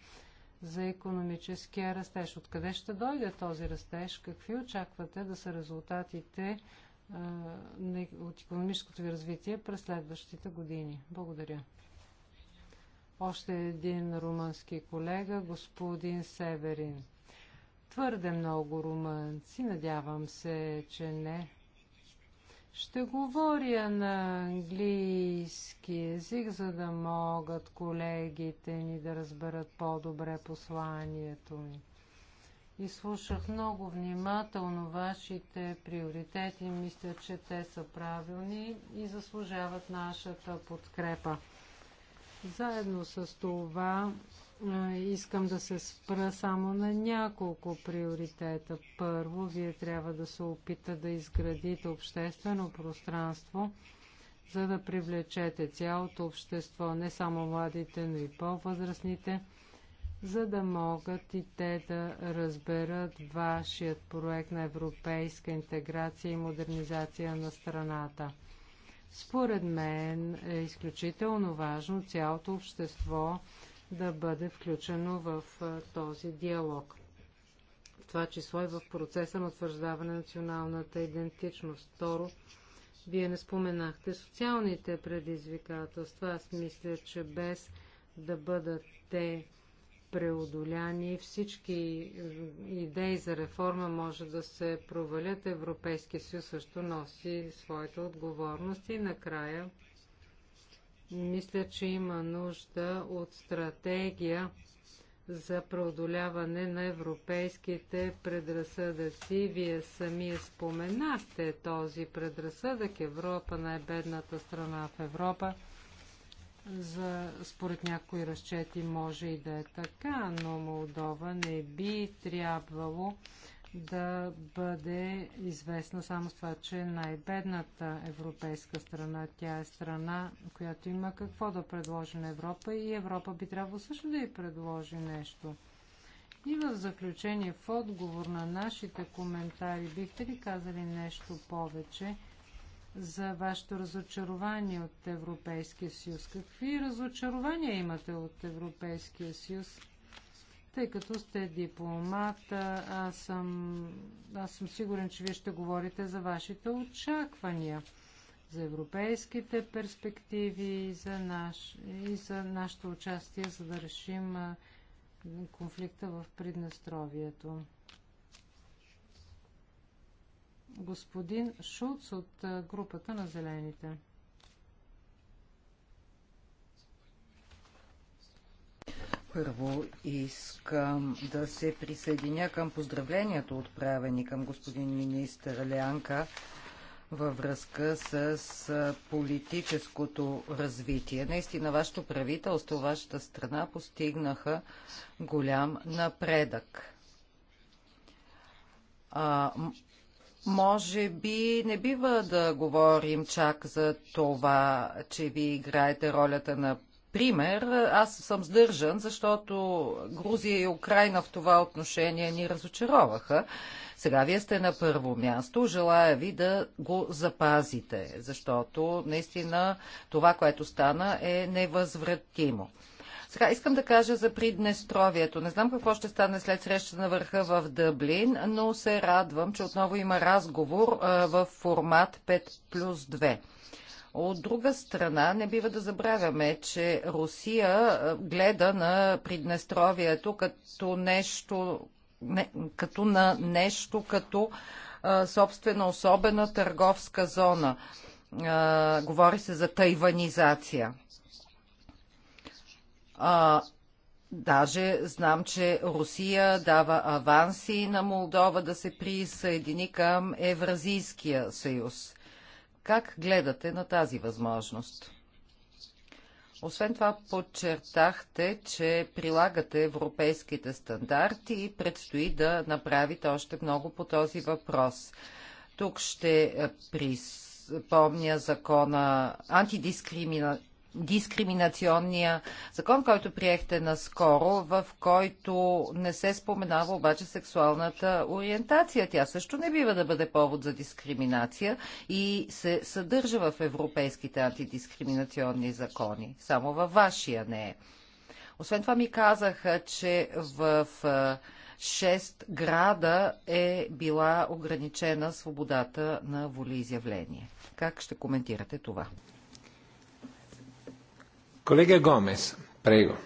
за економическия растеж. Откъде ще дойде този растеж? Какви очаквате да са резултатите от економическото ви развитие през следващите години? Благодаря. Още един румънски колега, господин Северин. Твърде много румънци, надявам се, че не ще говоря на английски язик, за да могат колегите ни да разберат по-добре посланието ми. И слушах много внимателно вашите приоритети. Мисля, че те са правилни и заслужават нашата подкрепа. Заедно с това Искам да се спра само на няколко приоритета. Първо, вие трябва да се опита да изградите обществено пространство, за да привлечете цялото общество, не само младите, но и по-възрастните, за да могат и те да разберат вашият проект на европейска интеграция и модернизация на страната. Според мен е изключително важно цялото общество да бъде включено в този диалог. В това число и в процеса на утвърждаване на националната идентичност. Второ, вие не споменахте социалните предизвикателства. Аз мисля, че без да бъдат те преодоляни, всички идеи за реформа може да се провалят. Европейския съюз също носи своята отговорност И накрая мисля, че има нужда от стратегия за преодоляване на европейските предразсъдъци. Вие самия споменахте този предразсъдък. Европа най-бедната страна в Европа. За, според някои разчети може и да е така, но Молдова не би трябвало да бъде известна само с това, че е най-бедната европейска страна. Тя е страна, която има какво да предложи на Европа и Европа би трябвало също да й предложи нещо. И в заключение, в отговор на нашите коментари, бихте ли казали нещо повече за вашето разочарование от Европейския съюз? Какви разочарования имате от Европейския съюз? Тъй като сте дипломат, аз съм, аз съм сигурен, че вие ще говорите за вашите очаквания, за европейските перспективи и за, наш, и за нашето участие, за да решим конфликта в Приднестровието. Господин Шулц от групата на Зелените. Първо искам да се присъединя към поздравлението отправени към господин министър Лянка във връзка с политическото развитие. Наистина, вашето правителство, вашата страна постигнаха голям напредък. А, може би не бива да говорим чак за това, че ви играете ролята на пример. Аз съм сдържан, защото Грузия и Украина в това отношение ни разочароваха. Сега вие сте на първо място. Желая ви да го запазите, защото наистина това, което стана, е невъзвратимо. Сега искам да кажа за Приднестровието. Не знам какво ще стане след среща на върха в Дъблин, но се радвам, че отново има разговор а, в формат 5 плюс 2. От друга страна, не бива да забравяме, че Русия гледа на Приднестровието като нещо, не, като на нещо като а, собствена особена търговска зона. А, говори се за тайванизация. А, Даже знам, че Русия дава аванси на Молдова да се присъедини към Евразийския съюз. Как гледате на тази възможност? Освен това подчертахте, че прилагате европейските стандарти и предстои да направите още много по този въпрос. Тук ще е, припомня закона, антидискримина дискриминационния закон, който приехте наскоро, в който не се споменава обаче сексуалната ориентация. Тя също не бива да бъде повод за дискриминация и се съдържа в европейските антидискриминационни закони. Само във вашия не е. Освен това ми казаха, че в 6 града е била ограничена свободата на волеизявление. Как ще коментирате това? Колега Гомес, прего.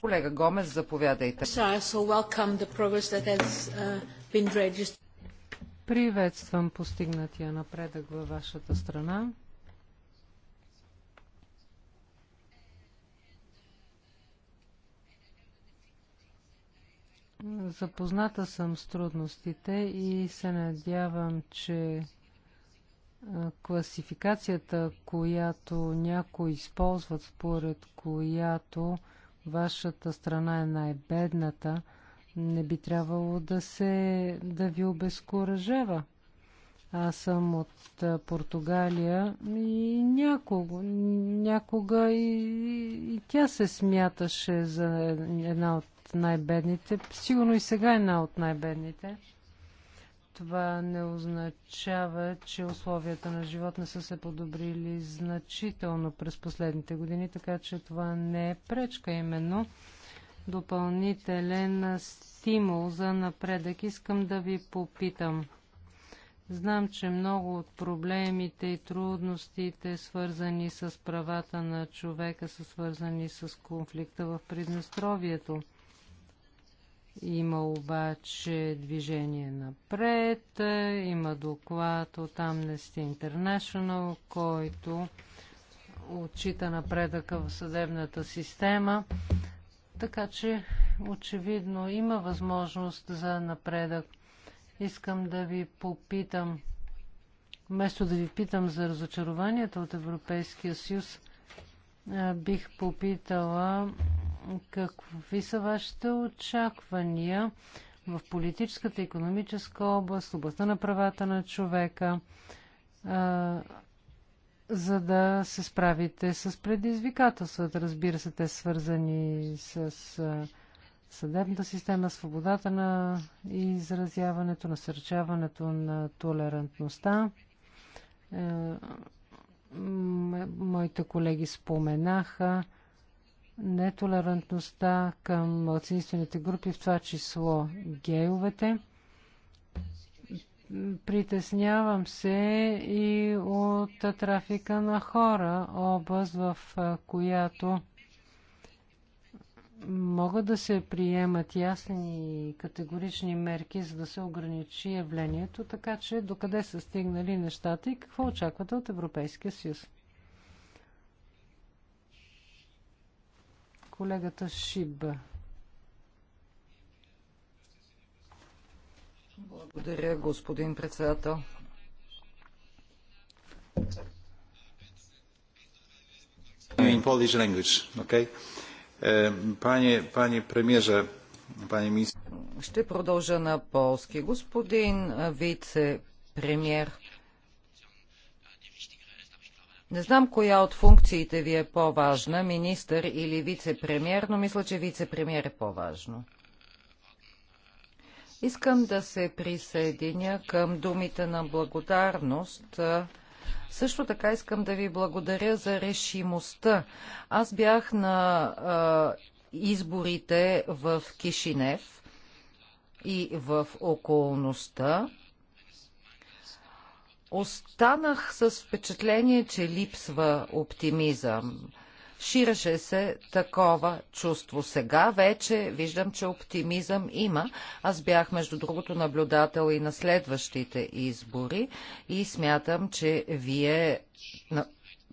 Колега Гомес, заповядайте. Uh, Приветствам постигнатия напредък във вашата страна. Запозната съм с трудностите и се надявам, че класификацията, която някои използват, според която вашата страна е най-бедната, не би трябвало да, се, да ви обезкуражава. Аз съм от Португалия и някога, някога и, и тя се смяташе за една от най-бедните. Сигурно и сега е една от най-бедните това не означава, че условията на живот не са се подобрили значително през последните години, така че това не е пречка именно допълнителен стимул за напредък. Искам да ви попитам. Знам, че много от проблемите и трудностите, свързани с правата на човека, са свързани с конфликта в Приднестровието. Има обаче движение напред, има доклад от Amnesty International, който отчита напредъка в съдебната система. Така че, очевидно, има възможност за напредък. Искам да ви попитам, вместо да ви питам за разочарованията от Европейския съюз, бих попитала Какви са вашите очаквания в политическата, економическа област, областта на правата на човека, а, за да се справите с предизвикателствата? Разбира се, те свързани с съдебната система, свободата на изразяването, насърчаването на толерантността. Е, моите колеги споменаха нетолерантността към младсинствените групи, в това число гейовете. Притеснявам се и от трафика на хора, област в която могат да се приемат ясни и категорични мерки, за да се ограничи явлението, така че докъде са стигнали нещата и какво очаквате от Европейския съюз. колегата Шиба. Благодаря, господин председател. In Polish language, okay? Panie, panie premierze, panie ministrze. Ще продължа на полски. Господин вице-премьер, не знам коя от функциите ви е по-важна, министър или вице-премьер, но мисля, че вице-премьер е по-важно. Искам да се присъединя към думите на благодарност. Също така искам да ви благодаря за решимостта. Аз бях на а, изборите в Кишинев и в околността. Останах с впечатление, че липсва оптимизъм. Шираше се такова чувство. Сега вече виждам, че оптимизъм има. Аз бях, между другото, наблюдател и на следващите избори и смятам, че вие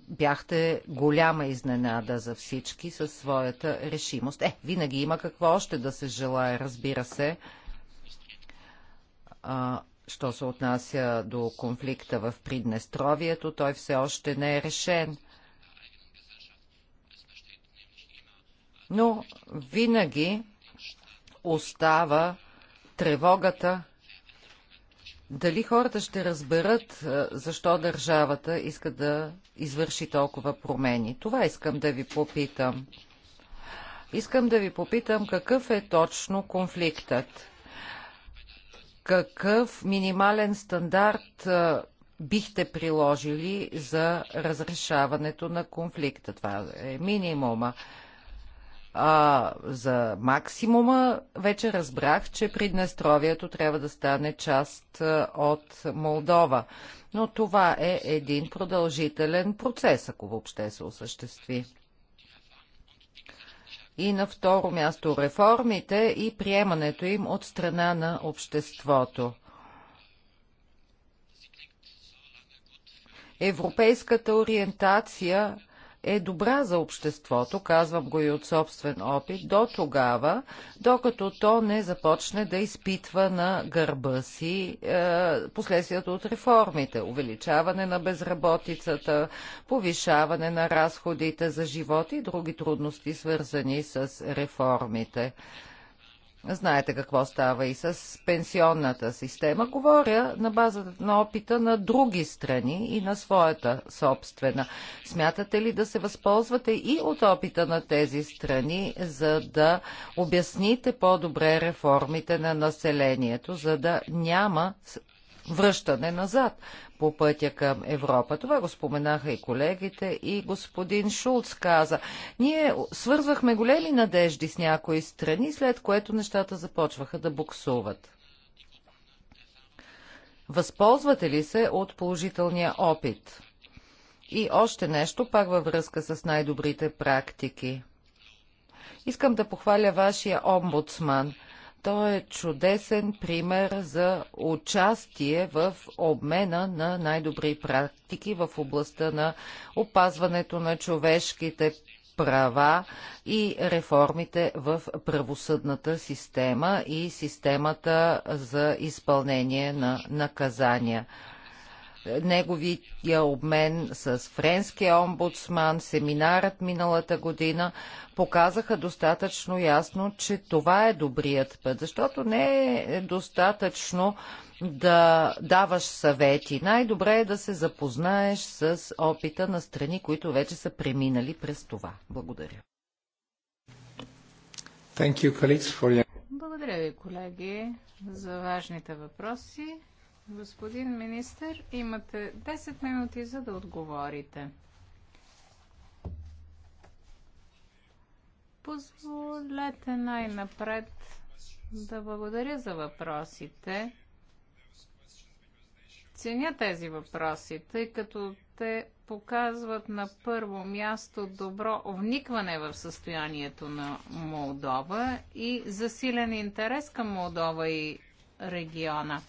бяхте голяма изненада за всички със своята решимост. Е, винаги има какво още да се желая, разбира се. А, Що се отнася до конфликта в Приднестровието, той все още не е решен. Но винаги остава тревогата дали хората ще разберат е, защо държавата иска да извърши толкова промени. Това искам да ви попитам. Искам да ви попитам какъв е точно конфликтът какъв минимален стандарт бихте приложили за разрешаването на конфликта? Това е минимума. А, за максимума вече разбрах, че Приднестровието трябва да стане част от Молдова. Но това е един продължителен процес, ако въобще се осъществи. И на второ място реформите и приемането им от страна на обществото. Европейската ориентация е добра за обществото, казвам го и от собствен опит, до тогава, докато то не започне да изпитва на гърба си е, последствията от реформите. Увеличаване на безработицата, повишаване на разходите за живот и други трудности, свързани с реформите. Знаете какво става и с пенсионната система. Говоря на базата на опита на други страни и на своята собствена. Смятате ли да се възползвате и от опита на тези страни, за да обясните по-добре реформите на населението, за да няма връщане назад по пътя към Европа. Това го споменаха и колегите, и господин Шулц каза. Ние свързвахме големи надежди с някои страни, след което нещата започваха да буксуват. Възползвате ли се от положителния опит? И още нещо, пак във връзка с най-добрите практики. Искам да похваля вашия омбудсман – той е чудесен пример за участие в обмена на най-добри практики в областта на опазването на човешките права и реформите в правосъдната система и системата за изпълнение на наказания неговия обмен с френския омбудсман, семинарът миналата година показаха достатъчно ясно, че това е добрият път, защото не е достатъчно да даваш съвети. Най-добре е да се запознаеш с опита на страни, които вече са преминали през това. Благодаря. Thank you, colleagues, for your... Благодаря ви, колеги, за важните въпроси. Господин министър, имате 10 минути за да отговорите. Позволете най-напред да благодаря за въпросите. Ценя тези въпроси, тъй като те показват на първо място добро вникване в състоянието на Молдова и засилен интерес към Молдова и региона.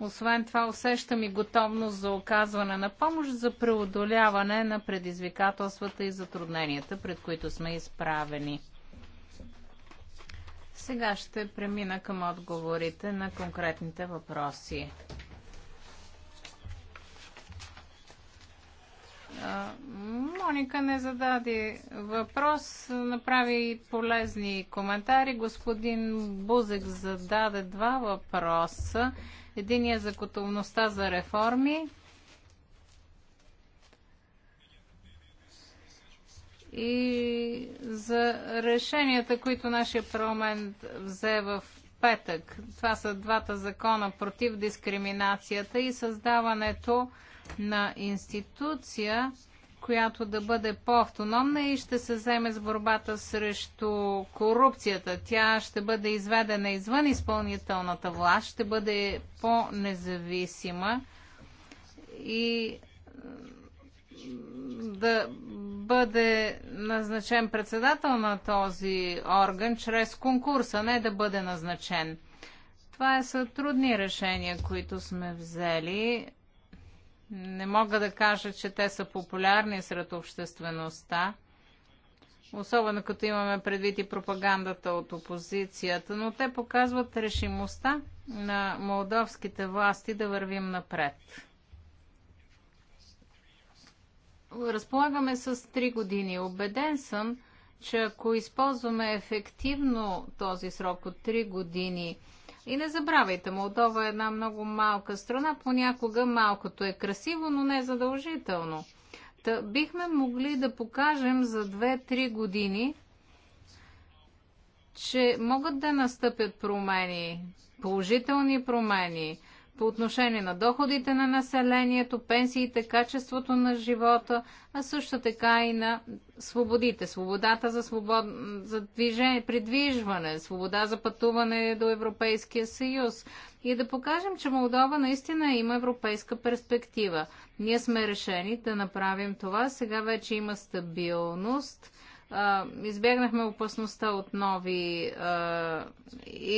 Освен това усещам и готовност за оказване на помощ за преодоляване на предизвикателствата и затрудненията, пред които сме изправени. Сега ще премина към отговорите на конкретните въпроси. Моника не зададе въпрос, направи полезни коментари. Господин Бузек зададе два въпроса. Единия за готовността за реформи. И за решенията, които нашия парламент взе в петък. Това са двата закона против дискриминацията и създаването на институция, която да бъде по-автономна и ще се вземе с борбата срещу корупцията. Тя ще бъде изведена извън изпълнителната власт, ще бъде по-независима и да бъде назначен председател на този орган чрез конкурса, не да бъде назначен. Това са трудни решения, които сме взели не мога да кажа, че те са популярни сред обществеността, особено като имаме предвид и пропагандата от опозицията, но те показват решимостта на молдовските власти да вървим напред. Разполагаме с три години. Обеден съм, че ако използваме ефективно този срок от три години и не забравяйте, Молдова е една много малка страна. Понякога малкото е красиво, но не е задължително. Та, бихме могли да покажем за 2-3 години, че могат да настъпят промени, положителни промени, по отношение на доходите на населението, пенсиите, качеството на живота, а също така и на свободите. Свободата за, свобод... за движение, придвижване, свобода за пътуване до Европейския съюз. И да покажем, че Молдова наистина има европейска перспектива. Ние сме решени да направим това. Сега вече има стабилност. Избегнахме опасността от нови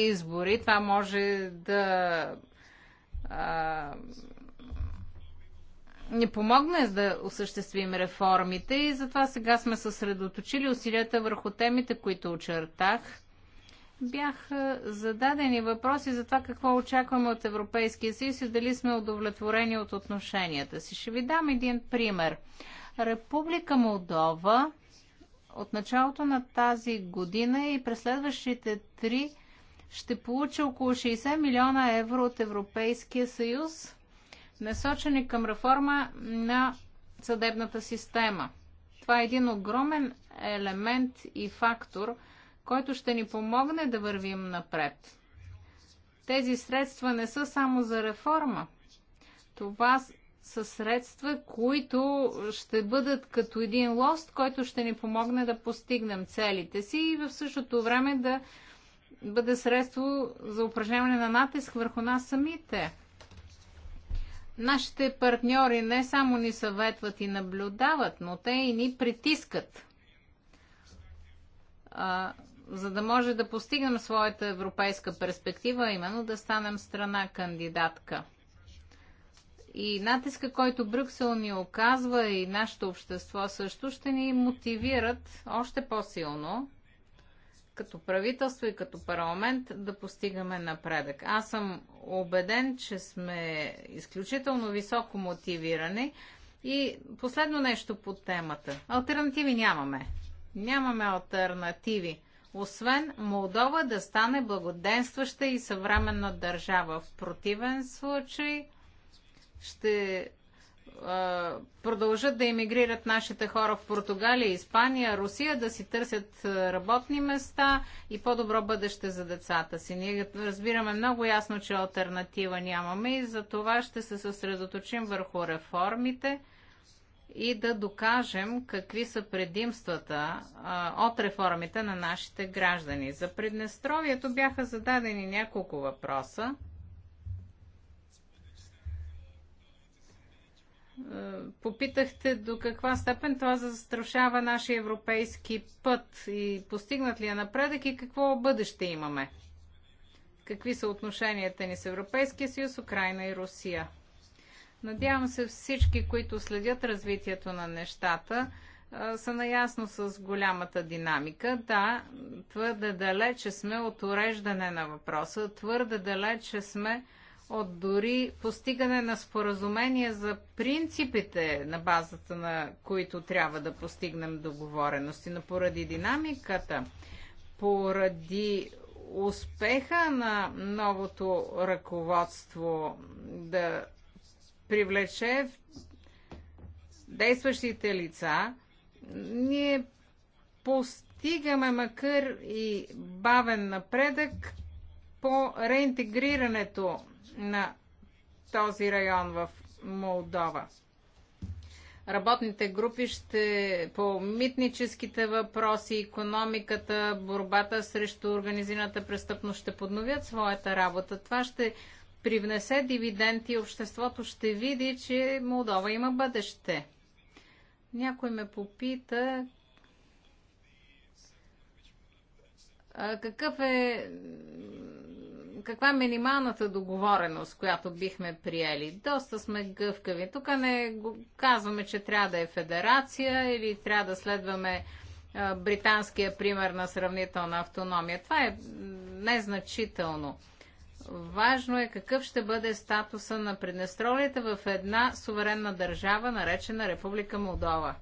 избори. Това може да не помогна да осъществим реформите и затова сега сме съсредоточили усилията върху темите, които очертах. Бяха зададени въпроси за това какво очакваме от Европейския съюз и дали сме удовлетворени от отношенията си. Ще ви дам един пример. Република Молдова от началото на тази година и през следващите три ще получи около 60 милиона евро от Европейския съюз, насочени към реформа на съдебната система. Това е един огромен елемент и фактор, който ще ни помогне да вървим напред. Тези средства не са само за реформа. Това са средства, които ще бъдат като един лост, който ще ни помогне да постигнем целите си и в същото време да бъде средство за упражняване на натиск върху нас самите. Нашите партньори не само ни съветват и наблюдават, но те и ни притискат, а, за да може да постигнем своята европейска перспектива, именно да станем страна кандидатка. И натиска, който Брюксел ни оказва и нашето общество също, ще ни мотивират още по-силно като правителство и като парламент да постигаме напредък. Аз съм убеден, че сме изключително високо мотивирани. И последно нещо по темата. Альтернативи нямаме. Нямаме альтернативи. Освен Молдова да стане благоденстваща и съвременна държава. В противен случай ще продължат да емигрират нашите хора в Португалия, Испания, Русия, да си търсят работни места и по-добро бъдеще за децата си. Ние разбираме много ясно, че альтернатива нямаме и за това ще се съсредоточим върху реформите и да докажем какви са предимствата а, от реформите на нашите граждани. За Приднестровието бяха зададени няколко въпроса. попитахте до каква степен това застрашава нашия европейски път и постигнат ли е напредък и какво бъдеще имаме. Какви са отношенията ни с Европейския съюз, Украина и Русия? Надявам се всички, които следят развитието на нещата, са наясно с голямата динамика. Да, твърде далече сме от уреждане на въпроса, твърде далече сме от дори постигане на споразумение за принципите, на базата на които трябва да постигнем договорености, но поради динамиката, поради успеха на новото ръководство да привлече действащите лица, ние постигаме, макар и бавен напредък, по реинтегрирането на този район в Молдова. Работните групи ще по митническите въпроси, економиката, борбата срещу организираната престъпност ще подновят своята работа. Това ще привнесе дивиденти и обществото ще види, че Молдова има бъдеще. Някой ме попита какъв е каква е минималната договореност, която бихме приели? Доста сме гъвкави. Тук не казваме, че трябва да е федерация или трябва да следваме британския пример на сравнителна автономия. Това е незначително. Важно е какъв ще бъде статуса на преднестролите в една суверенна държава, наречена Република Молдова.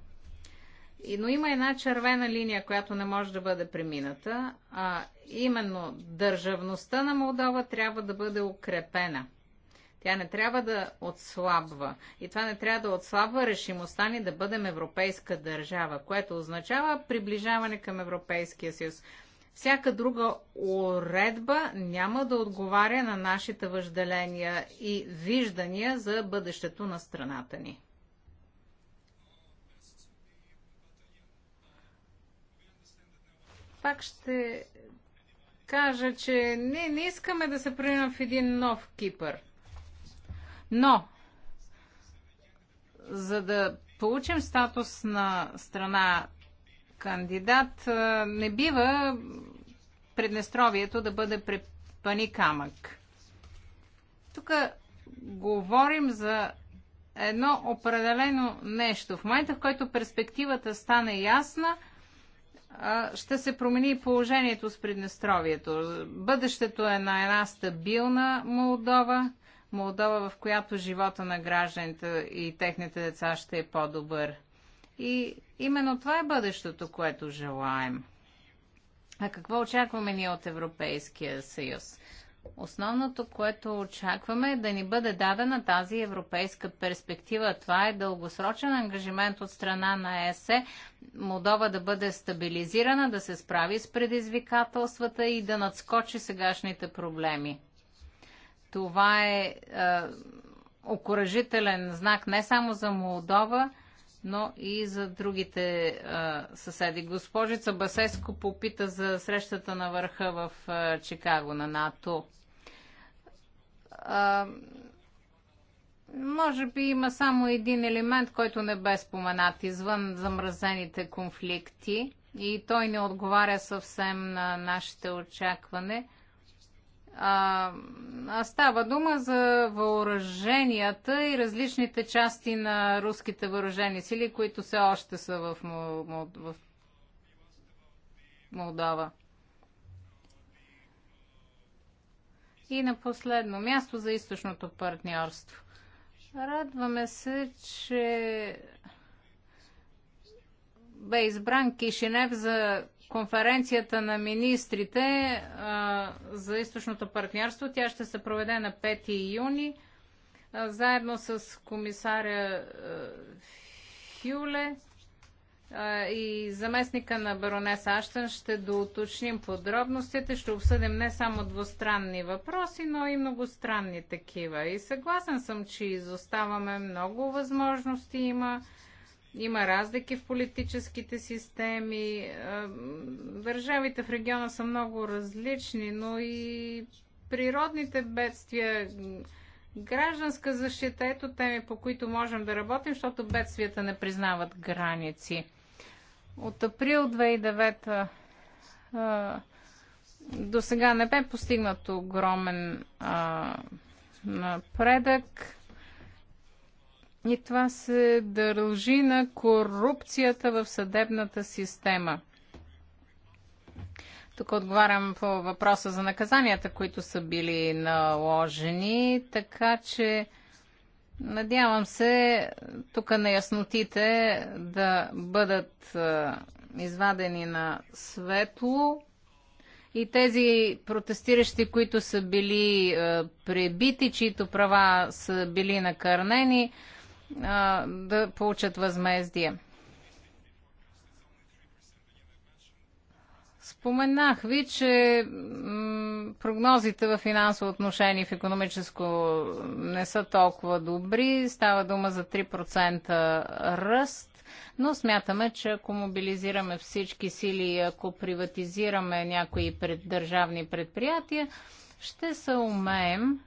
Но има една червена линия, която не може да бъде премината, а именно държавността на Молдова трябва да бъде укрепена. Тя не трябва да отслабва. И това не трябва да отслабва решимостта ни да бъдем европейска държава, което означава приближаване към Европейския съюз. Всяка друга уредба няма да отговаря на нашите въжделения и виждания за бъдещето на страната ни. пак ще кажа, че не, не искаме да се приемем в един нов Кипър. Но, за да получим статус на страна кандидат, не бива Преднестровието да бъде препани камък. Тук говорим за едно определено нещо. В момента, в който перспективата стане ясна – ще се промени положението с Приднестровието. Бъдещето е на една стабилна Молдова, Молдова, в която живота на гражданите и техните деца ще е по-добър. И именно това е бъдещето, което желаем. А какво очакваме ние от Европейския съюз? Основното, което очакваме е да ни бъде дадена тази европейска перспектива. Това е дългосрочен ангажимент от страна на ЕСЕ. Молдова да бъде стабилизирана, да се справи с предизвикателствата и да надскочи сегашните проблеми. Това е, е окоръжителен знак не само за Молдова, но и за другите а, съседи. Госпожица Басеско попита за срещата на върха в а, Чикаго на НАТО. А, може би има само един елемент, който не бе споменат извън замразените конфликти и той не отговаря съвсем на нашите очакване – а, става дума за въоръженията и различните части на руските въоръжени сили, които все още са в, в Молдова. И на последно място за източното партньорство. Радваме се, че бе избран Кишинев за конференцията на министрите а, за източното партньорство. Тя ще се проведе на 5 юни а, заедно с комисаря Хюле и заместника на баронеса Аштен ще доуточним подробностите, ще обсъдим не само двустранни въпроси, но и многостранни такива. И съгласен съм, че изоставаме много възможности има има разлики в политическите системи. Е, държавите в региона са много различни, но и природните бедствия, гражданска защита, ето теми, по които можем да работим, защото бедствията не признават граници. От април 2009 е, до сега не бе постигнат огромен е, напредък. И това се дължи на корупцията в съдебната система. Тук отговарям по въпроса за наказанията, които са били наложени, така че надявам се тук на яснотите да бъдат извадени на светло и тези протестиращи, които са били пребити, чието права са били накърнени, а, да получат възмездие. Споменах ви, че прогнозите в финансово отношение в економическо не са толкова добри. Става дума за 3% ръст, но смятаме, че ако мобилизираме всички сили и ако приватизираме някои пред държавни предприятия, ще се умеем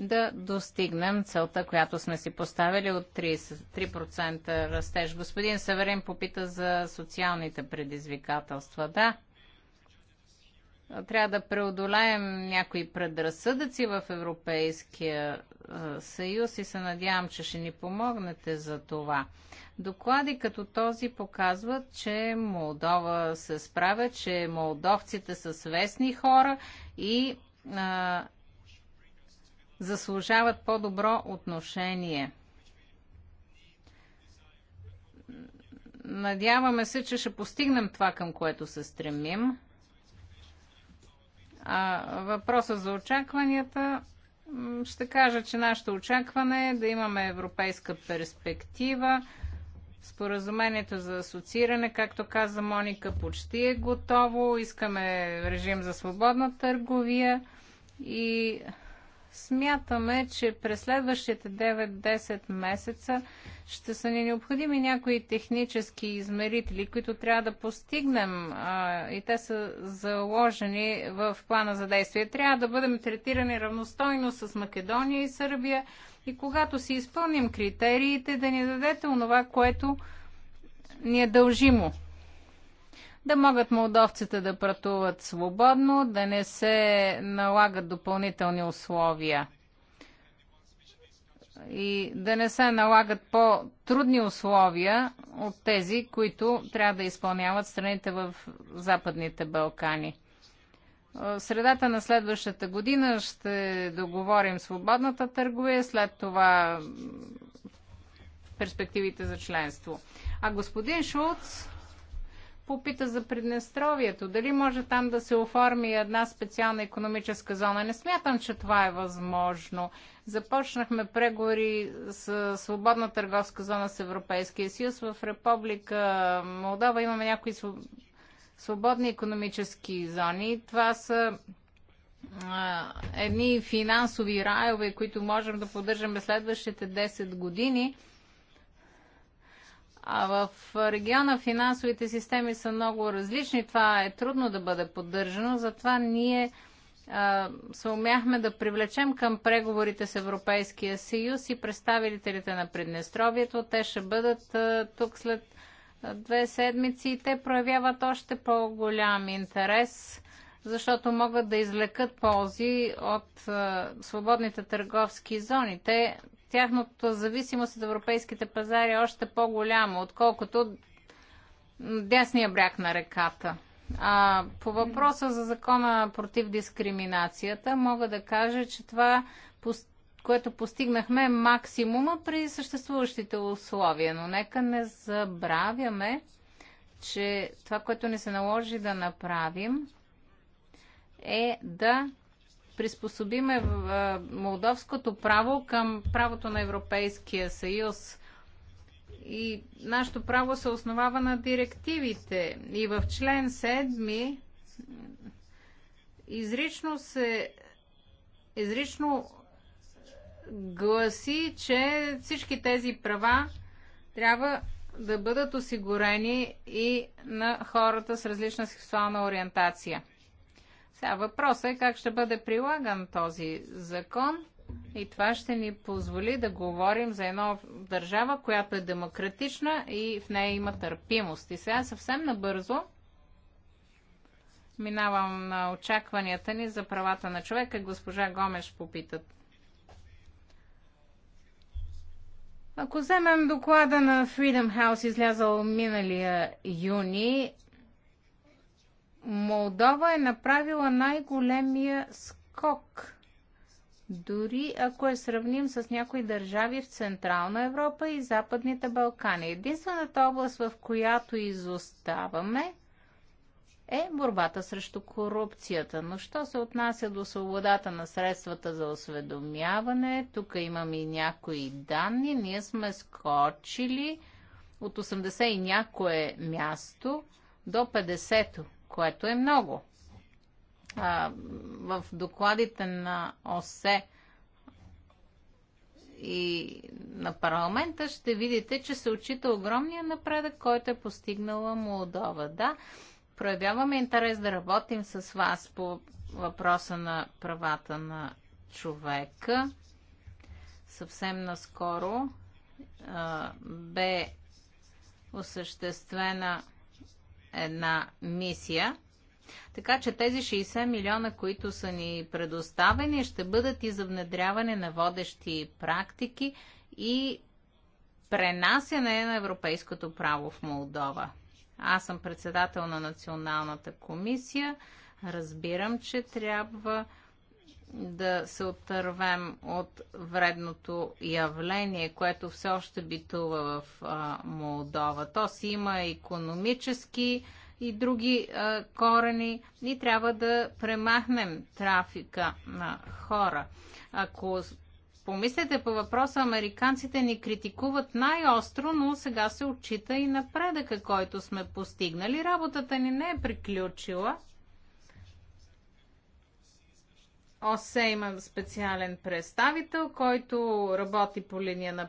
да достигнем целта, която сме си поставили от 3% растеж. Господин Северин попита за социалните предизвикателства. Да, трябва да преодолеем някои предразсъдъци в Европейския съюз и се надявам, че ще ни помогнете за това. Доклади като този показват, че Молдова се справя, че молдовците са свестни хора и а, заслужават по-добро отношение. Надяваме се, че ще постигнем това, към което се стремим. А въпросът за очакванията ще кажа, че нашето очакване е да имаме европейска перспектива. Споразумението за асоцииране, както каза Моника, почти е готово. Искаме режим за свободна търговия и Смятаме, че през следващите 9-10 месеца ще са ни необходими някои технически измерители, които трябва да постигнем а, и те са заложени в плана за действие. Трябва да бъдем третирани равностойно с Македония и Сърбия и когато си изпълним критериите, да ни дадете онова, което ни е дължимо да могат молдовците да пратуват свободно, да не се налагат допълнителни условия и да не се налагат по-трудни условия от тези, които трябва да изпълняват страните в Западните Балкани. В е, средата на следващата година ще договорим свободната търговия, след това перспективите за членство. А господин Шулц попита за Приднестровието. Дали може там да се оформи една специална економическа зона? Не смятам, че това е възможно. Започнахме преговори с свободна търговска зона с Европейския съюз. В Република Молдова имаме някои свободни економически зони. Това са едни финансови райове, които можем да поддържаме следващите 10 години – а в региона финансовите системи са много различни. Това е трудно да бъде поддържано, затова ние се умяхме да привлечем към преговорите с Европейския съюз и представителите на Приднестровието. Те ще бъдат тук след две седмици и те проявяват още по-голям интерес, защото могат да извлекат ползи от свободните търговски зони. Те тяхната зависимост от европейските пазари е още по голямо отколкото дясния бряг на реката. А, по въпроса за закона против дискриминацията, мога да кажа, че това, което постигнахме, е максимума при съществуващите условия. Но нека не забравяме, че това, което ни се наложи да направим, е да приспособиме молдовското право към правото на Европейския съюз. И нашето право се основава на директивите. И в член 7 изрично се изрично гласи, че всички тези права трябва да бъдат осигурени и на хората с различна сексуална ориентация. Сега въпросът е как ще бъде прилаган този закон и това ще ни позволи да говорим за една държава, която е демократична и в нея има търпимост. И сега съвсем набързо минавам на очакванията ни за правата на човека. Госпожа Гомеш попитат. Ако вземем доклада на Freedom House, излязал миналия юни, Молдова е направила най-големия скок. Дори ако я е сравним с някои държави в Централна Европа и Западните Балкани. Единствената област, в която изоставаме, е борбата срещу корупцията. Но що се отнася до свободата на средствата за осведомяване, тук имаме и някои данни. Ние сме скочили от 80 и някое място до 50-то което е много. А, в докладите на ОСЕ и на парламента ще видите, че се очита огромния напредък, който е постигнала Молдова. Да, проявяваме интерес да работим с вас по въпроса на правата на човека. Съвсем наскоро а, бе осъществена една мисия. Така че тези 60 милиона, които са ни предоставени, ще бъдат и за внедряване на водещи практики и пренасяне на европейското право в Молдова. Аз съм председател на Националната комисия. Разбирам, че трябва да се отървем от вредното явление, което все още битува в а, Молдова. То си има економически и други а, корени. Ние трябва да премахнем трафика на хора. Ако помислите по въпроса, американците ни критикуват най-остро, но сега се отчита и напредъка, който сме постигнали. Работата ни не е приключила ОСЕ има специален представител, който работи по линия на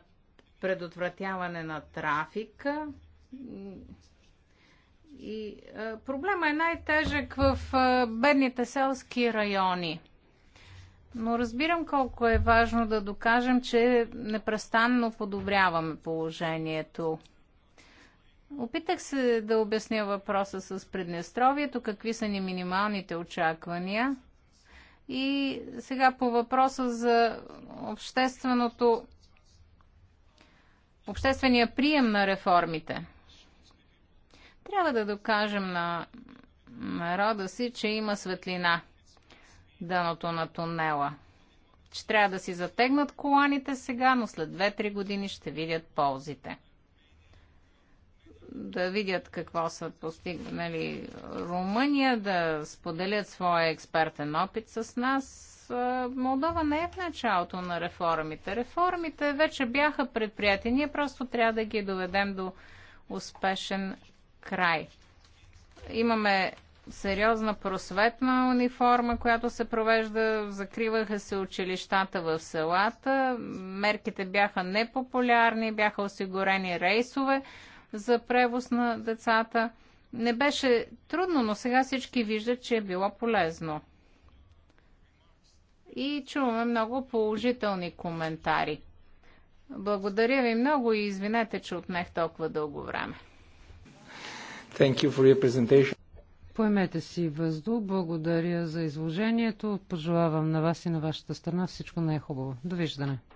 предотвратяване на трафика. И а, проблема е най-тежък в а, бедните селски райони. Но разбирам колко е важно да докажем, че непрестанно подобряваме положението. Опитах се да обясня въпроса с Приднестровието, какви са ни минималните очаквания – и сега по въпроса за общественото обществения прием на реформите. Трябва да докажем на народа си, че има светлина дъното на тунела. Че трябва да си затегнат коланите сега, но след 2-3 години ще видят ползите да видят какво са постигнали нали, Румъния, да споделят своя експертен опит с нас. Молдова не е в началото на реформите. Реформите вече бяха предприяти. Ние просто трябва да ги доведем до успешен край. Имаме сериозна просветна униформа, която се провежда. Закриваха се училищата в селата. Мерките бяха непопулярни, бяха осигурени рейсове за превоз на децата. Не беше трудно, но сега всички виждат, че е било полезно. И чуваме много положителни коментари. Благодаря ви много и извинете, че отнех толкова дълго време. Thank you for your presentation. Поемете си въздух. Благодаря за изложението. Пожелавам на вас и на вашата страна всичко най-хубаво. Довиждане.